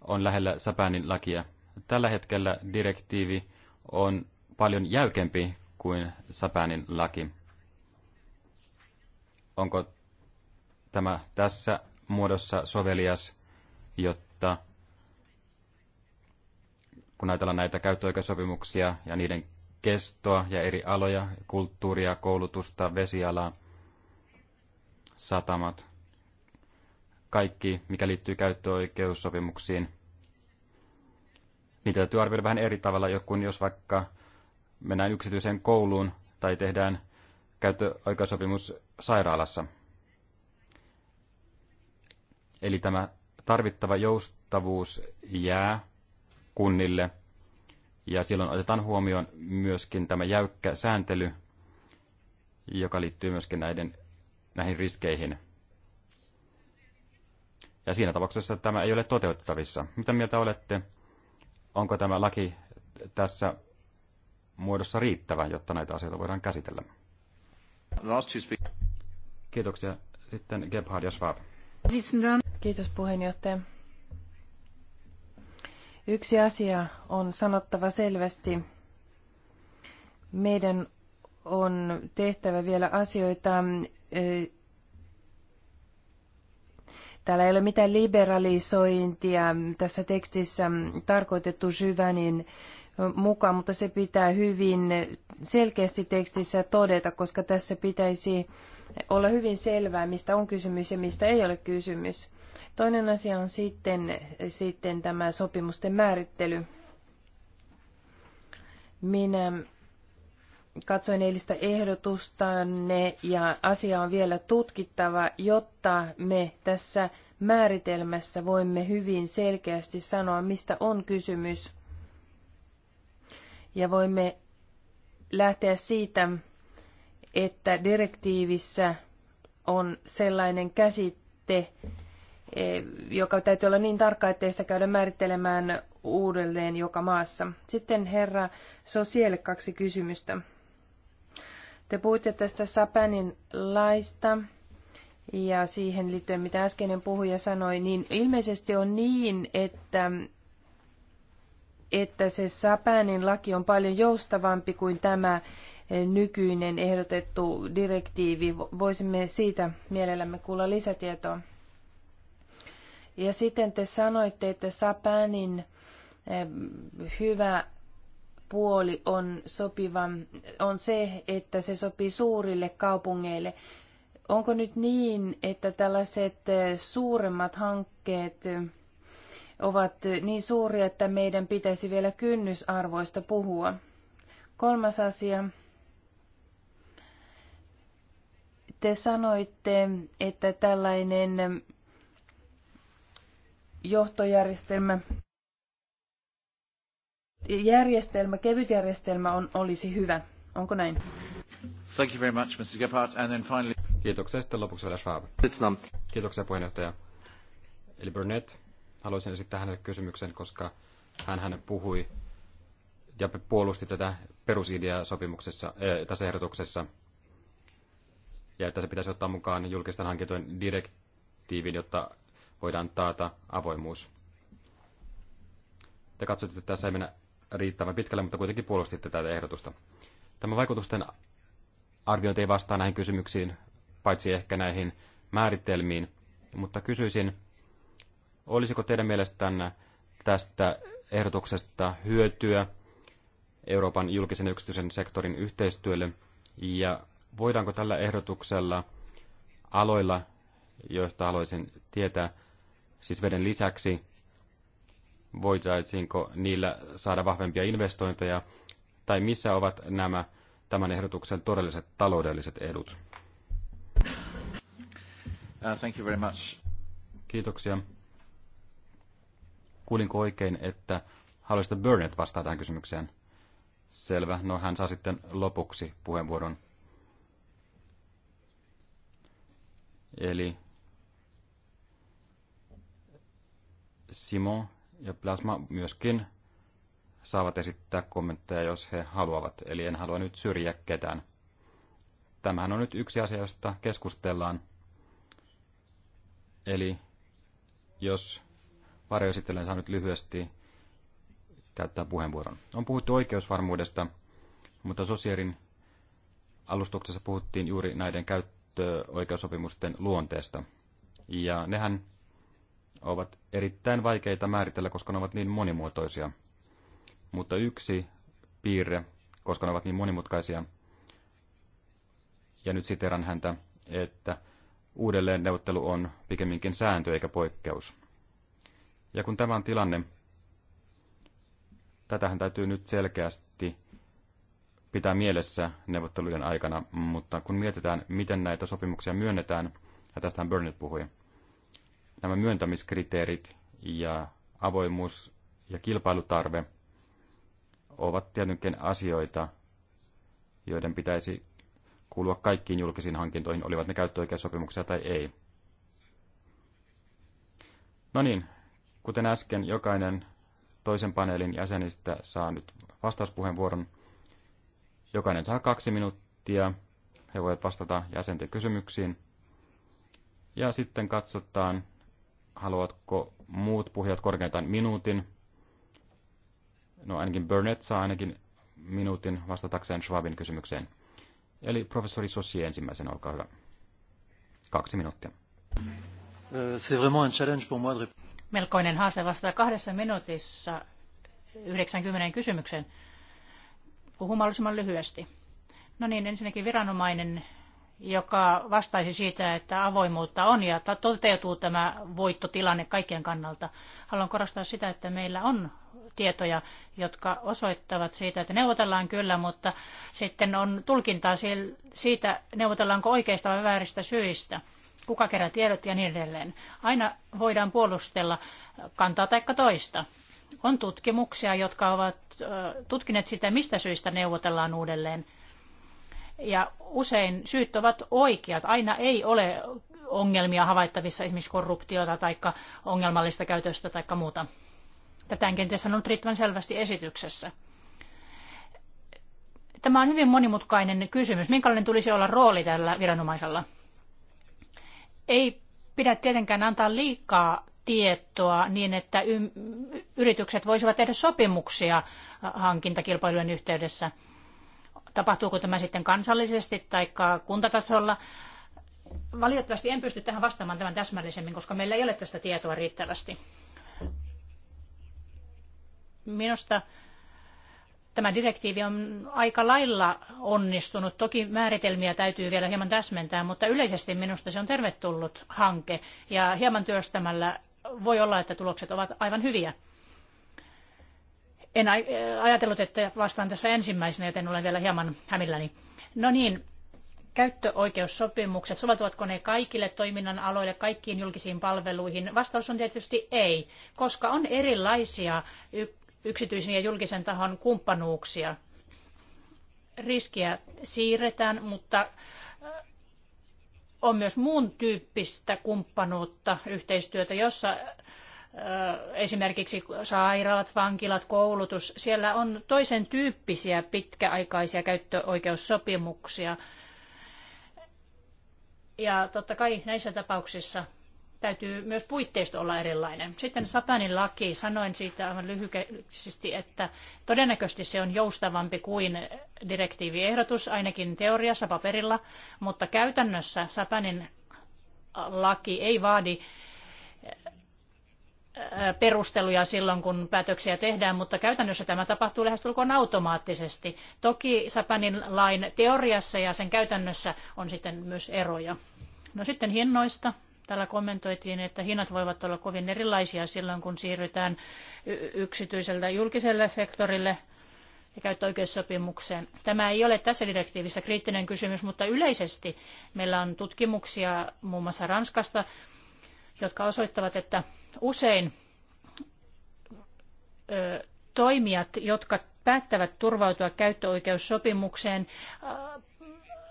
on lähellä Säpänin lakia. Tällä hetkellä direktiivi on paljon jäykempi kuin Säpänin laki. Onko tämä tässä muodossa sovelias, jotta mutta kun ajatellaan näitä käyttöoikeussopimuksia ja niiden kestoa ja eri aloja, kulttuuria, koulutusta, vesialaa, satamat, kaikki, mikä liittyy käyttöoikeussopimuksiin, niitä täytyy arvioida vähän eri tavalla, kun jos vaikka mennään yksityiseen kouluun tai tehdään käyttöoikeussopimus sairaalassa. Eli tämä tarvittava joustavuus jää kunnille ja silloin otetaan huomioon myöskin tämä jäykkä sääntely, joka liittyy myöskin näiden, näihin riskeihin. Ja siinä tapauksessa tämä ei ole toteutettavissa. Mitä mieltä olette? Onko tämä laki tässä muodossa riittävä, jotta näitä asioita voidaan käsitellä? Kiitoksia. Sitten Gebhard ja Schwab. Kiitos puheenjohtaja. Yksi asia on sanottava selvästi. Meidän on tehtävä vielä asioita. Täällä ei ole mitään liberalisointia tässä tekstissä tarkoitettu syvänin mukaan, mutta se pitää hyvin selkeästi tekstissä todeta, koska tässä pitäisi olla hyvin selvää, mistä on kysymys ja mistä ei ole kysymys. Toinen asia on sitten, sitten tämä sopimusten määrittely. Minä katsoin eilistä ehdotustanne ja asia on vielä tutkittava, jotta me tässä määritelmässä voimme hyvin selkeästi sanoa, mistä on kysymys. Ja voimme lähteä siitä, että direktiivissä on sellainen käsite, E, joka täytyy olla niin tarkka, ettei sitä käydä määrittelemään uudelleen joka maassa. Sitten herra Sosiel kaksi kysymystä. Te puhuitte tästä Sapanin laista ja siihen liittyen, mitä äskeinen puhuja sanoi, niin ilmeisesti on niin, että, että se Sapanin laki on paljon joustavampi kuin tämä nykyinen ehdotettu direktiivi. Voisimme siitä mielellämme kuulla lisätietoa. Ja sitten te sanoitte, että Sapanin hyvä puoli on sopiva, on se, että se sopii suurille kaupungeille. Onko nyt niin, että tällaiset eh, suuremmat hankkeet eh, ovat niin suuria, että meidän pitäisi vielä kynnysarvoista puhua? Kolmas asia. Te sanoitte, että tällainen johtojärjestelmä, järjestelmä, kevyt järjestelmä on, olisi hyvä. Onko näin? Thank you very much, Mr. Gephardt. And then finally... Kiitoksia. Sitten lopuksi vielä Schwab. Kiitoksia puheenjohtaja. Eli Burnett, haluaisin esittää hänelle kysymyksen, koska hän, hän puhui ja puolusti tätä perusideaa sopimuksessa, äh, eh, tässä ehdotuksessa, ja että se pitäisi ottaa mukaan julkisten hankintojen direktiivin, jotta voidaan taata avoimuus. Te katsotte, että tässä ei mennä riittävän pitkälle, mutta kuitenkin puolustitte tätä ehdotusta. Tämä vaikutusten arviointi ei vastaa näihin kysymyksiin, paitsi ehkä näihin määritelmiin, mutta kysyisin, olisiko teidän mielestänne tästä ehdotuksesta hyötyä Euroopan julkisen ja yksityisen sektorin yhteistyölle, ja voidaanko tällä ehdotuksella aloilla, joista haluaisin tietää, siis veden lisäksi, voitaisiinko niillä saada vahvempia investointeja, tai missä ovat nämä tämän ehdotuksen todelliset taloudelliset edut? Uh, thank you very much. Kiitoksia. Kuulinko oikein, että haluaisitte Burnett vastaa tähän kysymykseen? Selvä. No hän saa sitten lopuksi puheenvuoron. Eli Simo ja Plasma myöskin saavat esittää kommentteja, jos he haluavat. Eli en halua nyt syrjiä ketään. Tämähän on nyt yksi asia, josta keskustellaan. Eli jos varjoesittelen saa nyt lyhyesti käyttää puheenvuoron. On puhuttu oikeusvarmuudesta, mutta sosiaalin alustuksessa puhuttiin juuri näiden käyttöoikeussopimusten luonteesta. Ja nehän ovat erittäin vaikeita määritellä, koska ne ovat niin monimuotoisia. Mutta yksi piirre, koska ne ovat niin monimutkaisia, ja nyt siteran häntä, että uudelleen neuvottelu on pikemminkin sääntö eikä poikkeus. Ja kun tämä on tilanne, tätähän täytyy nyt selkeästi pitää mielessä neuvotteluiden aikana, mutta kun mietitään, miten näitä sopimuksia myönnetään, ja tästähän Burnett puhui, nämä myöntämiskriteerit ja avoimuus ja kilpailutarve ovat tietenkin asioita, joiden pitäisi kuulua kaikkiin julkisiin hankintoihin, olivat ne käyttöoikeussopimuksia tai ei. No niin, kuten äsken, jokainen toisen paneelin jäsenistä saa nyt vastauspuheenvuoron. Jokainen saa kaksi minuuttia. He voivat vastata jäsenten kysymyksiin. Ja sitten katsotaan, haluatko muut puhujat korkeintaan minuutin? No ainakin Burnett saa ainakin minuutin vastatakseen Schwabin kysymykseen. Eli professori Sossi ensimmäisen, olkaa hyvä. Kaksi minuuttia. Euh, c'est vraiment un challenge pour moi de... Melkoinen haaste vastata kahdessa minuutissa 90 kysymykseen. Puhun mahdollisimman lyhyesti. No niin, ensinnäkin viranomainen joka vastaisi siitä, että avoimuutta on ja toteutuu tämä voittotilanne kaikkien kannalta. Haluan korostaa sitä, että meillä on tietoja, jotka osoittavat siitä, että neuvotellaan kyllä, mutta sitten on tulkintaa siitä, neuvotellaanko oikeista vai vääristä syistä, kuka kerää tiedot ja niin edelleen. Aina voidaan puolustella kantaa taikka toista. On tutkimuksia, jotka ovat tutkineet sitä, mistä syistä neuvotellaan uudelleen – ja usein syyt ovat oikeat. Aina ei ole ongelmia havaittavissa, esimerkiksi korruptiota tai ongelmallista käytöstä tai muuta. Tätä en kenties sanonut riittävän selvästi esityksessä. Tämä on hyvin monimutkainen kysymys. Minkälainen tulisi olla rooli tällä viranomaisella? Ei pidä tietenkään antaa liikaa tietoa niin, että yritykset voisivat tehdä sopimuksia hankintakilpailujen yhteydessä – Tapahtuuko tämä sitten kansallisesti tai kuntatasolla? Valitettavasti en pysty tähän vastaamaan tämän täsmällisemmin, koska meillä ei ole tästä tietoa riittävästi. Minusta tämä direktiivi on aika lailla onnistunut. Toki määritelmiä täytyy vielä hieman täsmentää, mutta yleisesti minusta se on tervetullut hanke. Ja hieman työstämällä voi olla, että tulokset ovat aivan hyviä. En ajatellut, että vastaan tässä ensimmäisenä, joten olen vielä hieman hämilläni. No niin, käyttöoikeussopimukset, soveltuvatko ne kaikille toiminnan aloille, kaikkiin julkisiin palveluihin? Vastaus on tietysti ei, koska on erilaisia yksityisen ja julkisen tahon kumppanuuksia. Riskiä siirretään, mutta äh, on myös muun tyyppistä kumppanuutta, yhteistyötä, jossa esimerkiksi sairaalat, vankilat, koulutus, siellä on toisen tyyppisiä pitkäaikaisia käyttöoikeussopimuksia. Ja totta kai näissä tapauksissa täytyy myös puitteisto olla erilainen. Sitten Sapanin laki, sanoin siitä aivan lyhykäisesti, että todennäköisesti se on joustavampi kuin direktiiviehdotus, ainakin teoriassa paperilla, mutta käytännössä Sapanin laki ei vaadi perusteluja silloin, kun päätöksiä tehdään, mutta käytännössä tämä tapahtuu lähestulkoon automaattisesti. Toki Sapanin lain teoriassa ja sen käytännössä on sitten myös eroja. No sitten hinnoista. Täällä kommentoitiin, että hinnat voivat olla kovin erilaisia silloin, kun siirrytään yksityiseltä julkiselle sektorille ja käyttöoikeussopimukseen. Tämä ei ole tässä direktiivissä kriittinen kysymys, mutta yleisesti meillä on tutkimuksia muun muassa Ranskasta, jotka osoittavat, että Usein toimijat, jotka päättävät turvautua käyttöoikeussopimukseen,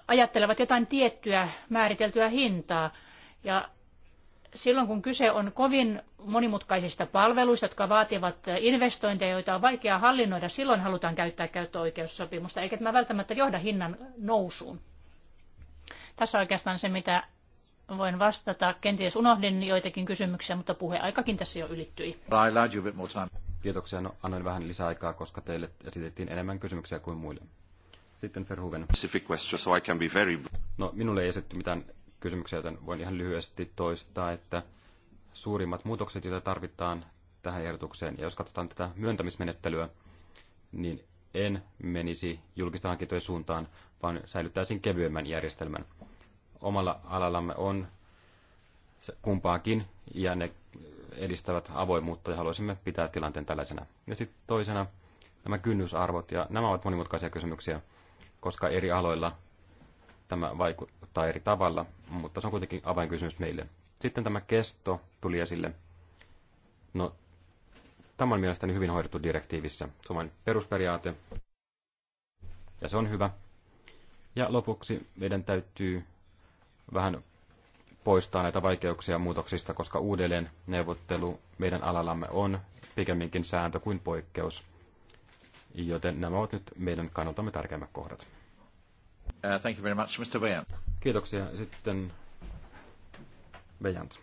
ajattelevat jotain tiettyä määriteltyä hintaa. Ja silloin kun kyse on kovin monimutkaisista palveluista, jotka vaativat investointeja, joita on vaikea hallinnoida, silloin halutaan käyttää käyttöoikeussopimusta, eikä tämä välttämättä johda hinnan nousuun. Tässä oikeastaan se, mitä voin vastata. Kenties unohdin joitakin kysymyksiä, mutta puheaikakin tässä jo ylittyi. Kiitoksia. No, annoin vähän lisäaikaa, koska teille esitettiin enemmän kysymyksiä kuin muille. Sitten very. No, minulle ei esitetty mitään kysymyksiä, joten voin ihan lyhyesti toistaa, että suurimmat muutokset, joita tarvitaan tähän ehdotukseen, ja jos katsotaan tätä myöntämismenettelyä, niin en menisi julkista hankintojen suuntaan, vaan säilyttäisin kevyemmän järjestelmän – omalla alallamme on se kumpaakin, ja ne edistävät avoimuutta, ja haluaisimme pitää tilanteen tällaisena. Ja sitten toisena nämä kynnysarvot, ja nämä ovat monimutkaisia kysymyksiä, koska eri aloilla tämä vaikuttaa eri tavalla, mutta se on kuitenkin avainkysymys meille. Sitten tämä kesto tuli esille. No, tämä on mielestäni hyvin hoidettu direktiivissä. Se on perusperiaate, ja se on hyvä. Ja lopuksi meidän täytyy vähän poistaa näitä vaikeuksia muutoksista, koska uudelleen neuvottelu meidän alallamme on pikemminkin sääntö kuin poikkeus. Joten nämä ovat nyt meidän kannaltamme tärkeimmät kohdat. Uh, thank you very much, Mr. Vejant. Kiitoksia. Sitten Vejant.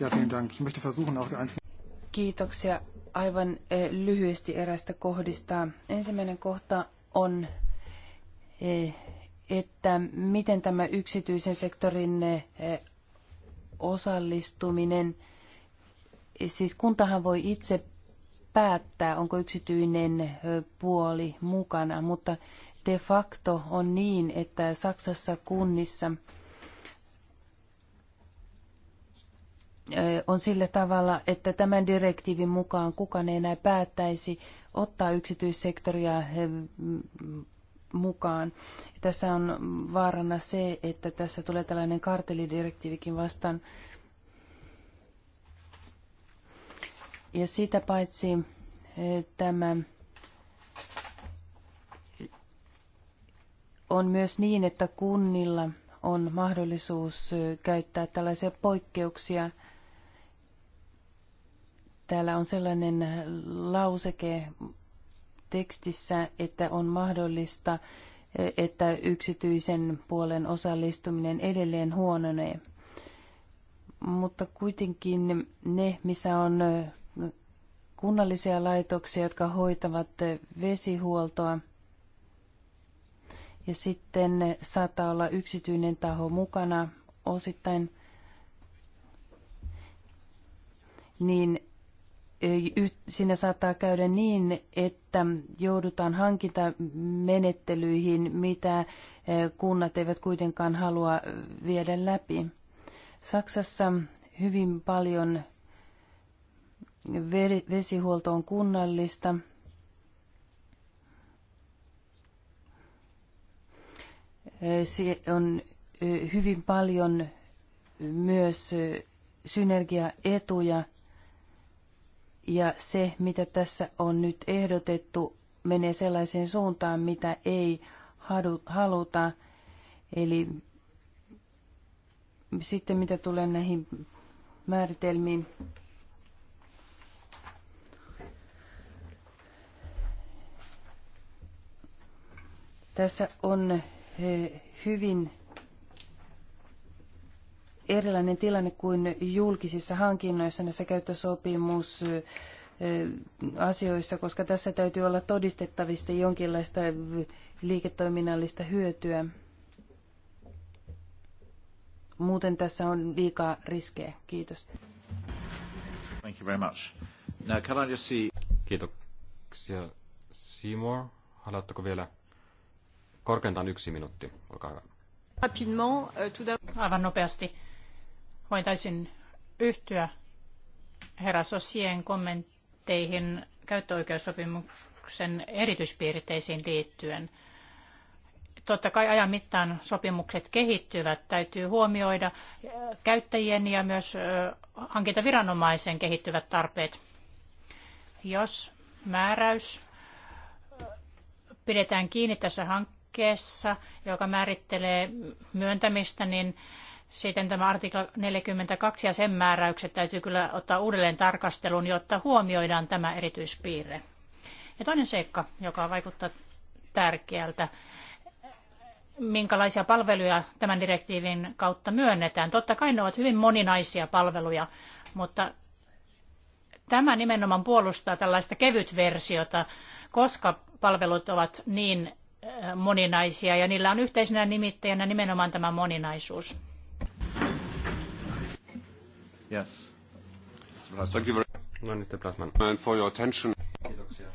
Ja, vielen Dank. Ich möchte versuchen, auch die einzelnen... Kiitoksia. Aivan eh, lyhyesti erästä kohdista. Ensimmäinen kohta on eh, että miten tämä yksityisen sektorin eh, osallistuminen, eh, siis kuntahan voi itse päättää, onko yksityinen eh, puoli mukana, mutta de facto on niin, että Saksassa kunnissa on sillä tavalla, että tämän direktiivin mukaan kukaan ei enää päättäisi ottaa yksityissektoria mukaan. Tässä on vaarana se, että tässä tulee tällainen kartelidirektiivikin vastaan. Ja sitä paitsi eh, tämä on myös niin, että kunnilla on mahdollisuus eh, käyttää tällaisia poikkeuksia. Täällä on sellainen lauseke tekstissä, että on mahdollista, e, että yksityisen puolen osallistuminen edelleen huononee. Mutta kuitenkin ne, missä on e, kunnallisia laitoksia, jotka hoitavat e, vesihuoltoa, ja sitten saattaa olla yksityinen taho mukana osittain, niin sinne saattaa käydä niin, että joudutaan hankintamenettelyihin, mitä eh, kunnat eivät kuitenkaan halua eh, viedä läpi. Saksassa hyvin paljon vesihuolto on kunnallista. Eh, se on hyvin paljon myös synergiaetuja – ja se, mitä tässä on nyt ehdotettu, menee sellaiseen suuntaan, mitä ei haluta. Eli sitten mitä tulee näihin määritelmiin, tässä on eh, hyvin erilainen tilanne kuin julkisissa hankinnoissa näissä käyttösopimus asioissa, koska tässä täytyy olla todistettavista jonkinlaista liiketoiminnallista hyötyä. Muuten tässä on liikaa riskejä. Kiitos. Thank you very much. Now, can I just see... Kiitoksia. Seymour, haluatteko vielä korkeintaan yksi minuutti? Olkaa hyvä. Euh, Aivan nopeasti. Voitaisin yhtyä herra Sosien kommentteihin käyttöoikeussopimuksen erityispiirteisiin liittyen. Totta kai ajan mittaan sopimukset kehittyvät. Täytyy huomioida käyttäjien ja myös hankintaviranomaisen kehittyvät tarpeet. Jos määräys pidetään kiinni tässä hankkeessa, joka määrittelee myöntämistä, niin sitten tämä artikla 42 ja sen määräykset täytyy kyllä ottaa uudelleen tarkasteluun, jotta huomioidaan tämä erityispiirre. Ja toinen seikka, joka vaikuttaa tärkeältä, minkälaisia palveluja tämän direktiivin kautta myönnetään. Totta kai ne ovat hyvin moninaisia palveluja, mutta tämä nimenomaan puolustaa tällaista kevytversiota, koska palvelut ovat niin eh, moninaisia ja niillä on yhteisenä nimittäjänä nimenomaan tämä moninaisuus. Yes. Thank you very no niin, Plasman. And for your attention. Kiitoksia.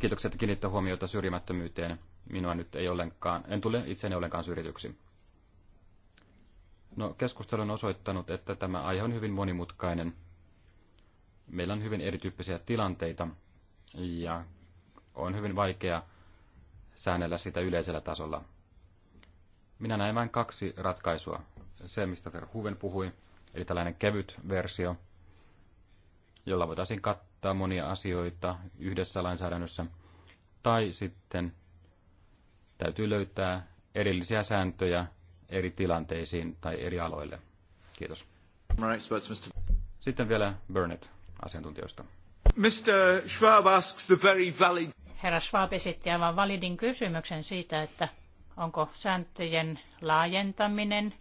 Kiitoksia, että kiinnittää huomiota syrjimättömyyteen. Minua nyt ei ollenkaan, en tule itseäni ollenkaan syrjityksi. No, keskustelu on osoittanut, että tämä aihe on hyvin monimutkainen. Meillä on hyvin erityyppisiä tilanteita ja on hyvin vaikea säännellä sitä yleisellä tasolla. Minä näen vain kaksi ratkaisua. Se, mistä Verhoeven puhui, eli tällainen kevyt versio, jolla voitaisiin kattaa monia asioita yhdessä lainsäädännössä. Tai sitten täytyy löytää erillisiä sääntöjä eri tilanteisiin tai eri aloille. Kiitos. Sitten vielä Burnett asiantuntijoista. Mr. Schwab asks the very valid... Herra Schwab esitti aivan validin kysymyksen siitä, että Onko sääntöjen laajentaminen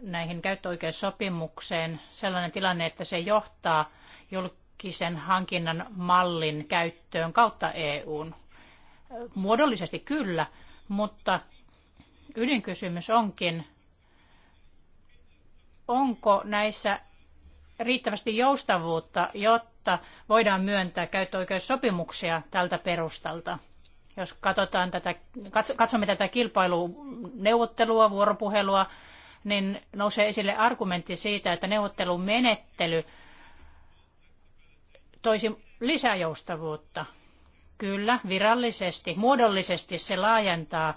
näihin käyttöoikeussopimukseen sellainen tilanne, että se johtaa julkisen hankinnan mallin käyttöön kautta EUn? Muodollisesti kyllä, mutta ydinkysymys onkin, onko näissä riittävästi joustavuutta, jotta voidaan myöntää käyttöoikeussopimuksia tältä perustalta? Jos katsotaan tätä, katsomme tätä kilpailuneuvottelua, vuoropuhelua, niin nousee esille argumentti siitä, että neuvottelun menettely toisi lisäjoustavuutta. Kyllä, virallisesti, muodollisesti se laajentaa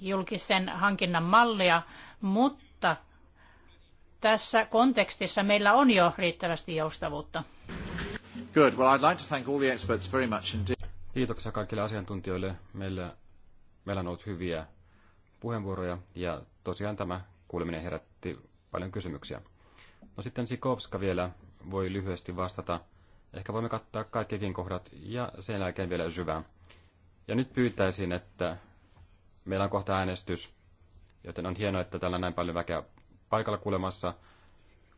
julkisen hankinnan mallia, mutta tässä kontekstissa meillä on jo riittävästi joustavuutta. Good. Well, I'd like to thank all the experts very much indeed. Kiitoksia kaikille asiantuntijoille. Meillä, meillä on ollut hyviä puheenvuoroja ja tosiaan tämä kuuleminen herätti paljon kysymyksiä. No sitten Sikovska vielä voi lyhyesti vastata. Ehkä voimme kattaa kaikkikin kohdat ja sen jälkeen vielä syvää. Ja nyt pyytäisin, että meillä on kohta äänestys, joten on hienoa, että täällä on näin paljon väkeä paikalla kuulemassa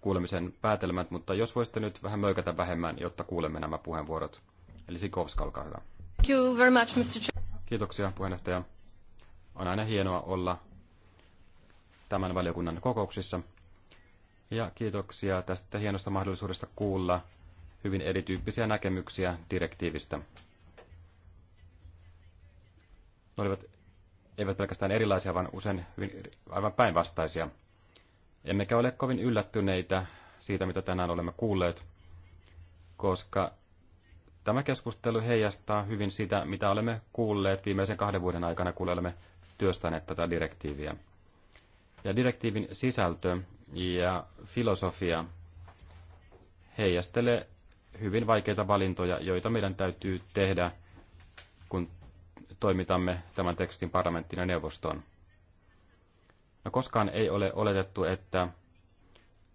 kuulemisen päätelmät, mutta jos voisitte nyt vähän möykätä vähemmän, jotta kuulemme nämä puheenvuorot. Eli Sikovska, olkaa hyvä you very much, Mr. Kiitoksia puheenjohtaja. On aina hienoa olla tämän valiokunnan kokouksissa. Ja kiitoksia tästä hienosta mahdollisuudesta kuulla hyvin erityyppisiä näkemyksiä direktiivistä. Ne olivat eivät pelkästään erilaisia, vaan usein hyvin, aivan päinvastaisia. Emmekä ole kovin yllättyneitä siitä, mitä tänään olemme kuulleet, koska Tämä keskustelu heijastaa hyvin sitä, mitä olemme kuulleet viimeisen kahden vuoden aikana, kun olemme työstäneet tätä direktiiviä. Ja direktiivin sisältö ja filosofia heijastelee hyvin vaikeita valintoja, joita meidän täytyy tehdä, kun toimitamme tämän tekstin parlamenttina ja neuvostoon. No, koskaan ei ole oletettu, että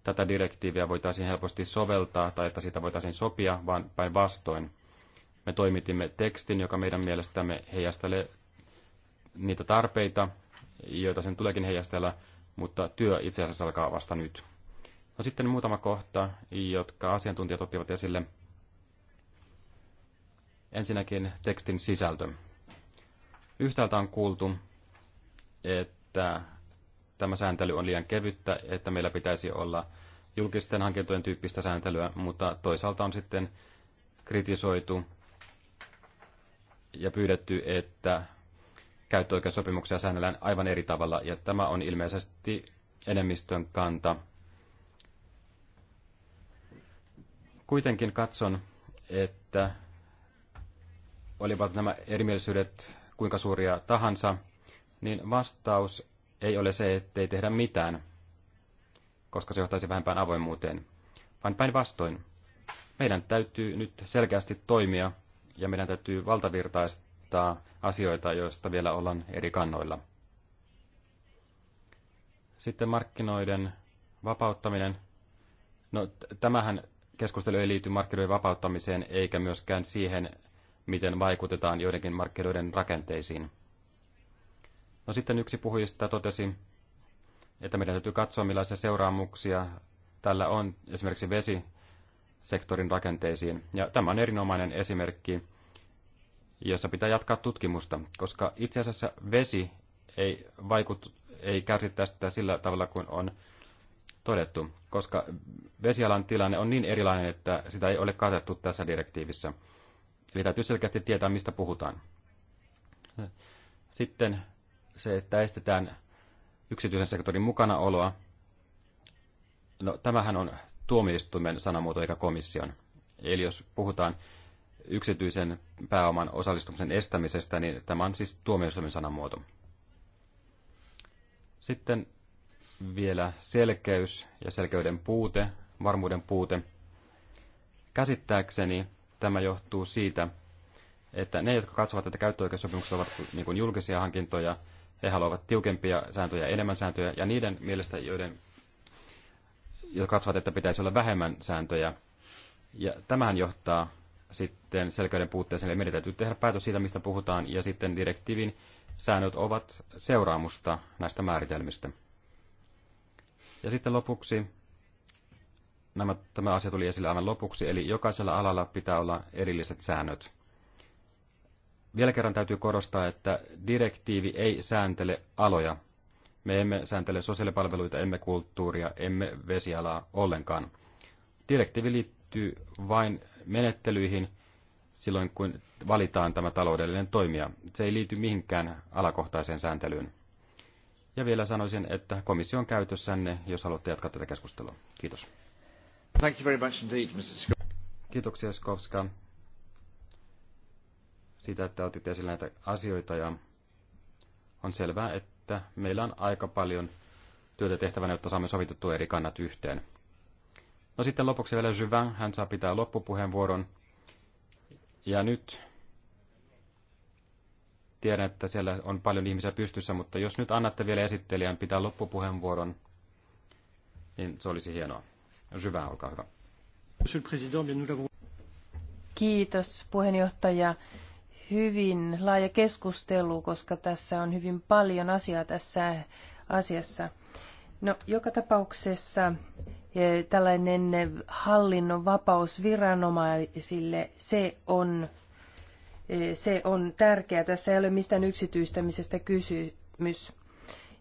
tätä direktiiviä voitaisiin helposti soveltaa tai että sitä voitaisiin sopia, vaan päinvastoin. Me toimitimme tekstin, joka meidän mielestämme heijastelee niitä tarpeita, joita sen tuleekin heijastella, mutta työ itse asiassa alkaa vasta nyt. No sitten muutama kohta, jotka asiantuntijat ottivat esille. Ensinnäkin tekstin sisältö. Yhtäältä on kuultu, että tämä sääntely on liian kevyttä, että meillä pitäisi olla julkisten hankintojen tyyppistä sääntelyä, mutta toisaalta on sitten kritisoitu ja pyydetty, että käyttöoikeussopimuksia säännellään aivan eri tavalla, ja tämä on ilmeisesti enemmistön kanta. Kuitenkin katson, että olivat nämä erimielisyydet kuinka suuria tahansa, niin vastaus ei ole se, ettei tehdä mitään, koska se johtaisi vähempään avoimuuteen, vaan päinvastoin. Meidän täytyy nyt selkeästi toimia ja meidän täytyy valtavirtaistaa asioita, joista vielä ollaan eri kannoilla. Sitten markkinoiden vapauttaminen. No, tämähän keskustelu ei liity markkinoiden vapauttamiseen eikä myöskään siihen, miten vaikutetaan joidenkin markkinoiden rakenteisiin. No sitten yksi puhujista totesi, että meidän täytyy katsoa, millaisia seuraamuksia tällä on esimerkiksi vesi sektorin rakenteisiin. Ja tämä on erinomainen esimerkki, jossa pitää jatkaa tutkimusta, koska itse asiassa vesi ei, vaikut, ei kärsi tästä sillä tavalla kuin on todettu, koska vesialan tilanne on niin erilainen, että sitä ei ole katettu tässä direktiivissä. Eli täytyy selkeästi tietää, mistä puhutaan. Sitten se, että estetään yksityisen sektorin mukanaoloa. No, tämähän on tuomioistuimen sanamuoto eikä komission. Eli jos puhutaan yksityisen pääoman osallistumisen estämisestä, niin tämä on siis tuomioistuimen sanamuoto. Sitten vielä selkeys ja selkeyden puute, varmuuden puute. Käsittääkseni tämä johtuu siitä, että ne, jotka katsovat, että käyttöoikeussopimukset ovat niin julkisia hankintoja, he haluavat tiukempia sääntöjä, enemmän sääntöjä, ja niiden mielestä, joiden jotka katsovat, että pitäisi olla vähemmän sääntöjä. Ja tämähän johtaa sitten selkeyden puutteeseen, eli meidän täytyy tehdä päätös siitä, mistä puhutaan, ja sitten direktiivin säännöt ovat seuraamusta näistä määritelmistä. Ja sitten lopuksi, nämä, tämä asia tuli esille aivan lopuksi, eli jokaisella alalla pitää olla erilliset säännöt. Vielä kerran täytyy korostaa, että direktiivi ei sääntele aloja, me emme sääntele sosiaalipalveluita, emme kulttuuria, emme vesialaa ollenkaan. Direktiivi liittyy vain menettelyihin silloin, kun valitaan tämä taloudellinen toimija. Se ei liity mihinkään alakohtaiseen sääntelyyn. Ja vielä sanoisin, että komissio on käytössänne, jos haluatte jatkaa tätä keskustelua. Kiitos. Thank you very much indeed, Mr. Kiitoksia, Skovska, siitä, että otit esille näitä asioita. Ja on selvää, että että meillä on aika paljon työtä tehtävänä, jotta saamme sovitettua eri kannat yhteen. No sitten lopuksi vielä Jyvän, hän saa pitää loppupuheenvuoron. Ja nyt tiedän, että siellä on paljon ihmisiä pystyssä, mutta jos nyt annatte vielä esittelijän pitää loppupuheenvuoron, niin se olisi hienoa. Jyvän, olkaa hyvä. Kiitos puheenjohtaja hyvin laaja keskustelu, koska tässä on hyvin paljon asiaa tässä asiassa. No, joka tapauksessa eh, tällainen hallinnon vapaus viranomaisille, se on, eh, se on tärkeää. Tässä ei ole mistään yksityistämisestä kysymys.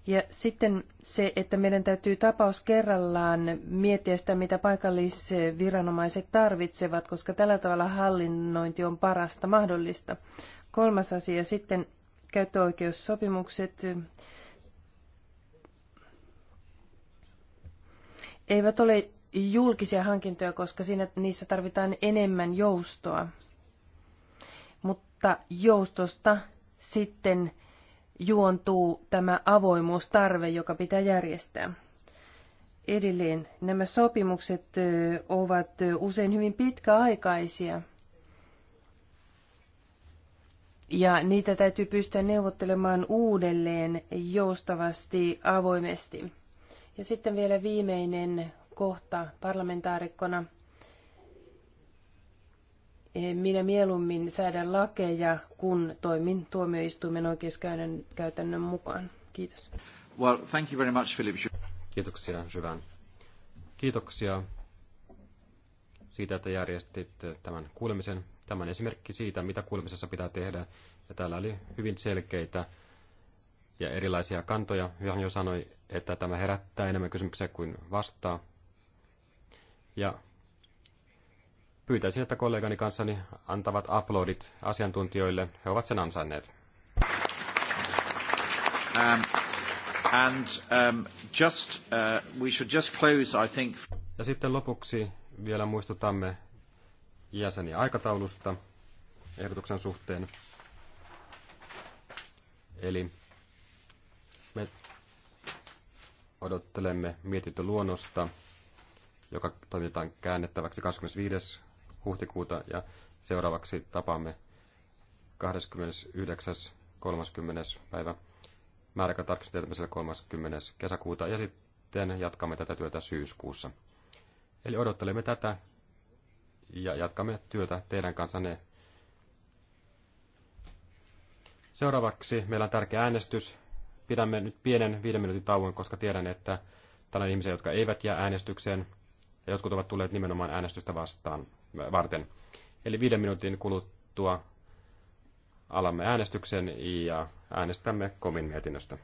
Ja sitten se, että meidän täytyy tapaus kerrallaan miettiä sitä, mitä paikallisviranomaiset tarvitsevat, koska tällä tavalla hallinnointi on parasta mahdollista. Kolmas asia sitten käyttöoikeussopimukset eivät ole julkisia hankintoja, koska siinä, niissä tarvitaan enemmän joustoa. Mutta joustosta sitten juontuu tämä avoimuustarve, joka pitää järjestää. Edelleen nämä sopimukset ovat usein hyvin pitkäaikaisia. Ja niitä täytyy pystyä neuvottelemaan uudelleen joustavasti, avoimesti. Ja sitten vielä viimeinen kohta parlamentaarikkona – minä mieluummin säädän lakeja, kun toimin tuomioistuimen oikeuskäytännön mukaan. Kiitos. Well, thank you very much, Philip. Kiitoksia, Syvän. Kiitoksia siitä, että järjestit tämän kuulemisen. Tämän esimerkki siitä, mitä kuulemisessa pitää tehdä. Ja täällä oli hyvin selkeitä ja erilaisia kantoja. Johan jo sanoi, että tämä herättää enemmän kysymyksiä kuin vastaa. Ja pyytäisin, että kollegani kanssani antavat uploadit asiantuntijoille. He ovat sen ansainneet. Um, and, um, just, uh, we should just close, I think. Ja sitten lopuksi vielä muistutamme jäseniä aikataulusta ehdotuksen suhteen. Eli me odottelemme mietintöluonnosta, joka toimitetaan käännettäväksi 25 huhtikuuta ja seuraavaksi tapaamme 29.30. päivä määräkä tarkistetamiselle 30. kesäkuuta ja sitten jatkamme tätä työtä syyskuussa. Eli odottelemme tätä ja jatkamme työtä teidän kanssanne. Seuraavaksi meillä on tärkeä äänestys. Pidämme nyt pienen viiden minuutin tauon, koska tiedän, että täällä on ihmisiä, jotka eivät jää äänestykseen ja jotkut ovat tulleet nimenomaan äänestystä vastaan, äh, varten. Eli viiden minuutin kuluttua alamme äänestyksen ja äänestämme komin mietinnöstä.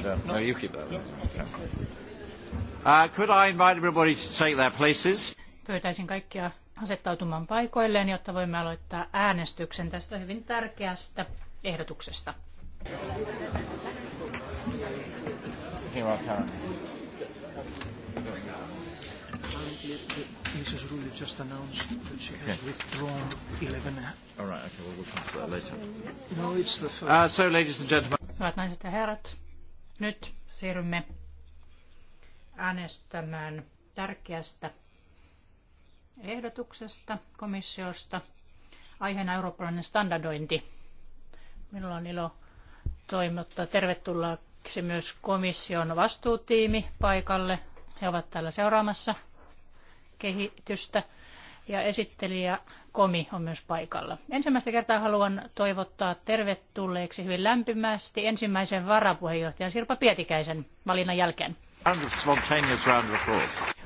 I don't. No, you keep that. No, uh, could I invite everybody to take their places? Pyytäisin kaikkia asettautumaan paikoilleen, jotta voimme aloittaa äänestyksen tästä hyvin tärkeästä ehdotuksesta. Mrs. Rulli just announced that she has okay. withdrawn 11. All right, okay, well, we'll come to that later. No, it's the first. Uh, so, ladies and gentlemen. Hyvät naiset ja herrat, nyt siirrymme äänestämään tärkeästä ehdotuksesta komissiosta. Aiheena eurooppalainen standardointi. Minulla on ilo toimittaa tervetulleeksi myös komission vastuutiimi paikalle. He ovat täällä seuraamassa kehitystä ja esittelijä Komi on myös paikalla. Ensimmäistä kertaa haluan toivottaa tervetulleeksi hyvin lämpimästi ensimmäisen varapuheenjohtajan Sirpa Pietikäisen valinnan jälkeen.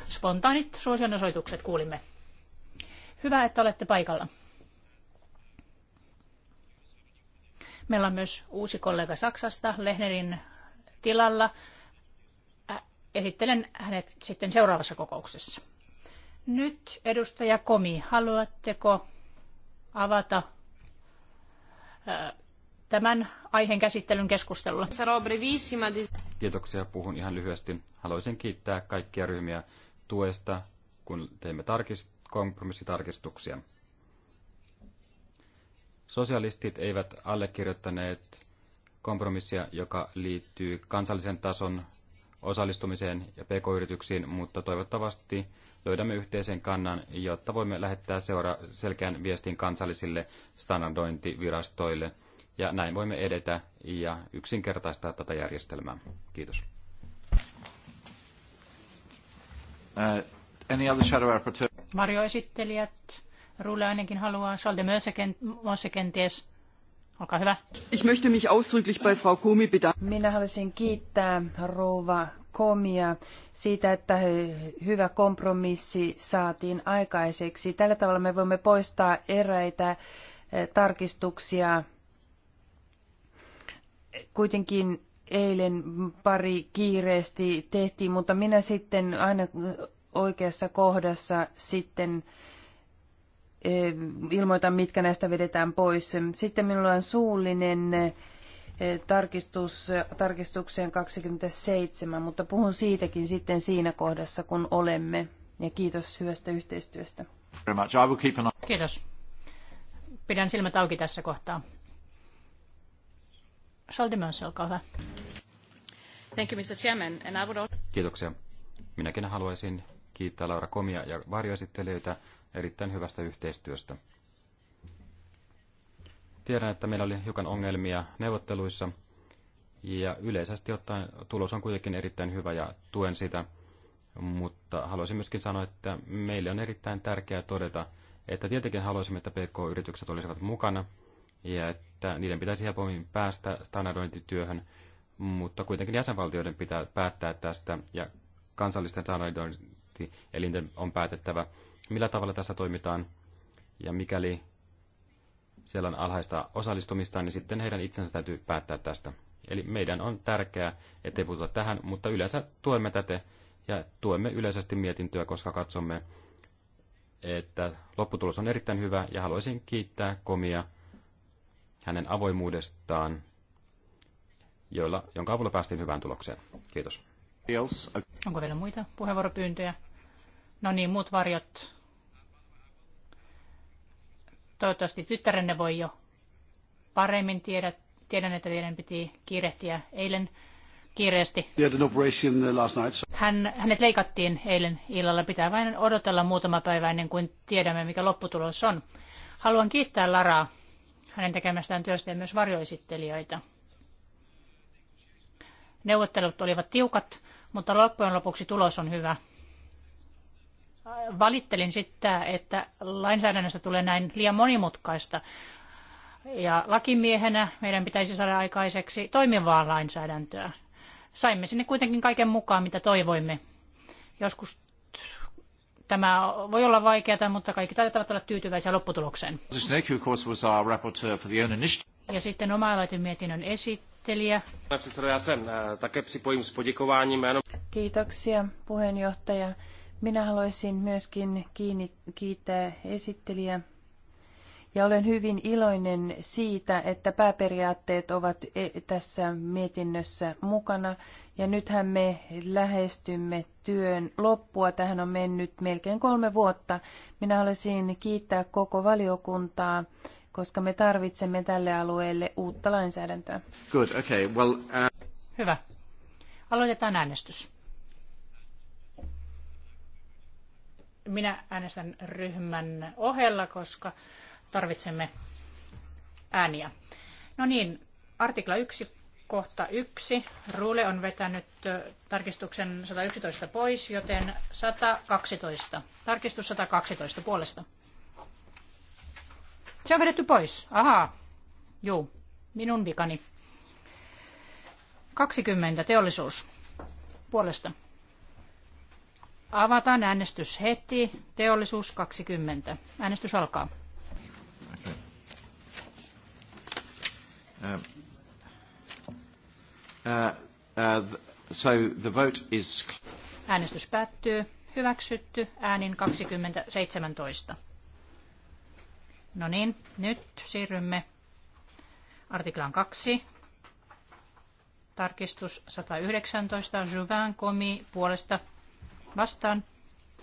Spontaanit suosionosoitukset kuulimme. Hyvä, että olette paikalla. Meillä on myös uusi kollega Saksasta Lehnerin tilalla. Esittelen hänet sitten seuraavassa kokouksessa. Nyt edustaja Komi, haluatteko avata äh, tämän aiheen käsittelyn keskustelun? Kiitoksia, puhun ihan lyhyesti. Haluaisin kiittää kaikkia ryhmiä tuesta, kun teimme tarkist- kompromissitarkistuksia. Sosialistit eivät allekirjoittaneet kompromissia, joka liittyy kansallisen tason osallistumiseen ja pk-yrityksiin, mutta toivottavasti löydämme yhteisen kannan, jotta voimme lähettää seura selkeän viestin kansallisille standardointivirastoille. Ja näin voimme edetä ja yksinkertaistaa tätä järjestelmää. Kiitos. Uh, any other shadow rapporteur? Marjo esittelijät. Rulle ainakin haluaa. Salde myös kenties. Olkaa hyvä. Ich möchte mich ausdrücklich bei Frau Komi bedanken. Minä haluaisin kiittää rouva Komia siitä, että hyvä kompromissi saatiin aikaiseksi. Tällä tavalla me voimme poistaa eräitä eh, tarkistuksia. Kuitenkin eilen pari kiireesti tehtiin, mutta minä sitten aina oikeassa kohdassa sitten äh, Eh, ilmoitan, mitkä näistä vedetään pois. Sitten minulla on suullinen eh, tarkistus, tarkistukseen 27, mutta puhun siitäkin sitten siinä kohdassa, kun olemme. Ja kiitos hyvästä yhteistyöstä. Kiitos. Pidän silmät auki tässä kohtaa. Saldemans, olkaa hyvä. Thank you, Mr. Chairman. And I would also... Kiitoksia. Minäkin haluaisin kiittää Laura Komia ja varjoesittelijöitä erittäin hyvästä yhteistyöstä. Tiedän, että meillä oli hiukan ongelmia neuvotteluissa, ja yleisesti ottaen tulos on kuitenkin erittäin hyvä ja tuen sitä, mutta haluaisin myöskin sanoa, että meille on erittäin tärkeää todeta, että tietenkin haluaisimme, että PK-yritykset olisivat mukana ja että niiden pitäisi helpommin päästä standardointityöhön, mutta kuitenkin jäsenvaltioiden pitää päättää tästä ja kansallisten standardointielinten on päätettävä, millä tavalla tässä toimitaan. Ja mikäli siellä on alhaista osallistumista, niin sitten heidän itsensä täytyy päättää tästä. Eli meidän on tärkeää, ettei puututa tähän, mutta yleensä tuemme tätä ja tuemme yleisesti mietintöä, koska katsomme, että lopputulos on erittäin hyvä ja haluaisin kiittää Komia hänen avoimuudestaan, joilla, jonka avulla päästiin hyvään tulokseen. Kiitos. Onko vielä muita puheenvuoropyyntöjä? No niin, muut varjot. Toivottavasti tyttärenne voi jo paremmin tiedä. Tiedän, että teidän piti kiirehtiä eilen kiireesti. Uh, Hän, hänet leikattiin eilen illalla. Pitää vain odotella muutama päivä ennen kuin tiedämme, mikä lopputulos on. Haluan kiittää Laraa hänen tekemästään työstä ja myös varjoesittelijöitä. Neuvottelut olivat tiukat, mutta loppujen lopuksi tulos on hyvä valittelin sitä, että lainsäädännöstä tulee näin liian monimutkaista. Ja lakimiehenä meidän pitäisi saada aikaiseksi toimivaa lainsäädäntöä. Saimme sinne kuitenkin kaiken mukaan, mitä toivoimme. Joskus tämä voi olla vaikeaa, mutta kaikki taitavat olla tyytyväisiä lopputulokseen. Ja sitten oma mietinnön esittelijä. Eh, Kiitoksia puheenjohtaja. Minä haluaisin myöskin kiinni, kiittää esittelijä. Ja olen hyvin iloinen siitä, että pääperiaatteet ovat e, tässä mietinnössä mukana. Ja nythän me lähestymme työn loppua. Tähän on mennyt melkein kolme vuotta. Minä haluaisin kiittää koko valiokuntaa, koska me tarvitsemme tälle alueelle uutta lainsäädäntöä. Good, okay, well, uh... Hyvä. Aloitetaan äänestys. Minä äänestän ryhmän ohella, koska tarvitsemme ääniä. No niin, artikla 1, kohta 1. Ruule on vetänyt tarkistuksen 111 pois, joten 112. Tarkistus 112 puolesta. Se on vedetty pois. Ahaa. Juu, minun vikani. 20 teollisuus puolesta. Avataan äänestys heti. Teollisuus 20. Äänestys alkaa. Okay. Uh, uh, so the vote is... Äänestys päättyy. Hyväksytty. Äänin 2017. No niin, nyt siirrymme artiklaan 2. Tarkistus 119. Juvain komi puolesta vastaan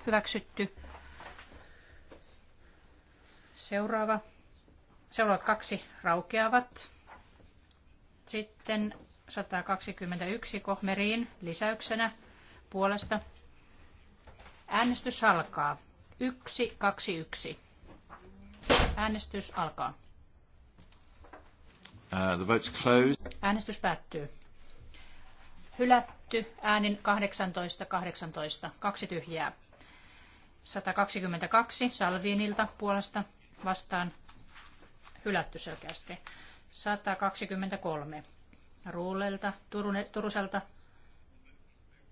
hyväksytty. Seuraava. Seuraavat kaksi raukeavat. Sitten 121 kohmeriin lisäyksenä puolesta. Äänestys alkaa. 1. Äänestys alkaa. Uh, the vote's closed. Äänestys päättyy. Hylätty hylätty äänin 18, kaksi tyhjää. 122 Salviinilta puolesta vastaan hylätty selkeästi. 123 Ruulelta, Turun, Turuselta.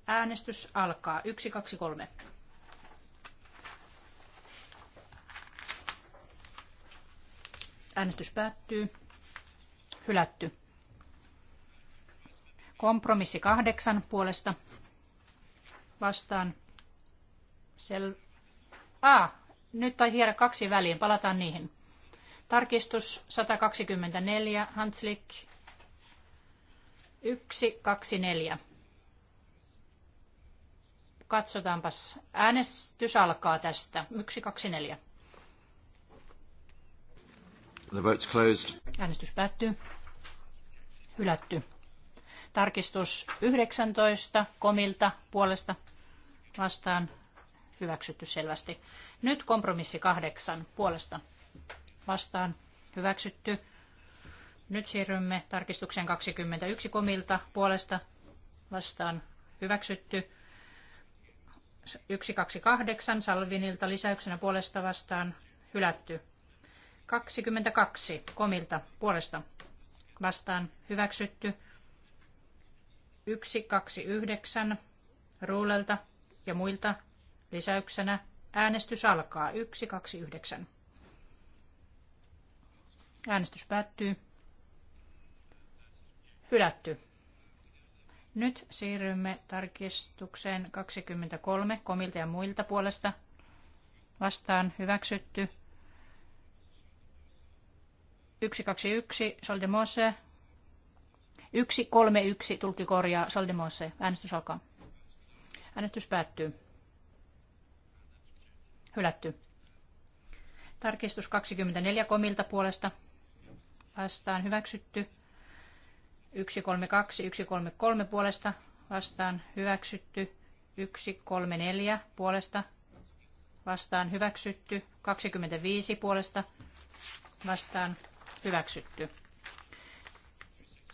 Äänestys alkaa. 123. Äänestys päättyy. Hylätty. Kompromissi kahdeksan puolesta vastaan. Sel... A. Ah, nyt taisi jäädä kaksi väliin. Palataan niihin. Tarkistus 124. Hanslik 124. Katsotaanpas. Äänestys alkaa tästä. 124. The vote's closed. Äänestys päättyy. Hylätty. Tarkistus 19 komilta puolesta vastaan hyväksytty selvästi. Nyt kompromissi 8 puolesta vastaan hyväksytty. Nyt siirrymme tarkistukseen 21 komilta puolesta vastaan hyväksytty. 128 Salvinilta lisäyksenä puolesta vastaan hylätty. 22 komilta puolesta vastaan hyväksytty. 129 Ruulelta ja muilta lisäyksenä. Äänestys alkaa 129. Äänestys päättyy. Hylätty. Nyt siirrymme tarkistukseen 23 komilta ja muilta puolesta. Vastaan hyväksytty. 121 Soldemose Yksi yksi tulkki korjaa Saldemose. Äänestys alkaa. Äänestys päättyy. Hylätty. Tarkistus 24 komilta puolesta. Vastaan hyväksytty. 132, 133 puolesta. Vastaan hyväksytty. 134 puolesta. Vastaan hyväksytty. 25 puolesta. Vastaan hyväksytty.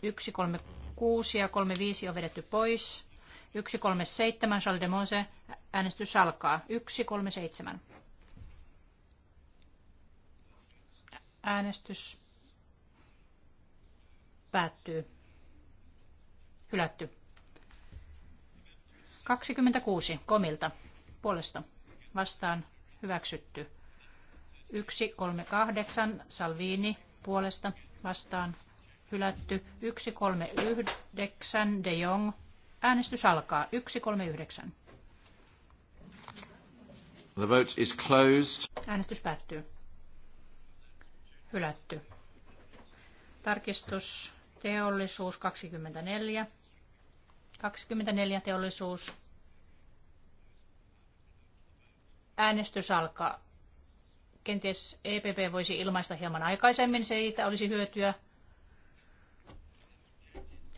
1, 3, 6 ja 3, 5 on vedetty pois. 1, 3, 7, Charles de Mose, äänestys alkaa. 1, 3, 7. Äänestys päättyy. Hylätty. 26 komilta puolesta vastaan hyväksytty. 138 Salvini puolesta vastaan hylätty. 139 De Jong. Äänestys alkaa. 139. The vote is closed. Äänestys päättyy. Hylätty. Tarkistus teollisuus 24. 24 teollisuus. Äänestys alkaa. Kenties EPP voisi ilmaista hieman aikaisemmin, siitä olisi hyötyä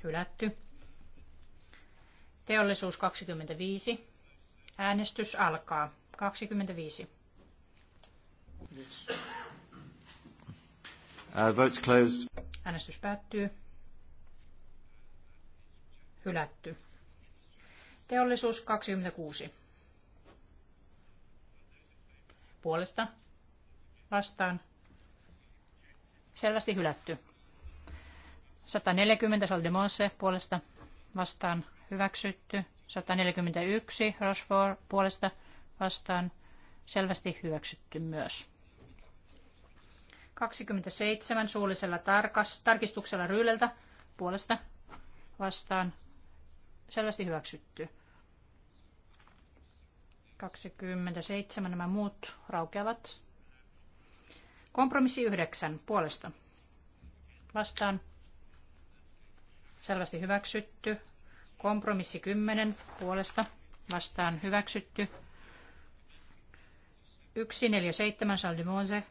hylätty. Teollisuus 25. Äänestys alkaa. 25. Uh, votes closed. Äänestys päättyy. Hylätty. Teollisuus 26. Puolesta. Vastaan. Selvästi hylätty. 140 Soldemonse puolesta vastaan hyväksytty. 141 Rochefort puolesta vastaan selvästi hyväksytty myös. 27 suullisella tarkas, tarkistuksella Ryyleltä puolesta vastaan selvästi hyväksytty. 27 nämä muut raukeavat. Kompromissi 9 puolesta vastaan selvästi hyväksytty. Kompromissi 10 puolesta vastaan hyväksytty. 147 Charles de Monse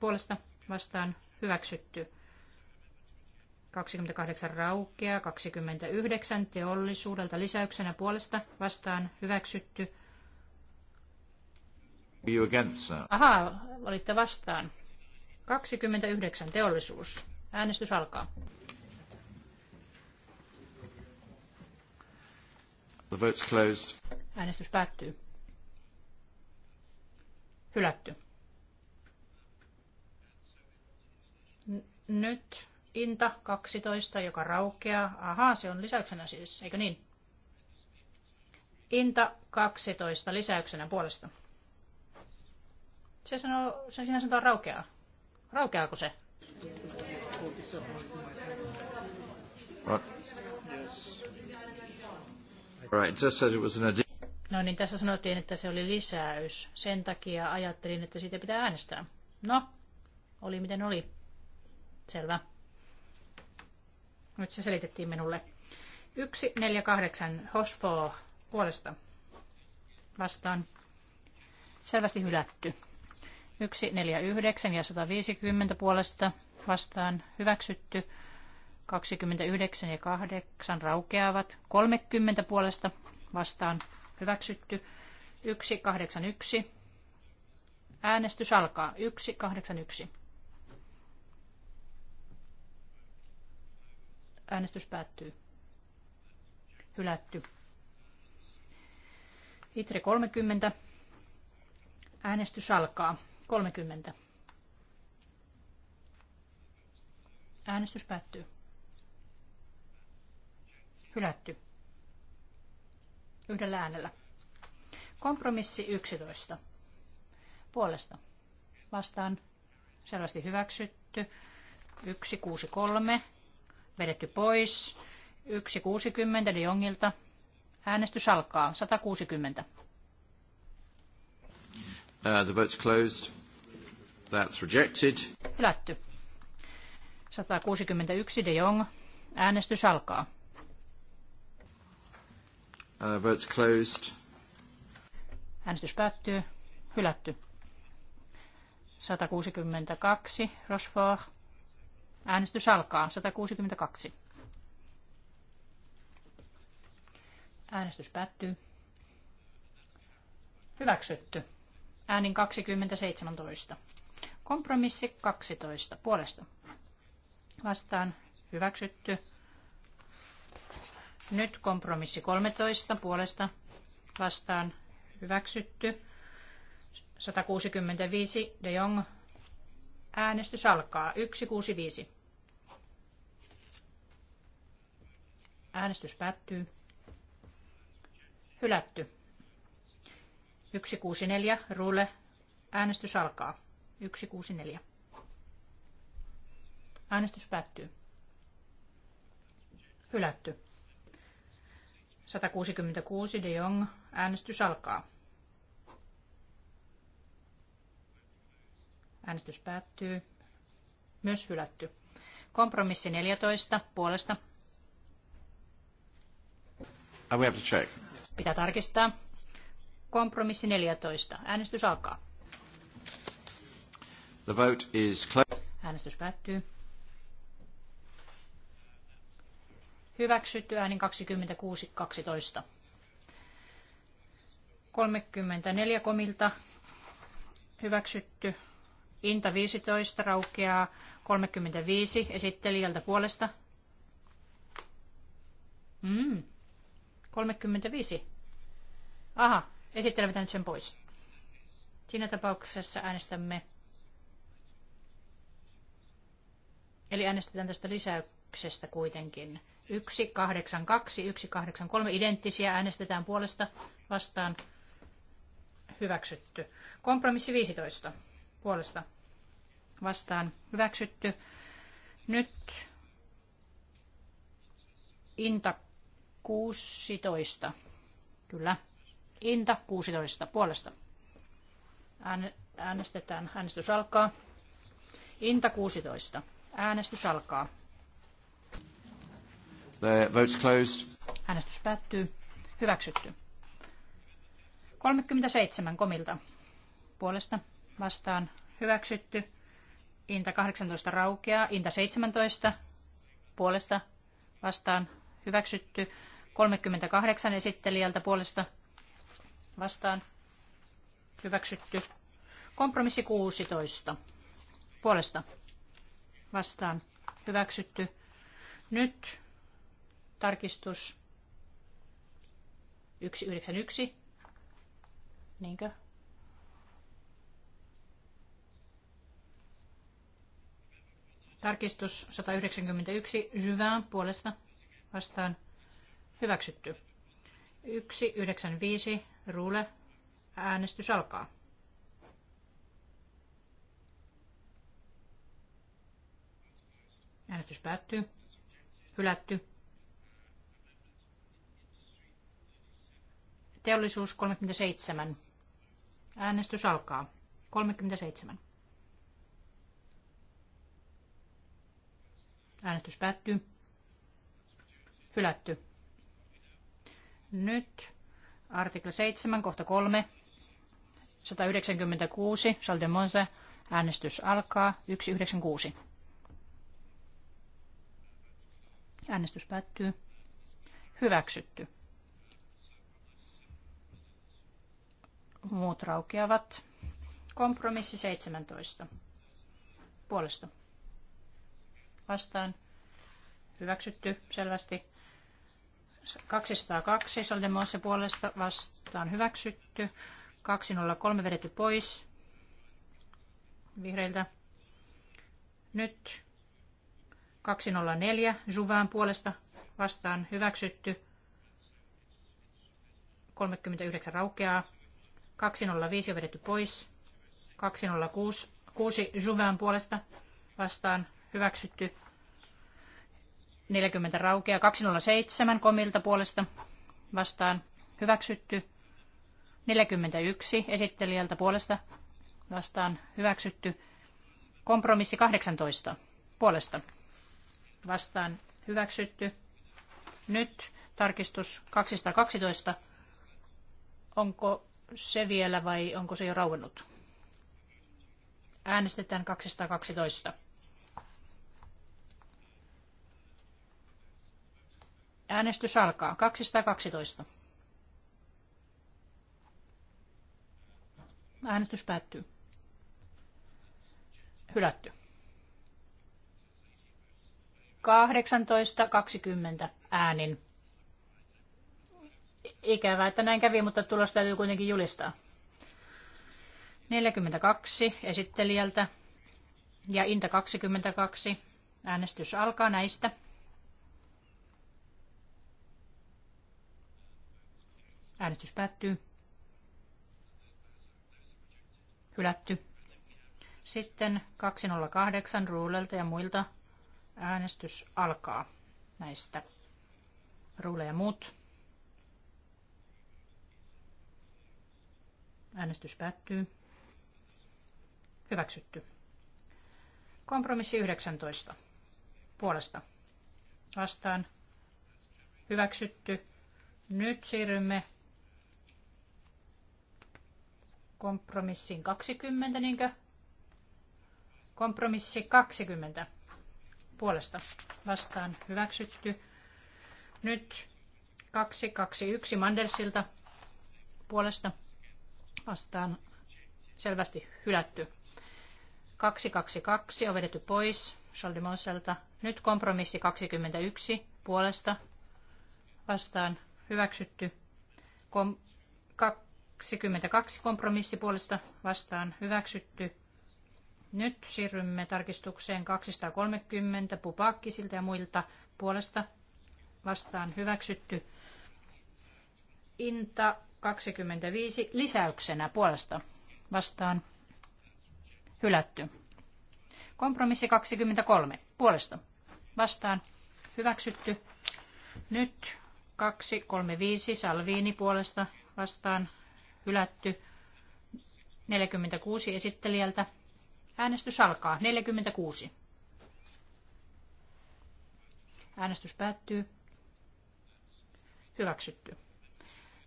puolesta vastaan hyväksytty. 28 raukea, 29 teollisuudelta lisäyksenä puolesta vastaan hyväksytty. You Ahaa, olitte vastaan. 29 teollisuus. Äänestys alkaa. The vote's closed. Äänestys päättyy. Hylätty. nyt Inta 12, joka raukeaa. Ahaa, se on lisäyksenä siis, eikö niin? Inta 12 lisäyksenä puolesta. Se sanoo, sen sinä sanotaan raukeaa. Raukeaako se? Right. Right, just said it was an addition. No niin, tässä sanottiin, että se oli lisäys. Sen takia ajattelin, että siitä pitää äänestää. No, oli miten oli. Selvä. Nyt se selitettiin minulle. 148 Hosfo puolesta vastaan. Selvästi hylätty. 149 ja 150 puolesta vastaan hyväksytty. 29 ja 8 raukeavat. 30 puolesta vastaan hyväksytty. 181. Äänestys alkaa. 181. Äänestys päättyy. Hylätty. Itre 30. Äänestys alkaa. 30. Äänestys päättyy. Hylätty. Yhdellä äänellä. Kompromissi 11. Puolesta. Vastaan. Selvästi hyväksytty. 163. Vedetty pois. 160 De Jongilta. Äänestys alkaa. 160. Uh, the vote's closed. That's rejected. Hylätty. 161 De Jong. Äänestys alkaa. Uh, votes closed. Äänestys päättyy. Hylätty. 162. Rochefort. Äänestys alkaa. 162. Äänestys päättyy. Hyväksytty. Äänin 2017. Kompromissi 12. Puolesta. Vastaan. Hyväksytty. Nyt kompromissi 13 puolesta vastaan hyväksytty. 165 De Jong. Äänestys alkaa. 165. Äänestys päättyy. Hylätty. 164 Rule. Äänestys alkaa. 164. Äänestys päättyy. Hylätty. 166 de Jong. Äänestys alkaa. Äänestys päättyy. Myös hylätty. Kompromissi 14 puolesta. Uh, we have to check. Pitää tarkistaa. Kompromissi 14. Äänestys alkaa. The vote is Äänestys päättyy. Hyväksytty äänin 26.12. 34 komilta hyväksytty. Inta 15 raukeaa 35 esittelijältä puolesta. Mm, 35. Aha, esittelemme nyt sen pois. Siinä tapauksessa äänestämme. Eli äänestetään tästä lisäyksestä kuitenkin. 182, 183 identtisiä äänestetään puolesta vastaan hyväksytty. Kompromissi 15 puolesta vastaan hyväksytty. Nyt Inta 16. Kyllä. Inta 16 puolesta. Äänestetään. Äänestys alkaa. Inta 16. Äänestys alkaa. The vote's closed. Äänestys päättyy. Hyväksytty. 37 komilta puolesta vastaan hyväksytty. Inta 18 raukeaa. Inta 17 puolesta vastaan hyväksytty. 38 esittelijältä puolesta vastaan hyväksytty. Kompromissi 16 puolesta vastaan hyväksytty. Nyt Tarkistus 191. Niinkö? Tarkistus 191. Jyvään puolesta vastaan hyväksytty. 195. Ruule. Äänestys alkaa. Äänestys päättyy. Hylätty. Teollisuus 37. Äänestys alkaa. 37. Äänestys päättyy. Hylätty. Nyt artikla 7, kohta 3. 196, Saldemonse. Äänestys alkaa. 196. Äänestys päättyy. Hyväksytty. Muut raukeavat. Kompromissi 17. Puolesta. Vastaan. Hyväksytty selvästi. 202 Saldemoossa puolesta vastaan hyväksytty. 203 vedetty pois vihreiltä. Nyt 204 Juvään puolesta vastaan hyväksytty. 39 raukeaa. 205 on vedetty pois. 206 6 Juvain puolesta vastaan hyväksytty. 40 raukea. 207 komilta puolesta vastaan hyväksytty. 41 esittelijältä puolesta vastaan hyväksytty. Kompromissi 18 puolesta vastaan hyväksytty. Nyt tarkistus 212. Onko se vielä vai onko se jo rauennut? Äänestetään 212. Äänestys alkaa. 212. Äänestys päättyy. Hylätty. 18.20 äänin. Ikävää, että näin kävi, mutta tulos täytyy kuitenkin julistaa. 42 esittelijältä ja Inta 22. Äänestys alkaa näistä. Äänestys päättyy. Hylätty. Sitten 208 Ruulelta ja muilta äänestys alkaa näistä. Ruule ja muut. Äänestys päättyy. Hyväksytty. Kompromissi 19. Puolesta. Vastaan. Hyväksytty. Nyt siirrymme kompromissiin 20, niinkö? Kompromissi 20. Puolesta. Vastaan. Hyväksytty. Nyt 221 Mandersilta. Puolesta vastaan selvästi hylätty. 222 on vedetty pois Scholdemonselta. Nyt kompromissi 21 puolesta vastaan hyväksytty. Kom- 22 kompromissi puolesta vastaan hyväksytty. Nyt siirrymme tarkistukseen 230 Pupakkisilta ja muilta puolesta vastaan hyväksytty. Inta 25 lisäyksenä puolesta vastaan hylätty. Kompromissi 23 puolesta vastaan hyväksytty. Nyt 235 Salviini puolesta vastaan hylätty. 46 esittelijältä. Äänestys alkaa. 46. Äänestys päättyy. Hyväksytty.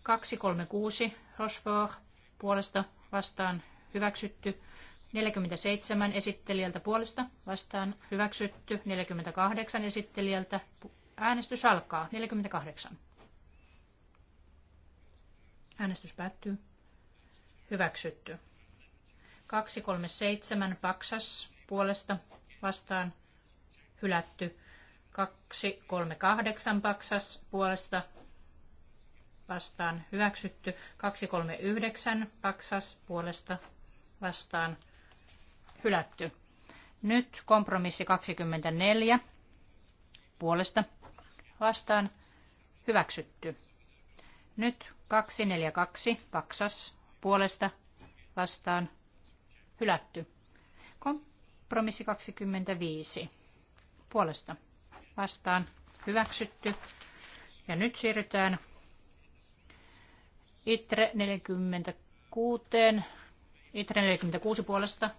236 Rochefort puolesta vastaan hyväksytty. 47 esittelijältä puolesta vastaan hyväksytty. 48 esittelijältä äänestys alkaa. 48. Äänestys päättyy. Hyväksytty. 237 Paksas puolesta vastaan hylätty. 238 Paksas puolesta vastaan hyväksytty. 239 Paksas puolesta vastaan hylätty. Nyt kompromissi 24 puolesta vastaan hyväksytty. Nyt 242 Paksas puolesta vastaan hylätty. Kompromissi 25 puolesta vastaan hyväksytty. Ja nyt siirrytään ITRE 46, ITRE 46 puolesta.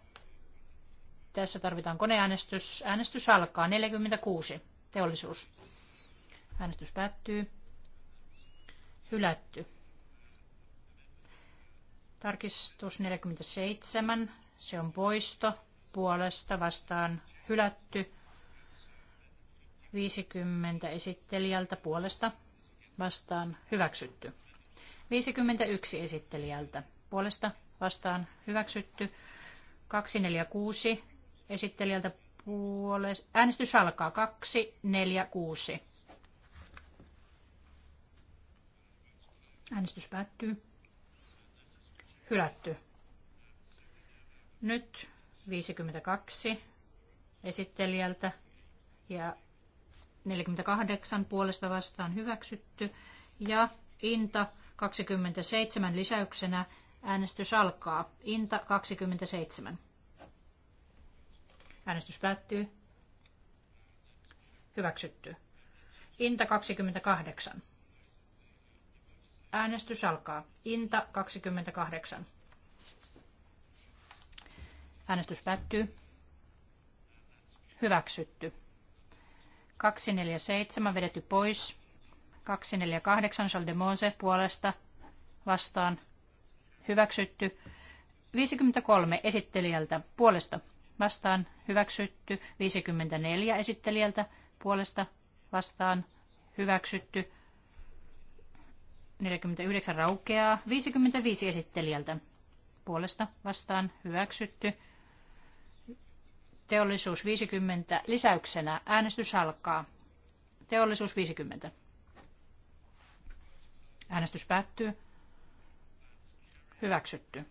Tässä tarvitaan koneäänestys. Äänestys alkaa 46. Teollisuus. Äänestys päättyy. Hylätty. Tarkistus 47. Se on poisto. Puolesta vastaan hylätty. 50 esittelijältä puolesta vastaan hyväksytty. 51 esittelijältä. Puolesta vastaan hyväksytty. 246 esittelijältä puolesta. Äänestys alkaa 246. Äänestys päättyy. Hylätty. Nyt 52 esittelijältä ja 48 puolesta vastaan hyväksytty ja Inta 27 lisäyksenä. Äänestys alkaa. Inta 27. Äänestys päättyy. Hyväksytty. Inta 28. Äänestys alkaa. Inta 28. Äänestys päättyy. Hyväksytty. 247 vedetty pois. 248 Soldemose puolesta vastaan hyväksytty. 53 esittelijältä puolesta vastaan hyväksytty. 54 esittelijältä puolesta vastaan hyväksytty. 49 raukeaa. 55 esittelijältä puolesta vastaan hyväksytty. Teollisuus 50 lisäyksenä. Äänestys alkaa. Teollisuus 50. Äänestys päättyy. Hyväksytty.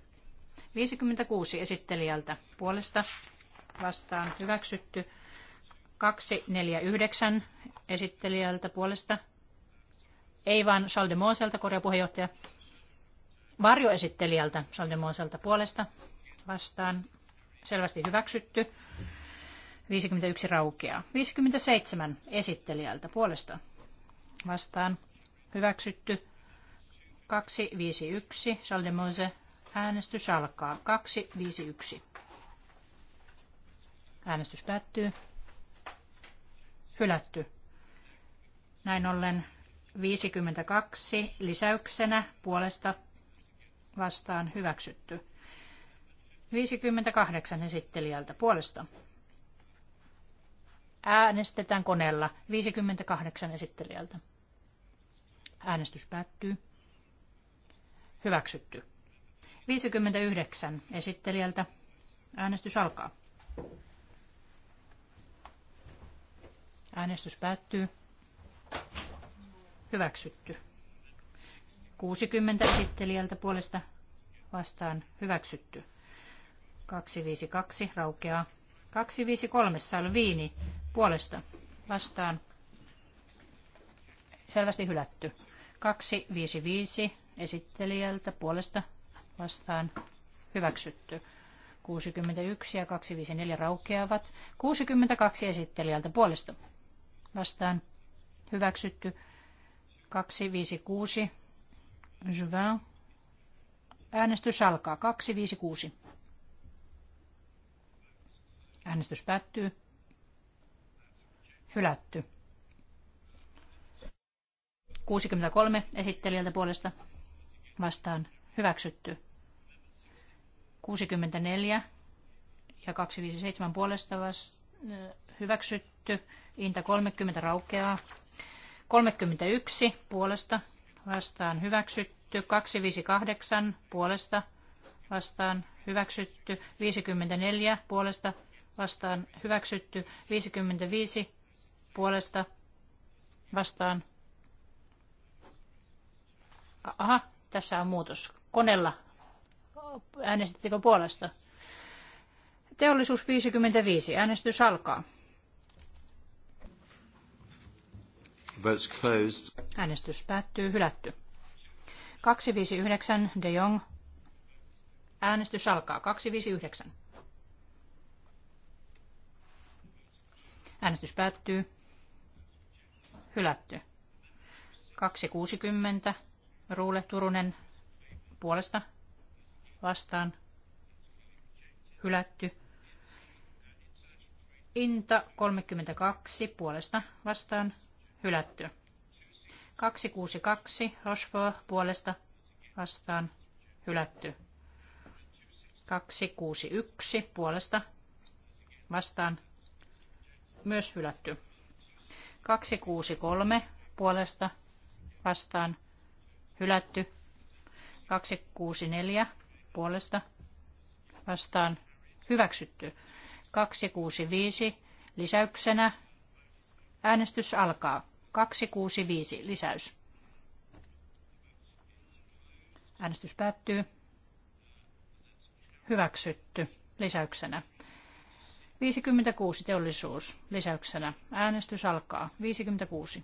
56 esittelijältä puolesta vastaan hyväksytty. 249 esittelijältä puolesta. Ei vaan varjo korjapuheenjohtaja. Varjoesittelijältä Saldemoselta puolesta vastaan selvästi hyväksytty. 51 raukeaa. 57 esittelijältä puolesta vastaan hyväksytty. 251. Saldemose. Äänestys alkaa. 251. Äänestys päättyy. Hylätty. Näin ollen 52 lisäyksenä puolesta vastaan hyväksytty. 58 esittelijältä puolesta. Äänestetään koneella 58 esittelijältä. Äänestys päättyy. Hyväksytty. 59 esittelijältä. Äänestys alkaa. Äänestys päättyy. Hyväksytty. 60 esittelijältä puolesta vastaan hyväksytty. 252 raukeaa. 253 Salviini puolesta vastaan selvästi hylätty. 255 esittelijältä puolesta vastaan hyväksytty. 61 ja 254 raukeavat. 62 esittelijältä puolesta vastaan hyväksytty. 256 Äänestys alkaa. 256. Äänestys päättyy. Hylätty. 63 esittelijältä puolesta vastaan hyväksytty. 64 ja 257 puolesta vasta, äh, hyväksytty. Inta 30 raukeaa. 31 puolesta vastaan hyväksytty. 258 puolesta vastaan hyväksytty. 54 puolesta vastaan hyväksytty. 55 puolesta vastaan. Aha, tässä on muutos. Konella, äänestittekö puolesta? Teollisuus 55. Äänestys alkaa. Votes closed. Äänestys päättyy. Hylätty. 259 De Jong. Äänestys alkaa. 259. Äänestys päättyy. Hylätty. 260 Ruule Turunen puolesta vastaan hylätty. Inta 32 puolesta vastaan hylätty. 262 Rochefort puolesta vastaan hylätty. 261 puolesta vastaan myös hylätty. 263 puolesta vastaan hylätty. 264 puolesta vastaan hyväksytty. 265 lisäyksenä. Äänestys alkaa. 265 lisäys. Äänestys päättyy. Hyväksytty lisäyksenä. 56 teollisuus lisäyksenä. Äänestys alkaa. 56.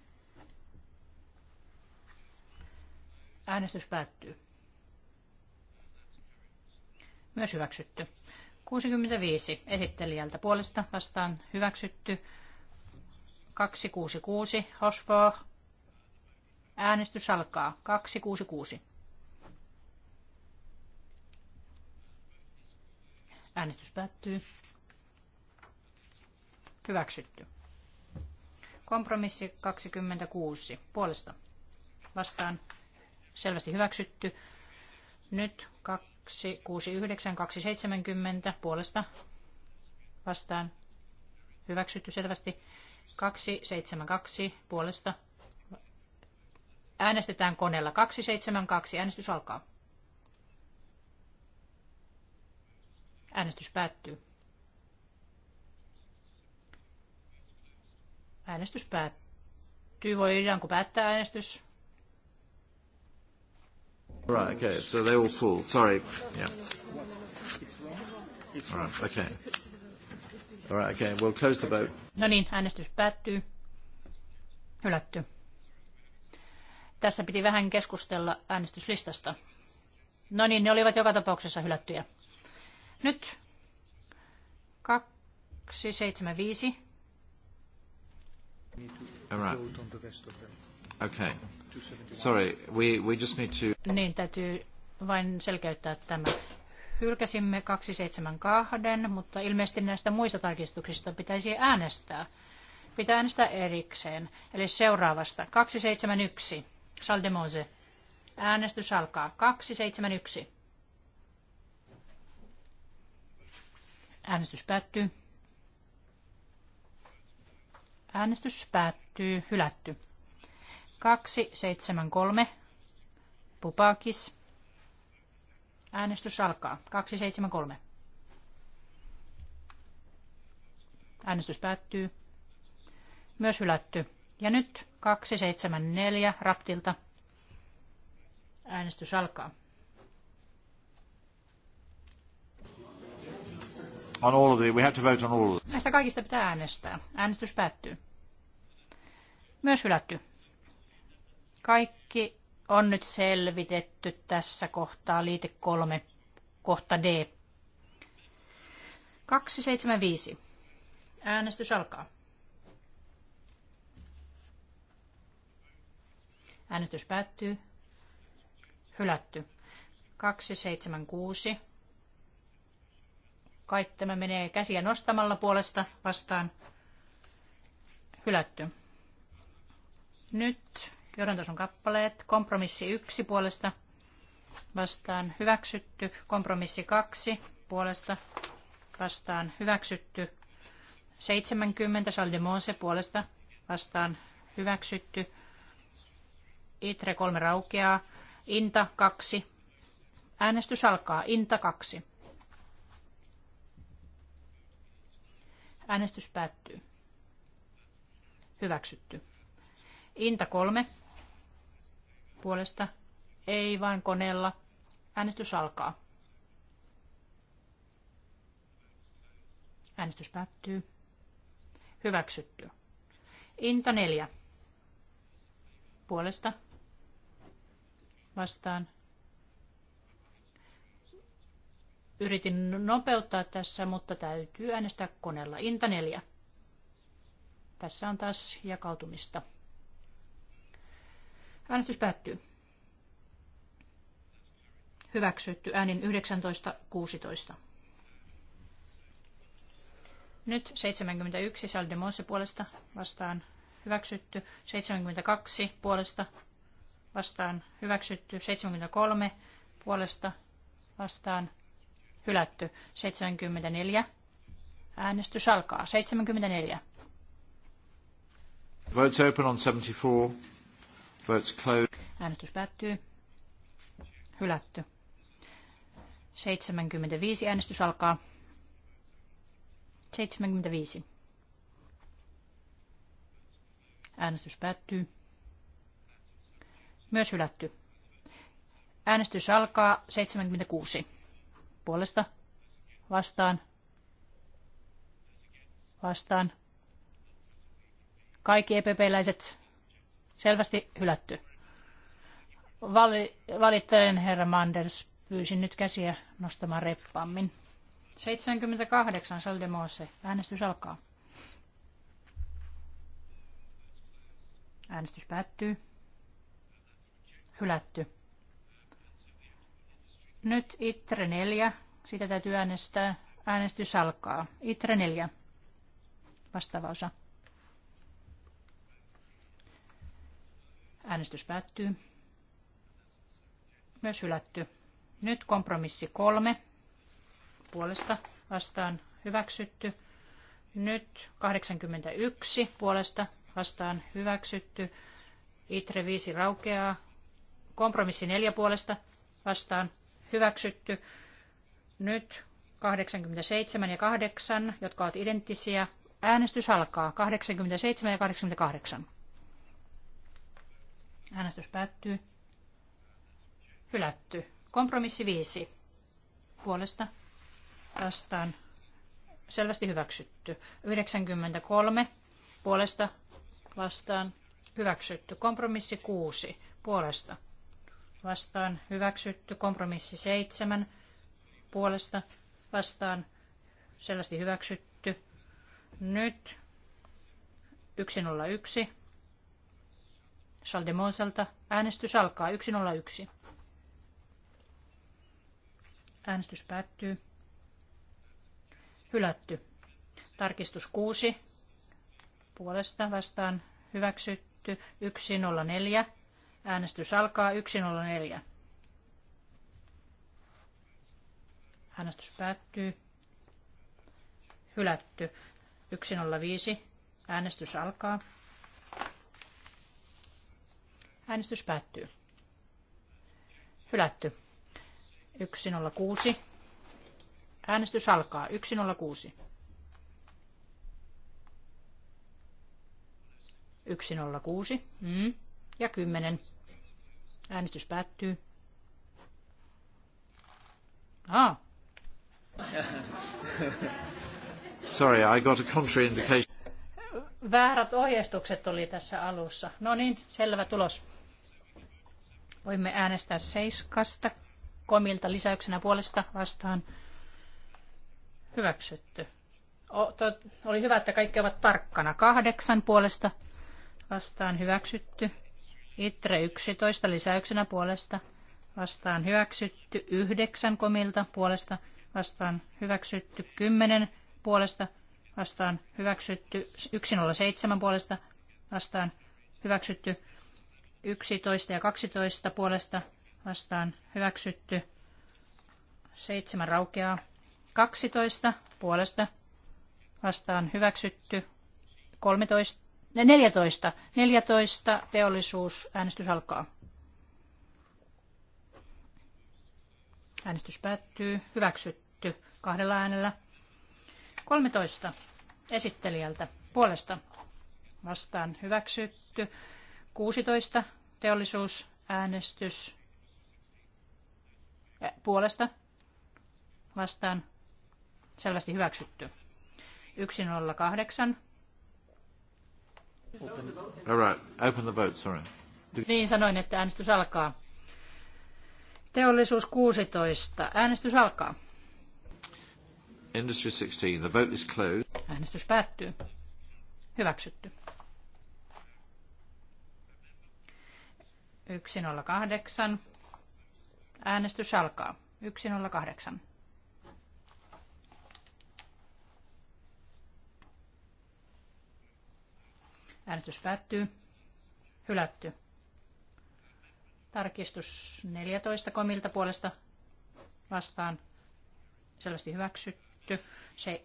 Äänestys päättyy. Myös hyväksytty. 65 esittelijältä puolesta vastaan hyväksytty. 266 Hosfor. Äänestys alkaa. 266. Äänestys päättyy. Hyväksytty. Kompromissi 26. Puolesta. Vastaan selvästi hyväksytty. Nyt 269, 270 puolesta vastaan hyväksytty selvästi. 272 puolesta äänestetään koneella. 272 äänestys alkaa. Äänestys päättyy. Äänestys päättyy. Voidaanko päättää äänestys? Right, okay, so they're all full. Sorry. Yeah. All right, okay. All right, okay, we'll close the vote. No niin, äänestys päättyy. Hylätty. Tässä piti vähän keskustella äänestyslistasta. No niin, ne olivat joka tapauksessa hylättyjä. Nyt 275. All right. Okay. Sorry, we, we just need to... Niin, täytyy vain selkeyttää tämä. Hylkäsimme 272, mutta ilmeisesti näistä muista tarkistuksista pitäisi äänestää. Pitää äänestää erikseen. Eli seuraavasta. 271. Saldemose. Äänestys alkaa. 271. Äänestys päättyy. Äänestys päättyy. Hylätty. 273. Pupakis. Äänestys alkaa. 273. Äänestys päättyy. Myös hylätty. Ja nyt 274 Raptilta. Äänestys alkaa. On all of the, we have to vote on all of Näistä kaikista pitää äänestää. Äänestys päättyy. Myös hylätty. Kaikki on nyt selvitetty tässä kohtaa, liite 3, kohta D. 275. Äänestys alkaa. Äänestys päättyy. Hylätty. 276. Kaikki tämä menee käsiä nostamalla puolesta vastaan. Hylätty. Nyt tason kappaleet. Kompromissi yksi puolesta vastaan hyväksytty. Kompromissi kaksi puolesta vastaan hyväksytty. 70 Saldemose puolesta vastaan hyväksytty. Itre kolme raukeaa. Inta kaksi. Äänestys alkaa. Inta kaksi. Äänestys päättyy. Hyväksytty. Inta kolme puolesta. Ei vaan koneella. Äänestys alkaa. Äänestys päättyy. Hyväksytty. Into 4. Puolesta. Vastaan. Yritin nopeuttaa tässä, mutta täytyy äänestää koneella. Inta 4. Tässä on taas jakautumista. Äänestys päättyy. Hyväksytty äänin 19.16. Nyt 71 Monse puolesta vastaan hyväksytty. 72 puolesta vastaan hyväksytty. 73 puolesta vastaan hylätty. 74. Äänestys alkaa. 74. Votes open on 74. Votes closed. Äänestys päättyy. Hylätty. 75 äänestys alkaa. 75. Äänestys päättyy. Myös hylätty. Äänestys alkaa 76. Puolesta. Vastaan. Vastaan. Kaikki EPP-läiset Selvästi hylätty. Vali, valittelen herra Manders. Pyysin nyt käsiä nostamaan reppaammin. 78 Saldemose. Äänestys alkaa. Äänestys päättyy. Hylätty. Nyt ITRE 4. Sitä täytyy äänestää. Äänestys alkaa. ITRE 4. Vastaava osa. Äänestys päättyy. Myös hylätty. Nyt kompromissi kolme. Puolesta vastaan hyväksytty. Nyt 81 puolesta vastaan hyväksytty. Itre 5 raukeaa. Kompromissi 4 puolesta vastaan hyväksytty. Nyt 87 ja 8, jotka ovat identtisiä. Äänestys alkaa 87 ja 88. Äänestys päättyy. Hylätty. Kompromissi 5. Puolesta vastaan. Selvästi hyväksytty. 93. Puolesta vastaan. Hyväksytty. Kompromissi 6. Puolesta vastaan. Hyväksytty. Kompromissi 7. Puolesta vastaan. Selvästi hyväksytty. Nyt 101 Saldemoselta. Äänestys alkaa 101. Äänestys päättyy. Hylätty. Tarkistus 6. Puolesta vastaan hyväksytty 104. Äänestys alkaa 104. Äänestys päättyy. Hylätty. 105. Äänestys alkaa. Äänestys päättyy. Hylätty. 106. Äänestys alkaa. 106. 106. Mm. Ja 10. Äänestys päättyy. Ah. Sorry, I got a contrary indication. Väärät ohjeistukset oli tässä alussa. No niin, selvä tulos. Voimme äänestää seiskasta komilta lisäyksenä puolesta vastaan. Hyväksytty. O, to, oli hyvä, että kaikki ovat tarkkana. Kahdeksan puolesta vastaan hyväksytty. Itre 11 lisäyksenä puolesta vastaan hyväksytty. Yhdeksän komilta puolesta vastaan hyväksytty. Kymmenen puolesta vastaan hyväksytty. 107 puolesta vastaan hyväksytty. 11 ja 12 puolesta vastaan hyväksytty. 7 raukeaa. 12 puolesta vastaan hyväksytty. 13, 14. 14 teollisuus. Äänestys alkaa. Äänestys päättyy. Hyväksytty kahdella äänellä. 13 esittelijältä puolesta vastaan hyväksytty. 16 teollisuusäänestys puolesta vastaan selvästi hyväksytty. 108. Open. All right. Open the vote, sorry. Niin sanoin, että äänestys alkaa. Teollisuus 16. Äänestys alkaa. Industry 16. The vote is closed. Äänestys päättyy. Hyväksytty. 108. Äänestys alkaa. 108. Äänestys päättyy. Hylätty. Tarkistus 14 komilta puolesta vastaan. Selvästi hyväksytty. Se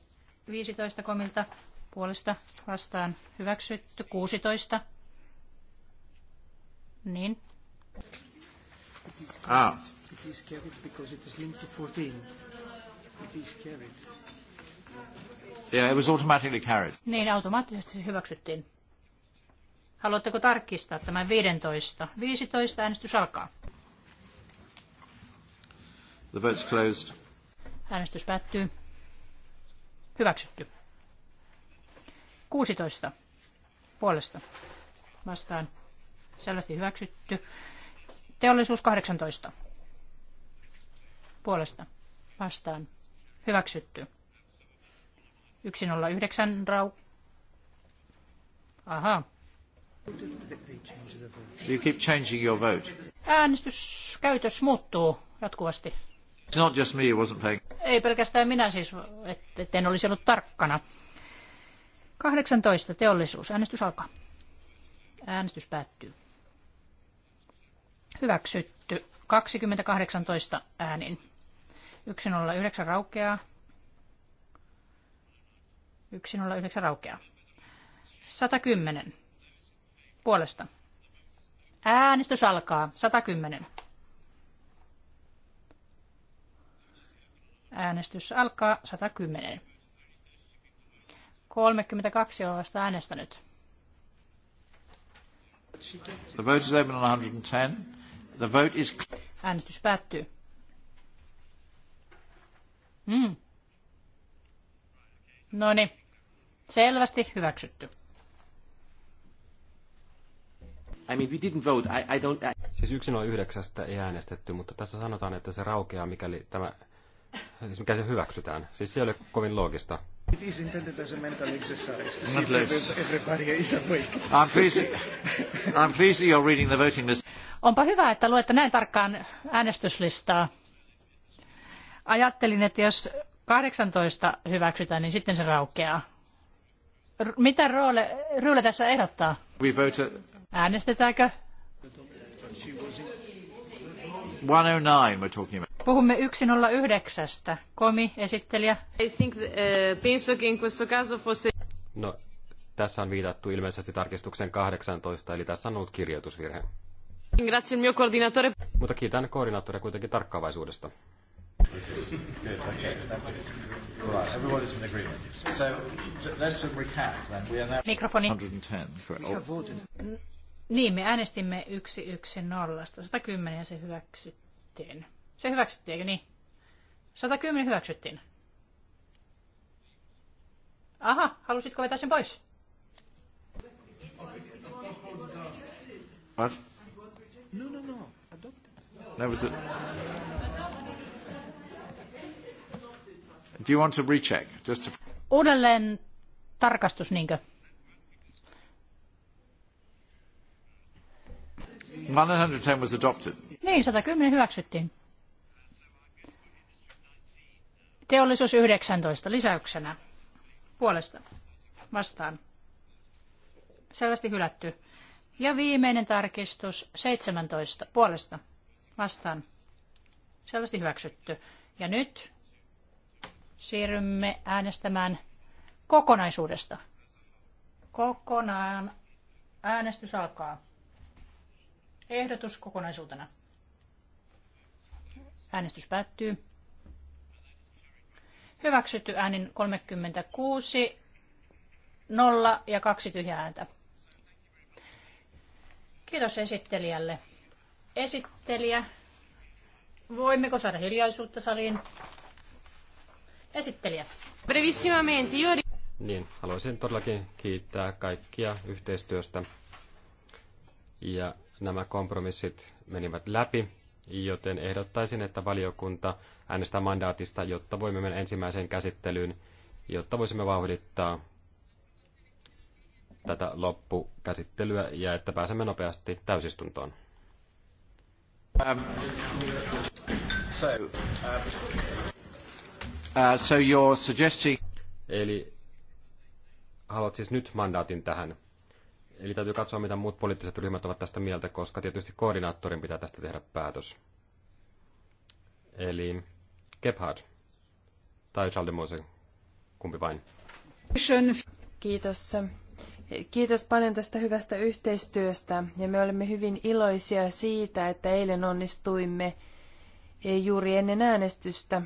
15 komilta puolesta vastaan hyväksytty. 16 niin. Ah. It is carried because it is linked to 14. It is carried. Yeah, it was automatically carried. Niin, automaattisesti se hyväksyttiin. Haluatteko tarkistaa tämän 15? 15 äänestys alkaa. The vote's closed. Äänestys päättyy. Hyväksytty. 16. Puolesta. Vastaan. Selvästi hyväksytty. Teollisuus 18. Puolesta. Vastaan. Hyväksytty. 109 rau. Aha. You keep changing your vote. Äänestyskäytös muuttuu jatkuvasti. It's not just me, wasn't paying. Ei pelkästään minä siis, et, en olisi ollut tarkkana. 18. Teollisuus. Äänestys alkaa. Äänestys päättyy. Hyväksytty 2018 äänin. 109 raukeaa. 109 raukeaa. 110 puolesta. Äänestys alkaa. 110. Äänestys alkaa 110. 32 on vasta äänestänyt. The vote is open on 110. The vote is... Äänestys päättyy. Mm. No niin, selvästi hyväksytty. I mean, we didn't vote. I, I don't... I... Siis yhdeksästä ei äänestetty, mutta tässä sanotaan, että se raukeaa, mikäli tämä, siis mikä se hyväksytään. Siis se ei ole kovin loogista. It is intended as a mental exercise to see if everybody is awake. I'm pleased, I'm pleased you're reading the voting list. Onpa hyvä, että luette näin tarkkaan äänestyslistaa. Ajattelin, että jos 18 hyväksytään, niin sitten se raukeaa. R- mitä roole, Ryyle tässä ehdottaa? We vote Äänestetäänkö? 109 we're talking about. Puhumme 109. Komi, esittelijä. I think, uh, in questo caso fosse... No, tässä on viitattu ilmeisesti tarkistuksen 18, eli tässä on ollut kirjoitusvirhe. Grazie mio coordinatore. Mutta kiitän koordinaattoria kuitenkin tarkkaavaisuudesta. Mikrofoni. Niin, me äänestimme 110. 110 ja se hyväksyttiin. Se hyväksyttiin, eikö niin? 110 hyväksyttiin. Aha, halusitko vetää sen pois? What? There was a... Do you want to recheck? Just to... Uudelleen tarkastus, niinkö? 110 was adopted. Niin, 110 hyväksyttiin. Teollisuus 19 lisäyksenä puolesta vastaan. Selvästi hylätty. Ja viimeinen tarkistus 17 puolesta Vastaan. Selvästi hyväksytty. Ja nyt siirrymme äänestämään kokonaisuudesta. Kokonaan äänestys alkaa. Ehdotus kokonaisuutena. Äänestys päättyy. Hyväksytty äänin 36, 0 ja 2 tyhjää ääntä. Kiitos esittelijälle. Esittelijä, voimmeko saada hiljaisuutta saliin? Esittelijä. Brevissimamente, Jori. Niin, haluaisin todellakin kiittää kaikkia yhteistyöstä. Ja nämä kompromissit menivät läpi, joten ehdottaisin, että valiokunta äänestää mandaatista, jotta voimme mennä ensimmäiseen käsittelyyn, jotta voisimme vauhdittaa tätä loppukäsittelyä ja että pääsemme nopeasti täysistuntoon. Um, so, um, uh, so you're suggesting... Eli haluat siis nyt mandaatin tähän. Eli täytyy katsoa, mitä muut poliittiset ryhmät ovat tästä mieltä, koska tietysti koordinaattorin pitää tästä tehdä päätös. Eli Gebhard tai Schaldemose, kumpi vain. Kiitos Kiitos paljon tästä hyvästä yhteistyöstä ja me olemme hyvin iloisia siitä, että eilen onnistuimme juuri ennen äänestystä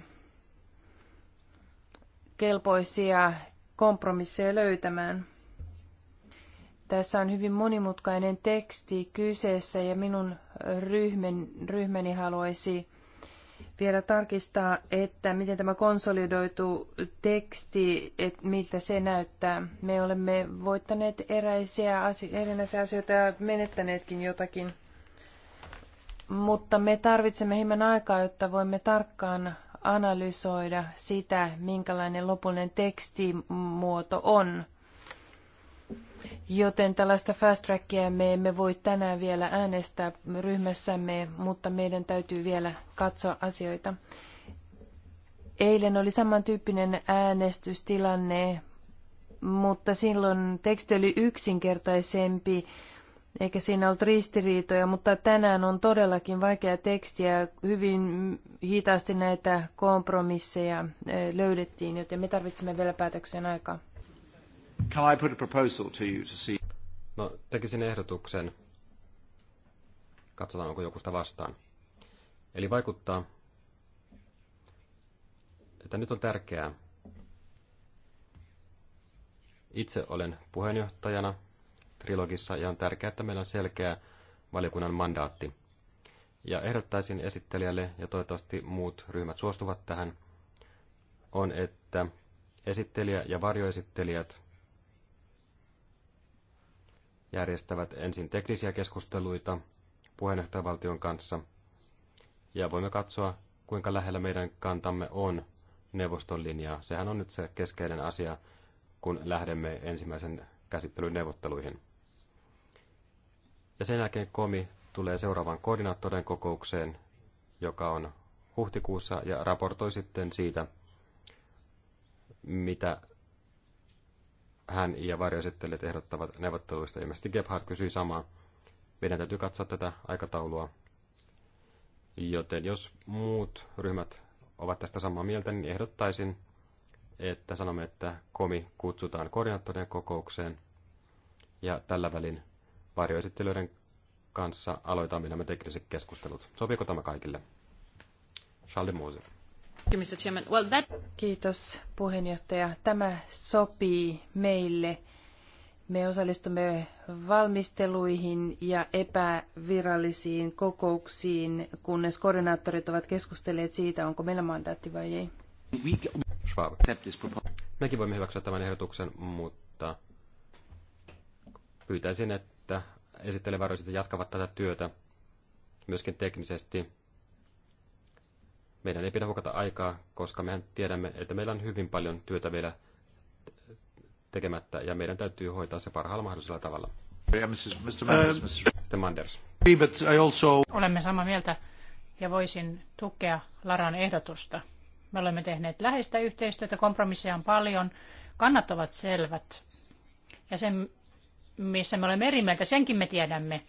kelpoisia kompromisseja löytämään. Tässä on hyvin monimutkainen teksti kyseessä ja minun ryhmän, ryhmäni haluaisi vielä tarkistaa, että miten tämä konsolidoitu teksti, että miltä se näyttää. Me olemme voittaneet eräisiä asio- erinäisiä asioita ja menettäneetkin jotakin. Mutta me tarvitsemme hieman aikaa, jotta voimme tarkkaan analysoida sitä, minkälainen lopullinen tekstimuoto on. Joten tällaista fast trackia me emme voi tänään vielä äänestää ryhmässämme, mutta meidän täytyy vielä katsoa asioita. Eilen oli samantyyppinen äänestystilanne, mutta silloin teksti oli yksinkertaisempi, eikä siinä ollut ristiriitoja, mutta tänään on todellakin vaikea tekstiä. Hyvin hitaasti näitä kompromisseja löydettiin, joten me tarvitsemme vielä päätöksen aikaa. Can I put a proposal to you to see? No, tekisin ehdotuksen. Katsotaan, onko joku sitä vastaan. Eli vaikuttaa, että nyt on tärkeää. Itse olen puheenjohtajana trilogissa ja on tärkeää, että meillä on selkeä valiokunnan mandaatti. Ja ehdottaisin esittelijälle, ja toivottavasti muut ryhmät suostuvat tähän, on, että esittelijä ja varjoesittelijät järjestävät ensin teknisiä keskusteluita puheenjohtajavaltion kanssa, ja voimme katsoa, kuinka lähellä meidän kantamme on neuvoston linjaa. Sehän on nyt se keskeinen asia, kun lähdemme ensimmäisen käsittelyn neuvotteluihin. Ja sen jälkeen komi tulee seuraavan koordinaattoren kokoukseen, joka on huhtikuussa, ja raportoi sitten siitä, mitä hän ja varjoesittelijät ehdottavat neuvotteluista. Ilmeisesti Gebhard kysyi samaa. Meidän täytyy katsoa tätä aikataulua. Joten jos muut ryhmät ovat tästä samaa mieltä, niin ehdottaisin, että sanomme, että komi kutsutaan koordinaattorien kokoukseen. Ja tällä välin varjoesittelyiden kanssa aloitamme nämä tekniset keskustelut. Sopiiko tämä kaikille? Charles Mose. Kiitos puheenjohtaja. Tämä sopii meille. Me osallistumme valmisteluihin ja epävirallisiin kokouksiin, kunnes koordinaattorit ovat keskustelleet siitä, onko meillä mandaatti vai ei. Mekin voimme hyväksyä tämän ehdotuksen, mutta pyytäisin, että esittelevaroiset jatkavat tätä työtä myöskin teknisesti meidän ei pidä hukata aikaa, koska mehän tiedämme, että meillä on hyvin paljon työtä vielä tekemättä ja meidän täytyy hoitaa se parhaalla mahdollisella tavalla. Mr. Manders. Um, olemme samaa mieltä ja voisin tukea Laran ehdotusta. Me olemme tehneet läheistä yhteistyötä, kompromisseja on paljon, kannat ovat selvät. Ja sen, missä me olemme eri mieltä, senkin me tiedämme.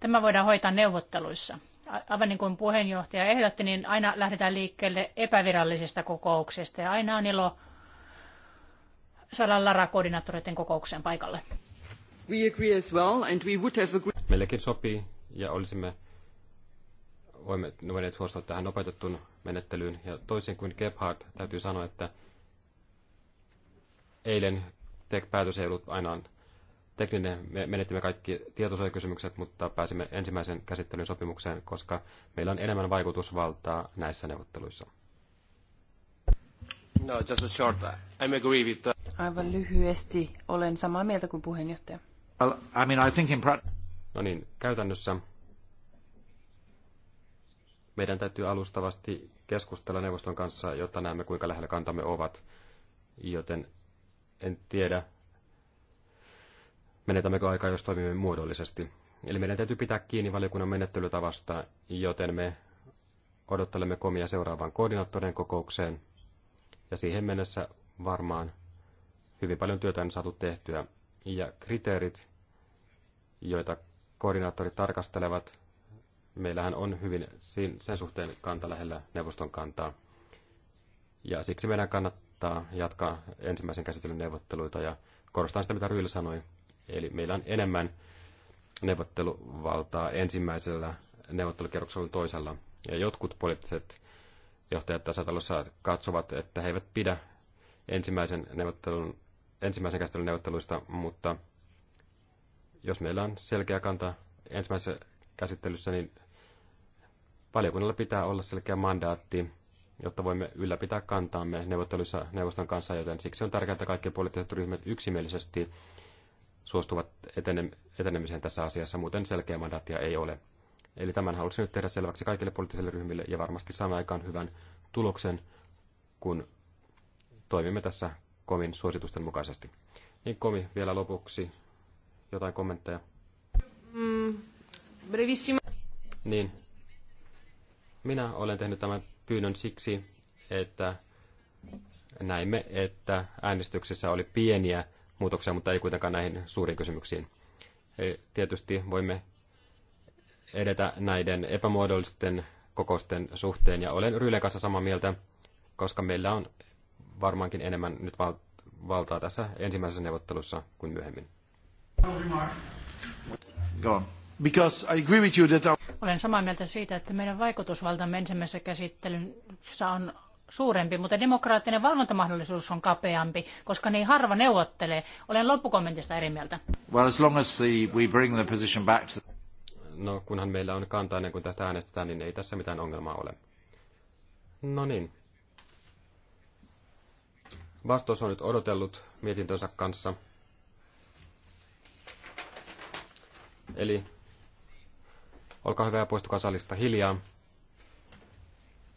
Tämä voidaan hoitaa neuvotteluissa aivan niin kuin puheenjohtaja ehdotti, niin aina lähdetään liikkeelle epävirallisista kokouksista ja aina on ilo saada LARA-koordinaattoreiden kokoukseen paikalle. We agree as well, and we would have agreed... Meillekin sopii ja olisimme voimme voineet suostua tähän nopeutettuun menettelyyn. Ja toisin kuin Gebhardt, täytyy sanoa, että eilen TEC-päätös ei ollut aina tekninen, me menetimme kaikki tietosuojakysymykset, mutta pääsimme ensimmäisen käsittelyn sopimukseen, koska meillä on enemmän vaikutusvaltaa näissä neuvotteluissa. No, just a short. Uh, I'm agree with that. Uh, Aivan lyhyesti olen samaa mieltä kuin puheenjohtaja. Well, I mean, I think in no niin, käytännössä meidän täytyy alustavasti keskustella neuvoston kanssa, jotta näemme kuinka lähellä kantamme ovat. Joten en tiedä, menetämmekö aikaa, jos toimimme muodollisesti. Eli meidän täytyy pitää kiinni valiokunnan menettelytavasta, joten me odottelemme komia seuraavaan koordinaattorien kokoukseen. Ja siihen mennessä varmaan hyvin paljon työtä on saatu tehtyä. Ja kriteerit, joita koordinaattorit tarkastelevat, meillähän on hyvin sen suhteen kanta lähellä neuvoston kantaa. Ja siksi meidän kannattaa jatkaa ensimmäisen käsittelyn neuvotteluita ja korostan sitä, mitä Ryyl sanoi. Eli meillä on enemmän neuvotteluvaltaa ensimmäisellä neuvottelukierroksella kuin toisella. Ja jotkut poliittiset johtajat tasatalossa katsovat, että he eivät pidä ensimmäisen, neuvottelun, ensimmäisen käsittelyn neuvotteluista, mutta jos meillä on selkeä kanta ensimmäisessä käsittelyssä, niin valiokunnalla pitää olla selkeä mandaatti, jotta voimme ylläpitää kantaamme neuvotteluissa neuvoston kanssa, joten siksi on tärkeää, että kaikki poliittiset ryhmät yksimielisesti suostuvat etene- etenemiseen tässä asiassa, muuten selkeä mandaattia ei ole. Eli tämän halusin nyt tehdä selväksi kaikille poliittisille ryhmille ja varmasti saamme aikaan hyvän tuloksen, kun toimimme tässä komin suositusten mukaisesti. Niin komi vielä lopuksi jotain kommentteja. Mm, Niin. Minä olen tehnyt tämän pyynnön siksi, että näimme, että äänestyksessä oli pieniä muutoksia, mutta ei kuitenkaan näihin suuriin kysymyksiin. Eli tietysti voimme edetä näiden epämuodollisten kokousten suhteen, ja olen Rylen kanssa samaa mieltä, koska meillä on varmaankin enemmän nyt valtaa tässä ensimmäisessä neuvottelussa kuin myöhemmin. Go. I agree with you that... Olen samaa mieltä siitä, että meidän vaikutusvaltamme ensimmäisessä käsittelyssä on suurempi, mutta demokraattinen valvontamahdollisuus on kapeampi, koska niin harva neuvottelee. Olen loppukommentista eri mieltä. Well, as long as the, we bring the position back to... No, kunhan meillä on kantaa ennen kuin tästä äänestetään, niin ei tässä mitään ongelmaa ole. No niin. Vastaus on nyt odotellut mietintönsä kanssa. Eli olkaa hyvä ja poistukaa salista hiljaa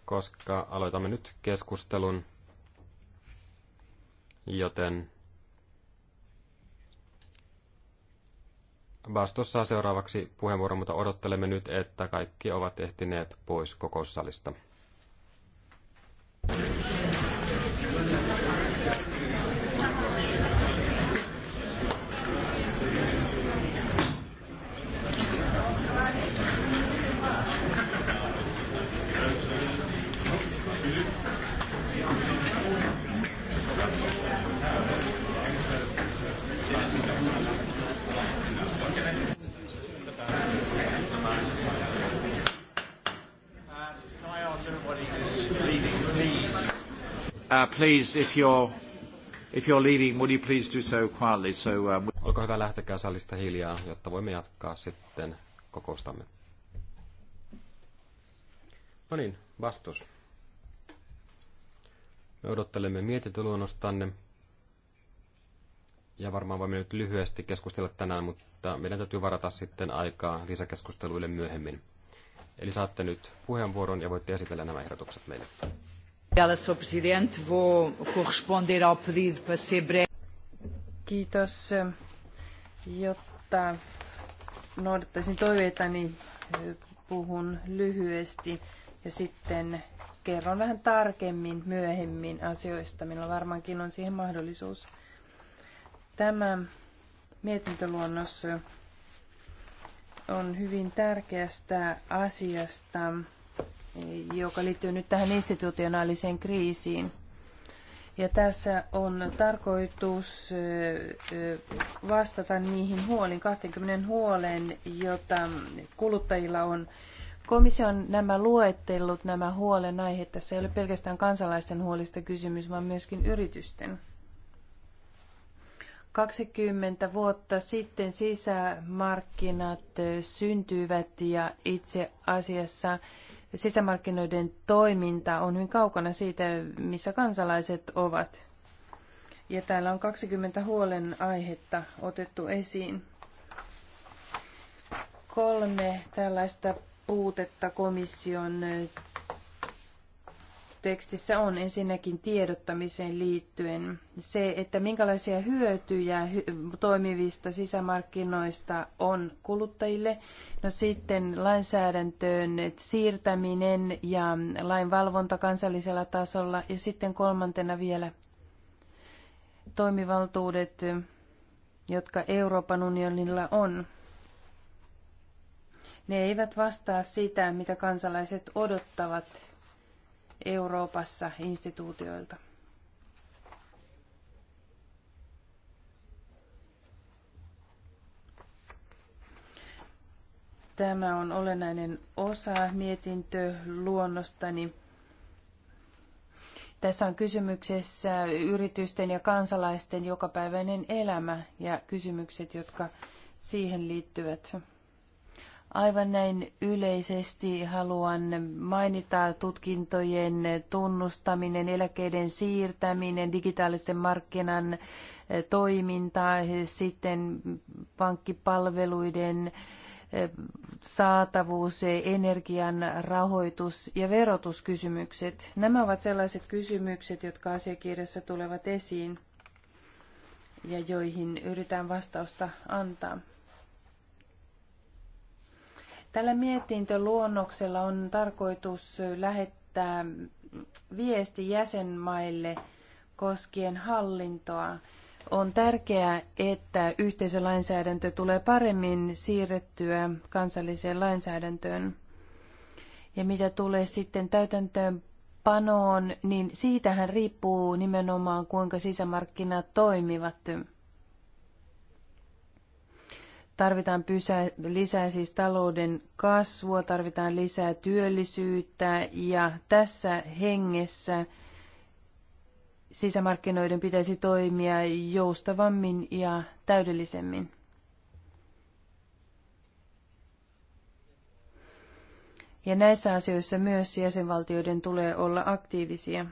koska aloitamme nyt keskustelun, joten Bastos saa seuraavaksi puheenvuoron, mutta odottelemme nyt, että kaikki ovat ehtineet pois salista. Uh, please, if you're, if you're leaving, you please do so quietly? So, um... Olkaa hyvä, lähtekää salista hiljaa, jotta voimme jatkaa sitten kokoustamme. No niin, vastus. Me odottelemme mietintöluonnostanne. Ja varmaan voimme nyt lyhyesti keskustella tänään, mutta meidän täytyy varata sitten aikaa lisäkeskusteluille myöhemmin. Eli saatte nyt puheenvuoron ja voitte esitellä nämä ehdotukset meille. Kiitos. Jotta noudattaisin toiveitani, puhun lyhyesti ja sitten kerron vähän tarkemmin myöhemmin asioista. Minulla varmaankin on siihen mahdollisuus. Tämä mietintöluonnos on hyvin tärkeästä asiasta joka liittyy nyt tähän institutionaaliseen kriisiin. Ja tässä on tarkoitus vastata niihin huolin, 20 huoleen, jota kuluttajilla on. Komission nämä luettelut, nämä huolenaiheet, tässä ei ole pelkästään kansalaisten huolista kysymys, vaan myöskin yritysten. 20 vuotta sitten sisämarkkinat syntyivät ja itse asiassa sisämarkkinoiden toiminta on hyvin kaukana siitä, missä kansalaiset ovat. Ja täällä on 20 huolen aihetta otettu esiin. Kolme tällaista puutetta komission tekstissä on ensinnäkin tiedottamiseen liittyen se, että minkälaisia hyötyjä toimivista sisämarkkinoista on kuluttajille. No sitten lainsäädäntöön siirtäminen ja lainvalvonta kansallisella tasolla ja sitten kolmantena vielä toimivaltuudet, jotka Euroopan unionilla on. Ne eivät vastaa sitä, mitä kansalaiset odottavat Euroopassa instituutioilta. Tämä on olennainen osa mietintöluonnostani. Tässä on kysymyksessä yritysten ja kansalaisten jokapäiväinen elämä ja kysymykset, jotka siihen liittyvät. Aivan näin yleisesti haluan mainita tutkintojen tunnustaminen, eläkeiden siirtäminen, digitaalisten markkinan eh, toiminta, sitten pankkipalveluiden eh, saatavuus, eh, energian rahoitus ja verotuskysymykset. Nämä ovat sellaiset kysymykset, jotka asiakirjassa tulevat esiin ja joihin yritän vastausta antaa. Tällä mietintöluonnoksella on tarkoitus lähettää viesti jäsenmaille koskien hallintoa. On tärkeää, että yhteisölainsäädäntö tulee paremmin siirrettyä kansalliseen lainsäädäntöön. Ja mitä tulee sitten täytäntöönpanoon, niin siitähän riippuu nimenomaan, kuinka sisämarkkinat toimivat. Tarvitaan pysä, lisää siis talouden kasvua, tarvitaan lisää työllisyyttä ja tässä hengessä sisämarkkinoiden pitäisi toimia joustavammin ja täydellisemmin. Ja näissä asioissa myös jäsenvaltioiden tulee olla aktiivisia.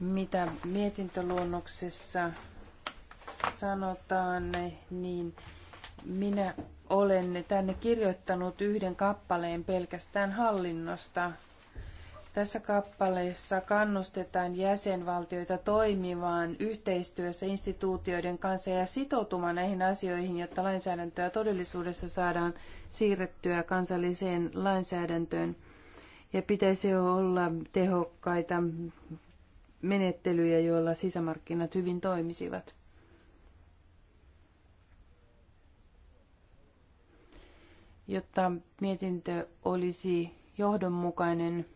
mitä mietintöluonnoksessa sanotaan, niin minä olen tänne kirjoittanut yhden kappaleen pelkästään hallinnosta. Tässä kappaleessa kannustetaan jäsenvaltioita toimimaan yhteistyössä instituutioiden kanssa ja sitoutumaan näihin asioihin, jotta lainsäädäntöä todellisuudessa saadaan siirrettyä kansalliseen lainsäädäntöön. Ja pitäisi olla tehokkaita menettelyjä, joilla sisämarkkinat hyvin toimisivat. Jotta mietintö olisi johdonmukainen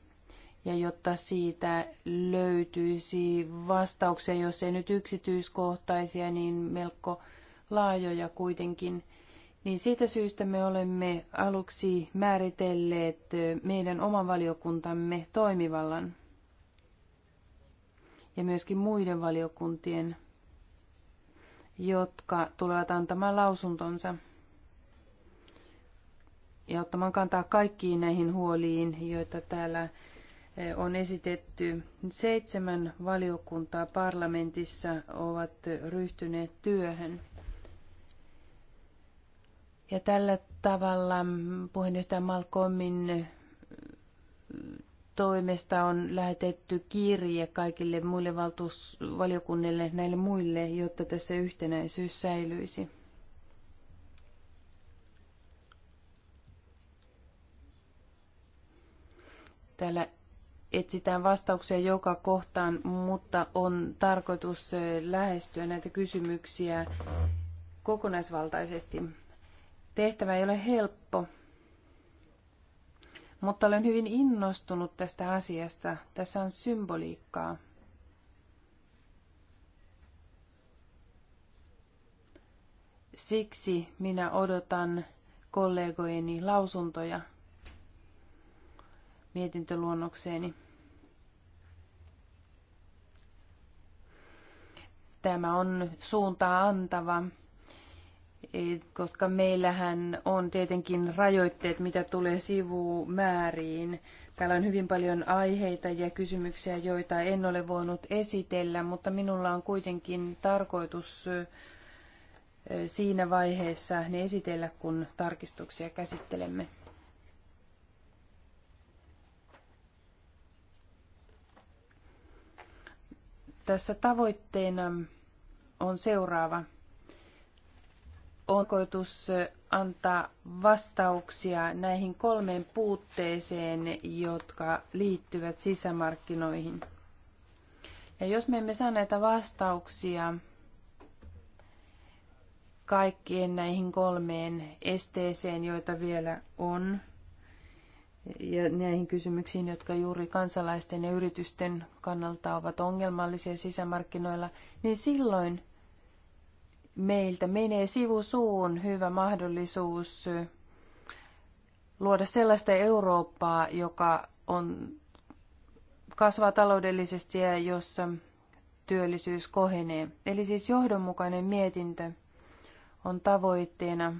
ja jotta siitä löytyisi vastauksia, jos ei nyt yksityiskohtaisia, niin melko laajoja kuitenkin, niin siitä syystä me olemme aluksi määritelleet meidän oman valiokuntamme toimivallan ja myöskin muiden valiokuntien, jotka tulevat antamaan lausuntonsa ja ottamaan kantaa kaikkiin näihin huoliin, joita täällä eh, on esitetty. Seitsemän valiokuntaa parlamentissa ovat ryhtyneet työhön. Ja tällä tavalla mm, puheenjohtaja Malcolmin mm, toimesta on lähetetty kirje kaikille muille valtuusvaliokunnille, näille muille, jotta tässä yhtenäisyys säilyisi. Täällä etsitään vastauksia joka kohtaan, mutta on tarkoitus lähestyä näitä kysymyksiä kokonaisvaltaisesti. Tehtävä ei ole helppo, mutta olen hyvin innostunut tästä asiasta. Tässä on symboliikkaa. Siksi minä odotan kollegojeni lausuntoja mietintöluonnokseeni. Tämä on suuntaa antava koska meillähän on tietenkin rajoitteet, mitä tulee sivumääriin. Täällä on hyvin paljon aiheita ja kysymyksiä, joita en ole voinut esitellä, mutta minulla on kuitenkin tarkoitus siinä vaiheessa ne esitellä, kun tarkistuksia käsittelemme. Tässä tavoitteena on seuraava onkoitus antaa vastauksia näihin kolmeen puutteeseen, jotka liittyvät sisämarkkinoihin. Ja jos me emme saa näitä vastauksia kaikkien näihin kolmeen esteeseen, joita vielä on, ja näihin kysymyksiin, jotka juuri kansalaisten ja yritysten kannalta ovat ongelmallisia sisämarkkinoilla, niin silloin meiltä menee sivusuun hyvä mahdollisuus luoda sellaista Eurooppaa, joka on, kasvaa taloudellisesti ja jossa työllisyys kohenee. Eli siis johdonmukainen mietintö on tavoitteena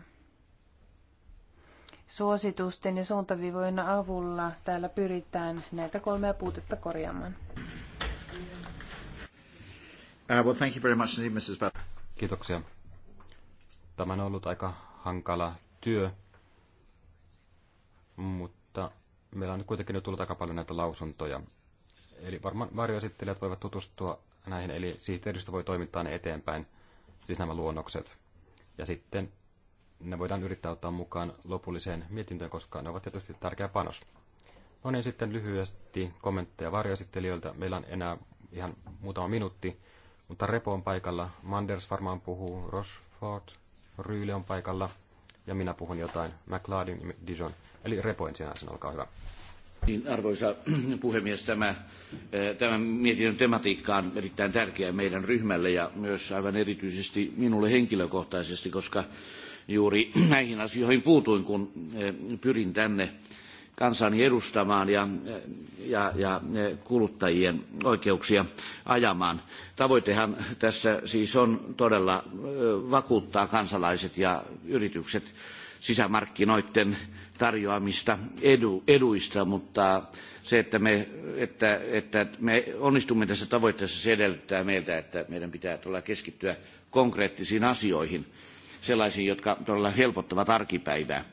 suositusten ja suuntavivojen avulla täällä pyritään näitä kolmea puutetta korjaamaan. Uh, well, thank you very much indeed, Mrs. Bell. Kiitoksia. Tämä on ollut aika hankala työ, mutta meillä on nyt kuitenkin nyt tullut aika paljon näitä lausuntoja. Eli varmaan varjoesittelijät voivat tutustua näihin, eli sihteeristö voi toimittaa ne eteenpäin, siis nämä luonnokset. Ja sitten ne voidaan yrittää ottaa mukaan lopulliseen mietintöön, koska ne ovat tietysti tärkeä panos. No niin, sitten lyhyesti kommentteja varjoesittelijöiltä. Meillä on enää ihan muutama minuutti, mutta Repo on paikalla, Manders varmaan puhuu, Rochefort, Ryyle on paikalla ja minä puhun jotain, McLeodin Dijon. Eli Repo ensimmäisenä, olkaa hyvä. Niin, arvoisa puhemies, tämä, eh, tämä mietinnön tematiikka on erittäin tärkeä meidän ryhmälle ja myös aivan erityisesti minulle henkilökohtaisesti, koska juuri näihin asioihin puutuin, kun eh, pyrin tänne kansani edustamaan ja, ja, ja kuluttajien oikeuksia ajamaan. Tavoitehan tässä siis on todella vakuuttaa kansalaiset ja yritykset sisämarkkinoiden tarjoamista edu, eduista, mutta se, että me, että, että me onnistumme tässä tavoitteessa, se edellyttää meiltä, että meidän pitää tulla keskittyä konkreettisiin asioihin, sellaisiin, jotka todella helpottavat arkipäivää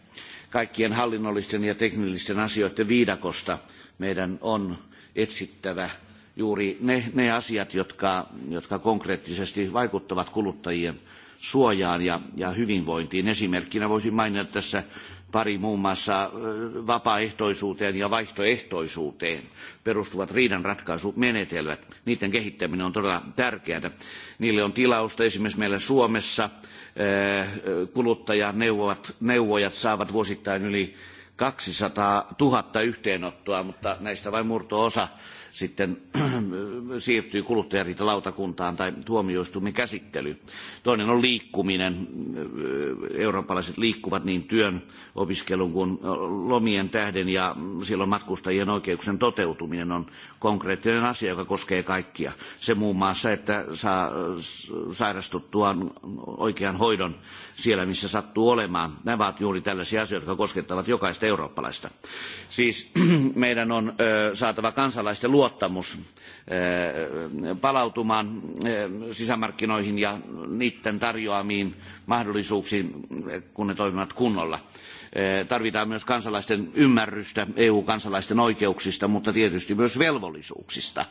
kaikkien hallinnollisten ja teknillisten asioiden viidakosta meidän on etsittävä juuri ne, ne asiat, jotka, jotka konkreettisesti vaikuttavat kuluttajien suojaan ja, ja hyvinvointiin. Esimerkkinä voisin mainita tässä pari muun muassa äh, vapaaehtoisuuteen ja vaihtoehtoisuuteen perustuvat riidanratkaisumenetelmät. Niiden kehittäminen on todella tärkeää. Niille on tilausta esimerkiksi meillä Suomessa. Äh, Kuluttajaneuvojat saavat vuosittain yli 200 000 yhteenottoa, mutta näistä vain murto-osa sitten siirtyy kuluttajariitalautakuntaan tai tuomioistuimen käsittelyyn. Toinen on liikkuminen. Eurooppalaiset liikkuvat niin työn, opiskelun kuin lomien tähden ja silloin matkustajien oikeuksien toteutuminen on konkreettinen asia, joka koskee kaikkia. Se muun muassa, että saa sairastuttuaan oikean hoidon siellä, missä sattuu olemaan. Nämä ovat juuri tällaisia asioita, jotka koskettavat jokaista eurooppalaista. Siis meidän on saatava kansalaisten luottamus palautumaan sisämarkkinoihin ja niiden tarjoamiin mahdollisuuksiin, kun ne toimivat kunnolla tarvitaan myös kansalaisten ymmärrystä eu kansalaisten oikeuksista mutta tietysti myös velvollisuuksista.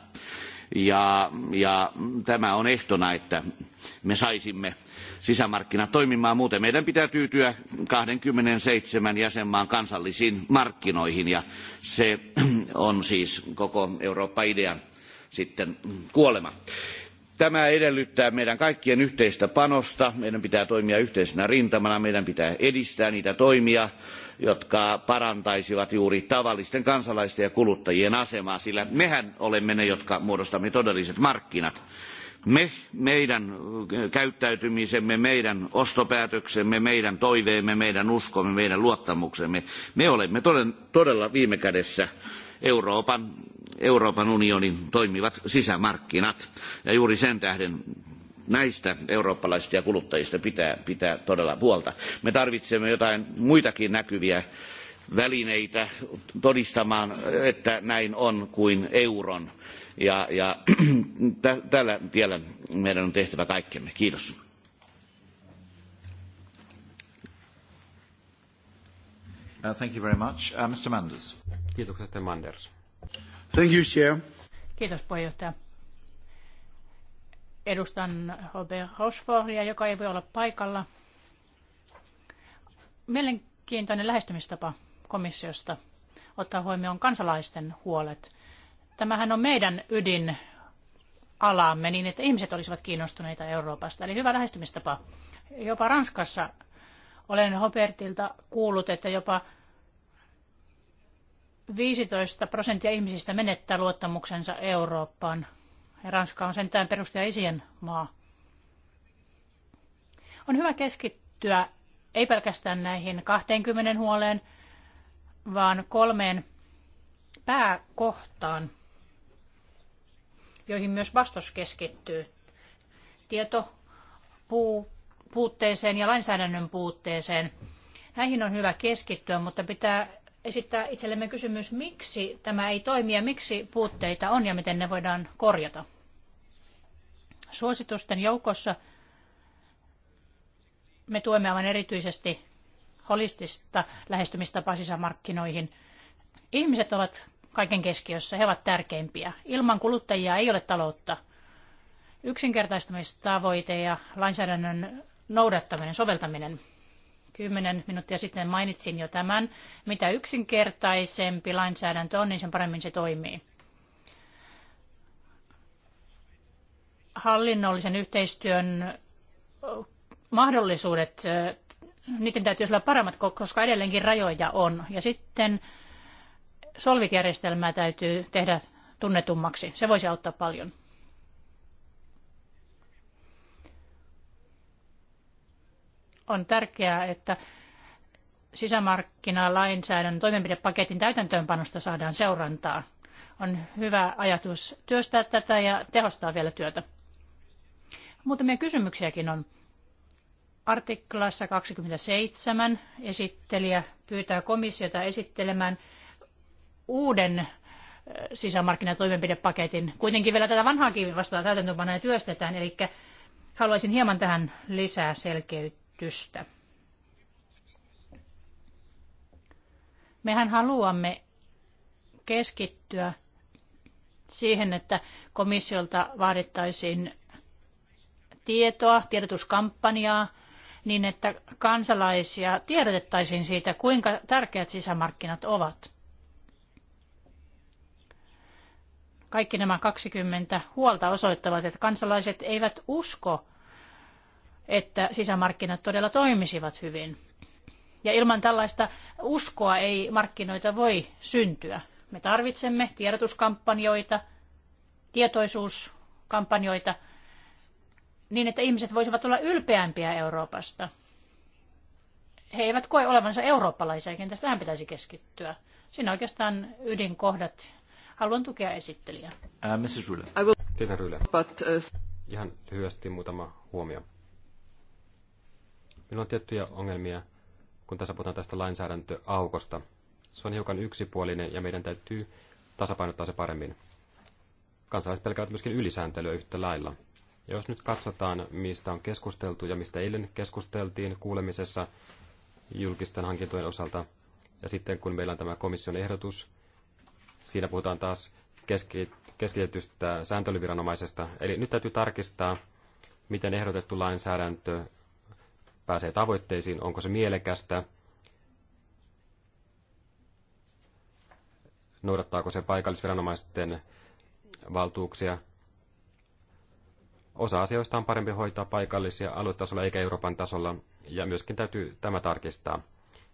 Ja, ja tämä on ehtona, että me saisimme sisämarkkinat toimimaan. Muuten meidän pitää tyytyä 27 jäsenmaan kansallisiin markkinoihin ja se on siis koko Eurooppa-idean sitten kuolema tämä edellyttää meidän kaikkien yhteistä panosta meidän pitää toimia yhteisenä rintamana meidän pitää edistää niitä toimia jotka parantaisivat juuri tavallisten kansalaisten ja kuluttajien asemaa sillä mehän olemme ne jotka muodostamme todelliset markkinat. me meidän käyttäytymisemme meidän ostopäätöksemme meidän toiveemme meidän uskomme meidän luottamuksemme me olemme todella viime kädessä Euroopan, Euroopan unionin toimivat sisämarkkinat. Ja juuri sen tähden näistä eurooppalaisista ja kuluttajista pitää, pitää todella huolta. Me tarvitsemme jotain muitakin näkyviä välineitä todistamaan, että näin on kuin euron. Ja, ja tällä tiellä meidän on tehtävä kaikkemme. Kiitos. Uh, thank you very much. Uh, Mr. Manders. Kiitokset, Manders. Thank you, Chair. Kiitos, puheenjohtaja. Edustan Robert Rochefortia, joka ei voi olla paikalla. Mielenkiintoinen lähestymistapa komissiosta ottaa huomioon kansalaisten huolet. Tämähän on meidän ydinalaamme, niin, että ihmiset olisivat kiinnostuneita Euroopasta. Eli hyvä lähestymistapa. Jopa Ranskassa olen hopertilta kuullut, että jopa 15 prosenttia ihmisistä menettää luottamuksensa Eurooppaan. Ja Ranska on sentään perustaja isien maa. On hyvä keskittyä ei pelkästään näihin 20 huoleen, vaan kolmeen pääkohtaan, joihin myös vastus keskittyy. Tieto, puu, puutteeseen ja lainsäädännön puutteeseen. Näihin on hyvä keskittyä, mutta pitää esittää itsellemme kysymys, miksi tämä ei toimi ja miksi puutteita on ja miten ne voidaan korjata. Suositusten joukossa me tuemme aivan erityisesti holistista lähestymistapaa sisämarkkinoihin. Ihmiset ovat kaiken keskiössä, he ovat tärkeimpiä. Ilman kuluttajia ei ole taloutta. Yksinkertaistamistavoite ja lainsäädännön noudattaminen, soveltaminen. Kymmenen minuuttia sitten mainitsin jo tämän. Mitä yksinkertaisempi lainsäädäntö on, niin sen paremmin se toimii. Hallinnollisen yhteistyön mahdollisuudet, niiden täytyy olla paremmat, koska edelleenkin rajoja on. Ja sitten solvit täytyy tehdä tunnetummaksi. Se voisi auttaa paljon. On tärkeää, että sisämarkkinalainsäädännön toimenpidepaketin täytäntöönpanosta saadaan seurantaa. On hyvä ajatus työstää tätä ja tehostaa vielä työtä. Muutamia kysymyksiäkin on. Artiklassa 27 esittelijä pyytää komissiota esittelemään uuden sisämarkkinatoimenpidepaketin. Kuitenkin vielä tätä vanhaakin vastaan täytäntöönpanoa työstetään, eli haluaisin hieman tähän lisää selkeyttä kehitystä. Mehän haluamme keskittyä siihen, että komissiolta vaadittaisiin tietoa, tiedotuskampanjaa, niin että kansalaisia tiedotettaisiin siitä, kuinka tärkeät sisämarkkinat ovat. Kaikki nämä 20 huolta osoittavat, että kansalaiset eivät usko että sisämarkkinat todella toimisivat hyvin. Ja ilman tällaista uskoa ei markkinoita voi syntyä. Me tarvitsemme tiedotuskampanjoita, tietoisuuskampanjoita, niin että ihmiset voisivat olla ylpeämpiä Euroopasta. He eivät koe olevansa eurooppalaisia, kenties tähän pitäisi keskittyä. Siinä oikeastaan ydinkohdat. Haluan tukea esittelijää. Uh, Mrs. Ryle. will... But, uh... Ihan lyhyesti muutama huomio Meillä on tiettyjä ongelmia, kun tässä puhutaan tästä lainsäädäntöaukosta. Se on hiukan yksipuolinen ja meidän täytyy tasapainottaa se paremmin. Kansalaiset pelkäävät myöskin ylisääntelyä yhtä lailla. Ja jos nyt katsotaan, mistä on keskusteltu ja mistä eilen keskusteltiin kuulemisessa julkisten hankintojen osalta, ja sitten kun meillä on tämä komission ehdotus, siinä puhutaan taas keski, keskitetystä sääntelyviranomaisesta. Eli nyt täytyy tarkistaa, miten ehdotettu lainsäädäntö pääsee tavoitteisiin, onko se mielekästä, noudattaako se paikallisviranomaisten valtuuksia. Osa asioista on parempi hoitaa paikallisia aluetasolla eikä Euroopan tasolla, ja myöskin täytyy tämä tarkistaa.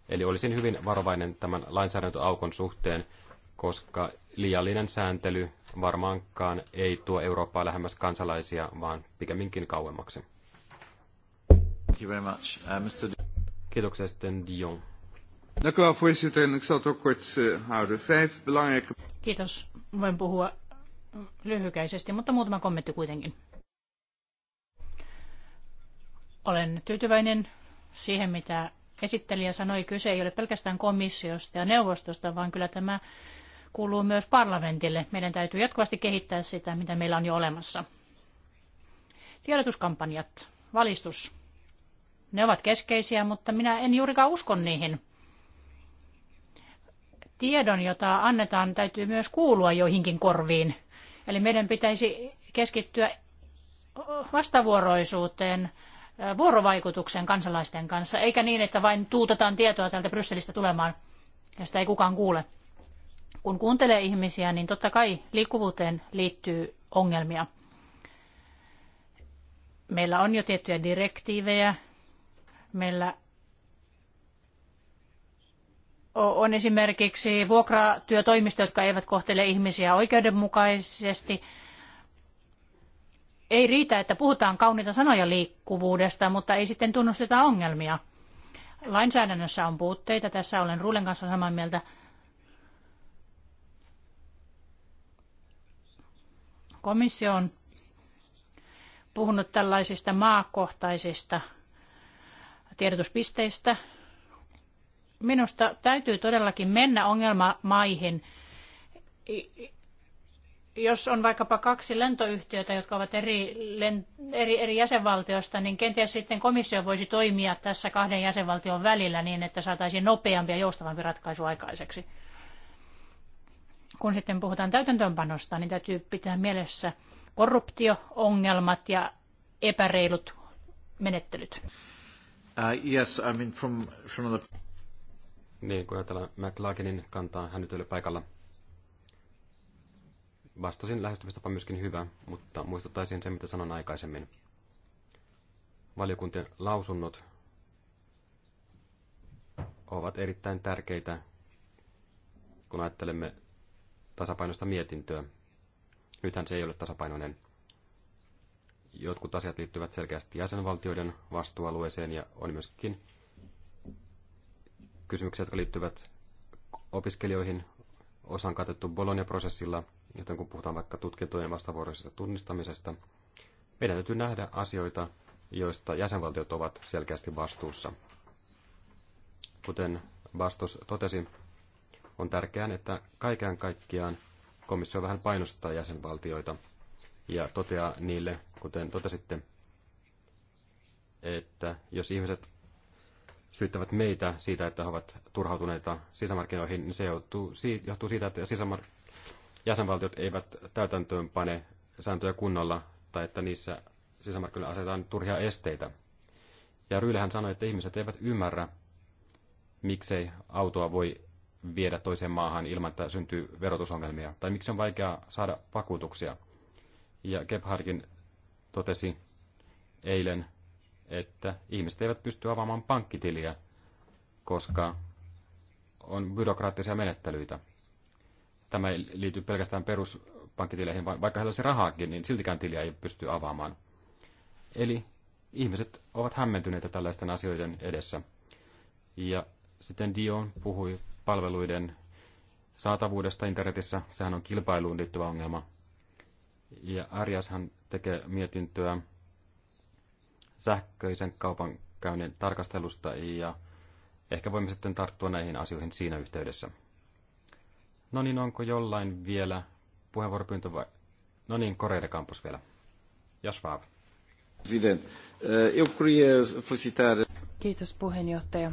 Eli olisin hyvin varovainen tämän lainsäädäntöaukon suhteen, koska liiallinen sääntely varmaankaan ei tuo Eurooppaa lähemmäs kansalaisia, vaan pikemminkin kauemmaksi. Thank you very much. Uh, Mr. Kiitoksia sitten Dion. voorzitter. Ik zal het ook kort eh, houden. Vijf belangrijke... Kiitos. Voin puhua lyhykäisesti, mutta muutama kommentti kuitenkin. Olen tyytyväinen siihen, mitä esittelijä sanoi. Kyse ei ole pelkästään komissiosta ja neuvostosta, vaan kyllä tämä kuuluu myös parlamentille. Meidän täytyy jatkuvasti kehittää sitä, mitä meillä on jo olemassa. Tiedotuskampanjat, valistus. Ne ovat keskeisiä, mutta minä en juurikaan usko niihin. Tiedon, jota annetaan, täytyy myös kuulua joihinkin korviin. Eli meidän pitäisi keskittyä vastavuoroisuuteen, vuorovaikutuksen kansalaisten kanssa, eikä niin, että vain tuutetaan tietoa täältä Brysselistä tulemaan ja sitä ei kukaan kuule. Kun kuuntelee ihmisiä, niin totta kai liikkuvuuteen liittyy ongelmia. Meillä on jo tiettyjä direktiivejä, Meillä on esimerkiksi vuokratyötoimisto, jotka eivät kohtele ihmisiä oikeudenmukaisesti. Ei riitä, että puhutaan kauniita sanoja liikkuvuudesta, mutta ei sitten tunnusteta ongelmia. Lainsäädännössä on puutteita, tässä olen Ruulen kanssa samaa mieltä. Komissio on puhunut tällaisista maakohtaisista tiedotuspisteistä. Minusta täytyy todellakin mennä ongelmamaihin. Jos on vaikkapa kaksi lentoyhtiötä, jotka ovat eri, eri, eri jäsenvaltiosta, niin kenties sitten komissio voisi toimia tässä kahden jäsenvaltion välillä niin, että saataisiin nopeampi ja joustavampi ratkaisu aikaiseksi. Kun sitten puhutaan täytäntöönpanosta, niin täytyy pitää mielessä korruptioongelmat ja epäreilut menettelyt. Uh, yes, I mean from, from the... Niin, kun ajatellaan McLaginin kantaa, hän nyt oli paikalla. Vastasin lähestymistapa myöskin hyvä, mutta muistuttaisin sen, mitä sanon aikaisemmin. Valiokuntien lausunnot ovat erittäin tärkeitä, kun ajattelemme tasapainosta mietintöä. Nythän se ei ole tasapainoinen jotkut asiat liittyvät selkeästi jäsenvaltioiden vastuualueeseen ja on myöskin kysymyksiä, jotka liittyvät opiskelijoihin. Osa on katettu Bologna-prosessilla ja sitten kun puhutaan vaikka tutkintojen vastavuoroisesta tunnistamisesta, meidän täytyy nähdä asioita, joista jäsenvaltiot ovat selkeästi vastuussa. Kuten Bastos totesi, on tärkeää, että kaiken kaikkiaan komissio vähän painostaa jäsenvaltioita – ja toteaa niille, kuten totesitte, että jos ihmiset syyttävät meitä siitä, että he ovat turhautuneita sisämarkkinoihin, niin se johtuu, johtuu siitä, että sisämar- jäsenvaltiot eivät täytäntöön pane sääntöjä kunnolla tai että niissä sisämarkkinoilla asetetaan turhia esteitä. Ja Ryylähän sanoi, että ihmiset eivät ymmärrä, miksei autoa voi viedä toiseen maahan ilman, että syntyy verotusongelmia, tai miksi on vaikea saada vakuutuksia – ja Gebhardkin totesi eilen, että ihmiset eivät pysty avaamaan pankkitiliä, koska on byrokraattisia menettelyitä. Tämä ei liity pelkästään peruspankkitileihin, vaikka heillä olisi rahaakin, niin siltikään tiliä ei pysty avaamaan. Eli ihmiset ovat hämmentyneitä tällaisten asioiden edessä. Ja sitten Dion puhui palveluiden saatavuudesta internetissä. Sehän on kilpailuun liittyvä ongelma. Ja hän tekee mietintöä sähköisen kaupankäynnin tarkastelusta ja ehkä voimme sitten tarttua näihin asioihin siinä yhteydessä. No niin, onko jollain vielä puheenvuoropyyntö vai? No niin, Koreiden kampus vielä. Jasvaav. Eh, Kiitos puheenjohtaja.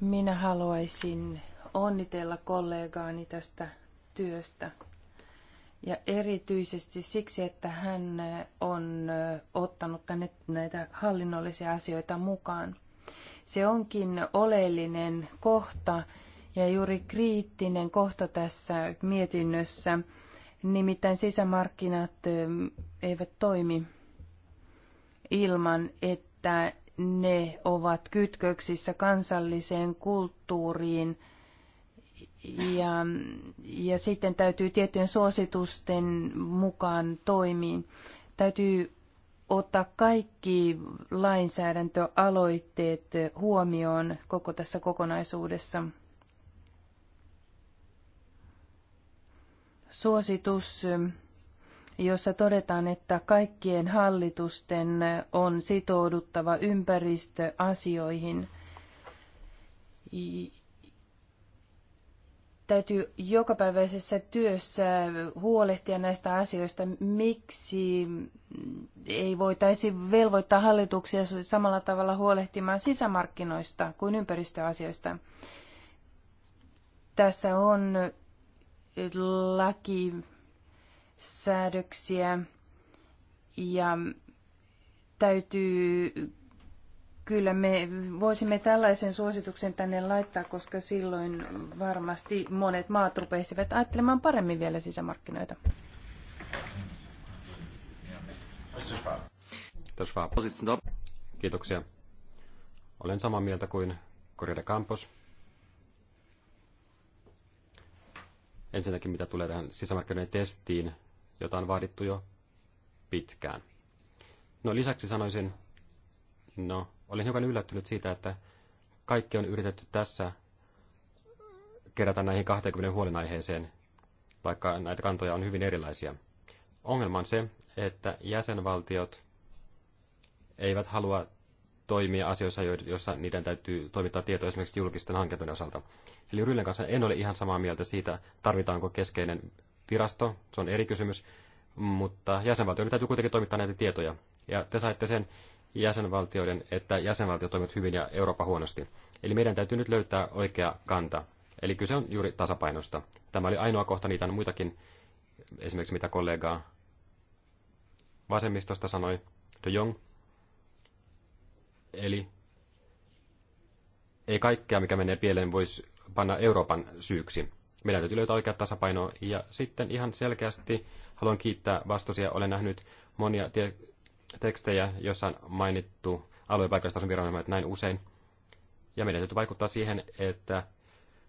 Minä haluaisin onnitella kollegaani tästä työstä. Ja erityisesti siksi, että hän on ottanut tänne näitä hallinnollisia asioita mukaan. Se onkin oleellinen kohta ja juuri kriittinen kohta tässä mietinnössä. Nimittäin sisämarkkinat ähm, eivät toimi ilman, että ne ovat kytköksissä kansalliseen kulttuuriin – ja, ja sitten täytyy tiettyjen suositusten mukaan toimiin. Täytyy ottaa kaikki lainsäädäntöaloitteet huomioon koko tässä kokonaisuudessa. Suositus, jossa todetaan, että kaikkien hallitusten on sitouduttava ympäristöasioihin – täytyy jokapäiväisessä työssä huolehtia näistä asioista. Miksi ei voitaisi velvoittaa hallituksia samalla tavalla huolehtimaan sisämarkkinoista kuin ympäristöasioista? Tässä on lakisäädöksiä ja täytyy Kyllä me voisimme tällaisen suosituksen tänne laittaa, koska silloin varmasti monet maat rupeisivat ajattelemaan paremmin vielä sisämarkkinoita. Kiitoksia. Olen samaa mieltä kuin Corrida Campos. Ensinnäkin mitä tulee tähän sisämarkkinoiden testiin, jota on vaadittu jo pitkään. No lisäksi sanoisin, no Olin hiukan yllättynyt siitä, että kaikki on yritetty tässä kerätä näihin 20 huolenaiheeseen, vaikka näitä kantoja on hyvin erilaisia. Ongelma on se, että jäsenvaltiot eivät halua toimia asioissa, joissa niiden täytyy toimittaa tietoa esimerkiksi julkisten hankintojen osalta. Eli Ryllen kanssa en ole ihan samaa mieltä siitä, tarvitaanko keskeinen virasto, se on eri kysymys, mutta jäsenvaltioiden täytyy kuitenkin toimittaa näitä tietoja. Ja te saitte sen jäsenvaltioiden että jäsenvaltiot toimivat hyvin ja Eurooppa huonosti. Eli meidän täytyy nyt löytää oikea kanta. Eli kyse on juuri tasapainosta. Tämä oli ainoa kohta, niitä muitakin, esimerkiksi mitä kollegaa vasemmistosta sanoi, De Jong. Eli ei kaikkea, mikä menee pieleen, voisi panna Euroopan syyksi. Meidän täytyy löytää oikea tasapaino. Ja sitten ihan selkeästi haluan kiittää vastusia. Olen nähnyt monia tie- tekstejä, joissa on mainittu alueen paikallistason viranomaiset näin usein. Ja meidän täytyy vaikuttaa siihen, että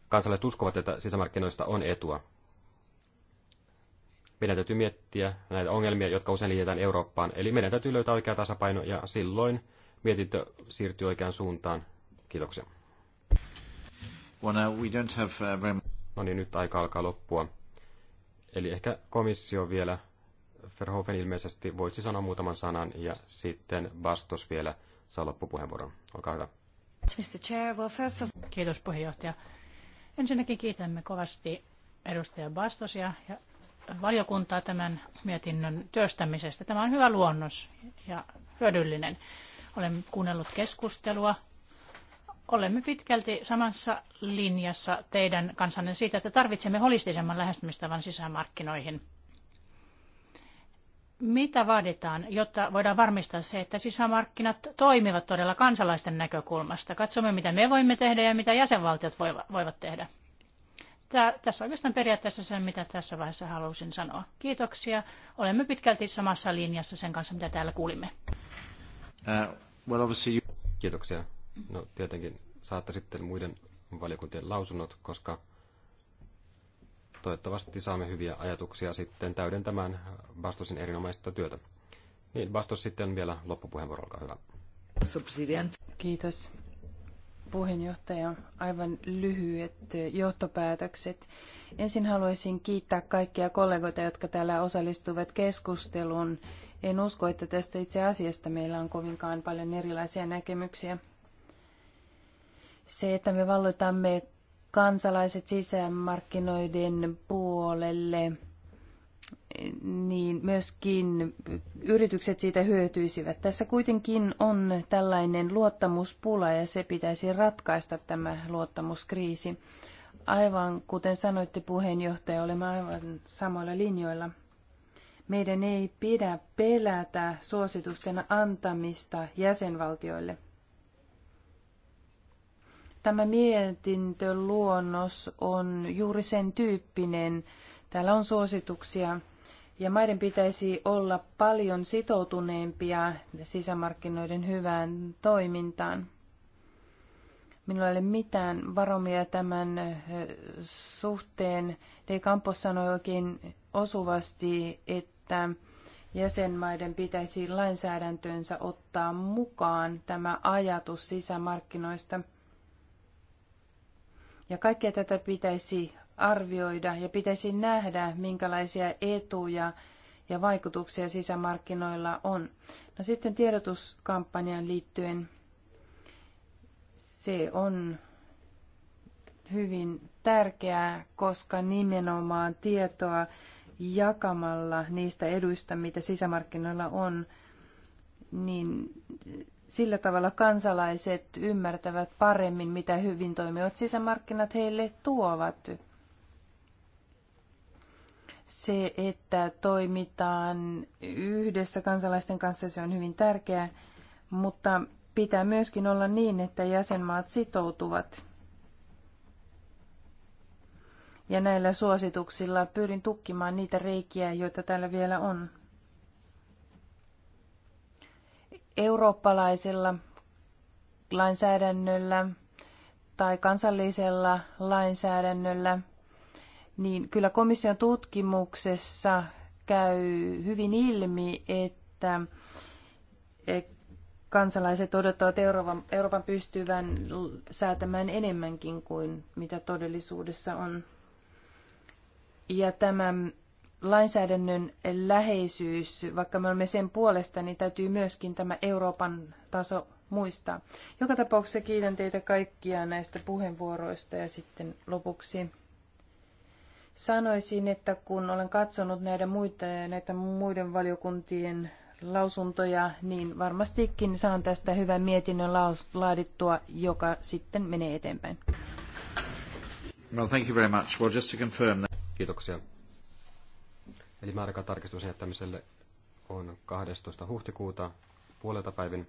kansalaiset uskovat, että sisämarkkinoista on etua. Meidän täytyy miettiä näitä ongelmia, jotka usein liitetään Eurooppaan. Eli meidän täytyy löytää oikea tasapaino ja silloin mietintö siirtyy oikeaan suuntaan. Kiitoksia. Uh, no niin, nyt aika alkaa loppua. Eli ehkä komissio vielä Verhoeven ilmeisesti voisi sanoa muutaman sanan ja sitten Bastos vielä saa loppupuheenvuoron. Olkaa hyvä. Kiitos puheenjohtaja. Ensinnäkin kiitämme kovasti edustaja Bastosia ja valiokuntaa tämän mietinnön työstämisestä. Tämä on hyvä luonnos ja hyödyllinen. Olen kuunnellut keskustelua. Olemme pitkälti samassa linjassa teidän kanssanne siitä, että tarvitsemme holistisemman lähestymistavan sisämarkkinoihin – mitä vaaditaan, jotta voidaan varmistaa se, että sisämarkkinat toimivat todella kansalaisten näkökulmasta? Katsomme, mitä me voimme tehdä ja mitä jäsenvaltiot voivat tehdä. Tämä, tässä oikeastaan periaatteessa sen, mitä tässä vaiheessa halusin sanoa. Kiitoksia. Olemme pitkälti samassa linjassa sen kanssa, mitä täällä kuulimme. Uh, well, you... Kiitoksia. No tietenkin saatte sitten muiden valiokuntien lausunnot, koska toivottavasti saamme hyviä ajatuksia sitten täydentämään Bastosin erinomaista työtä. Niin, Bastos sitten vielä loppupuheenvuoro, olkaa hyvä. Subsidiant. Kiitos puheenjohtaja. Aivan lyhyet johtopäätökset. Ensin haluaisin kiittää kaikkia kollegoita, jotka täällä osallistuvat keskusteluun. En usko, että tästä itse asiasta meillä on kovinkaan paljon erilaisia näkemyksiä. Se, että me valloitamme kansalaiset sisämarkkinoiden puolelle, niin myöskin yritykset siitä hyötyisivät. Tässä kuitenkin on tällainen luottamuspula ja se pitäisi ratkaista tämä luottamuskriisi. Aivan kuten sanoitte puheenjohtaja, olemme aivan samoilla linjoilla. Meidän ei pidä pelätä suositusten antamista jäsenvaltioille. Tämä mietintöluonnos on juuri sen tyyppinen. Täällä on suosituksia ja maiden pitäisi olla paljon sitoutuneempia sisämarkkinoiden hyvään toimintaan. Minulla ei ole mitään varomia tämän suhteen. De Campos sanoi oikein osuvasti, että jäsenmaiden pitäisi lainsäädäntöönsä ottaa mukaan tämä ajatus sisämarkkinoista – ja kaikkea tätä pitäisi arvioida ja pitäisi nähdä, minkälaisia etuja ja vaikutuksia sisämarkkinoilla on. No sitten tiedotuskampanjan liittyen se on hyvin tärkeää, koska nimenomaan tietoa jakamalla niistä eduista, mitä sisämarkkinoilla on, niin sillä tavalla kansalaiset ymmärtävät paremmin, mitä hyvin toimivat sisämarkkinat heille tuovat. Se, että toimitaan yhdessä kansalaisten kanssa, se on hyvin tärkeää, mutta pitää myöskin olla niin, että jäsenmaat sitoutuvat. Ja näillä suosituksilla pyrin tukkimaan niitä reikiä, joita täällä vielä on. eurooppalaisella lainsäädännöllä tai kansallisella lainsäädännöllä, niin kyllä komission tutkimuksessa käy hyvin ilmi, että eh, kansalaiset odottavat Euroopan, Euroopan pystyvän säätämään enemmänkin kuin mitä todellisuudessa on. Ja tämä lainsäädännön läheisyys, vaikka me olemme sen puolesta, niin täytyy myöskin tämä Euroopan taso muistaa. Joka tapauksessa kiitän teitä kaikkia näistä puheenvuoroista ja sitten lopuksi sanoisin, että kun olen katsonut näitä, muita, näitä muiden valiokuntien lausuntoja, niin varmastikin saan tästä hyvän mietinnön laadittua, joka sitten menee eteenpäin. Well, thank you very much. Well, just to confirm that... Kiitoksia Eli määräkatarkistus jättämiselle on 12. huhtikuuta puolelta päivin.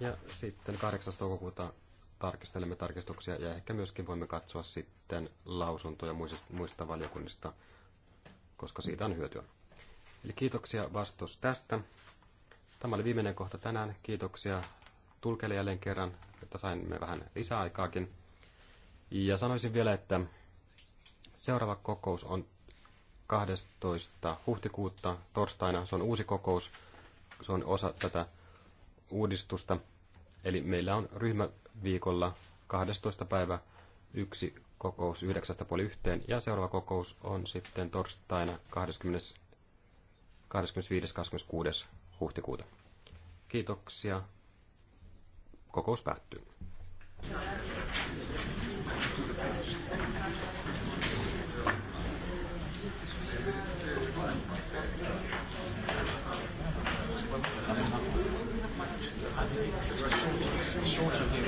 Ja sitten 8. toukokuuta tarkistelemme tarkistuksia ja ehkä myöskin voimme katsoa sitten lausuntoja muista, muista valiokunnista, koska siitä on hyötyä. Eli kiitoksia vastaus tästä. Tämä oli viimeinen kohta tänään. Kiitoksia tulkeille jälleen kerran, että saimme vähän lisäaikaakin. Ja sanoisin vielä, että seuraava kokous on 12. huhtikuuta torstaina. Se on uusi kokous. Se on osa tätä uudistusta. Eli meillä on ryhmäviikolla 12. päivä yksi kokous 9.30 ja seuraava kokous on sitten torstaina 25. 26. huhtikuuta. Kiitoksia. Kokous päättyy. 奢侈品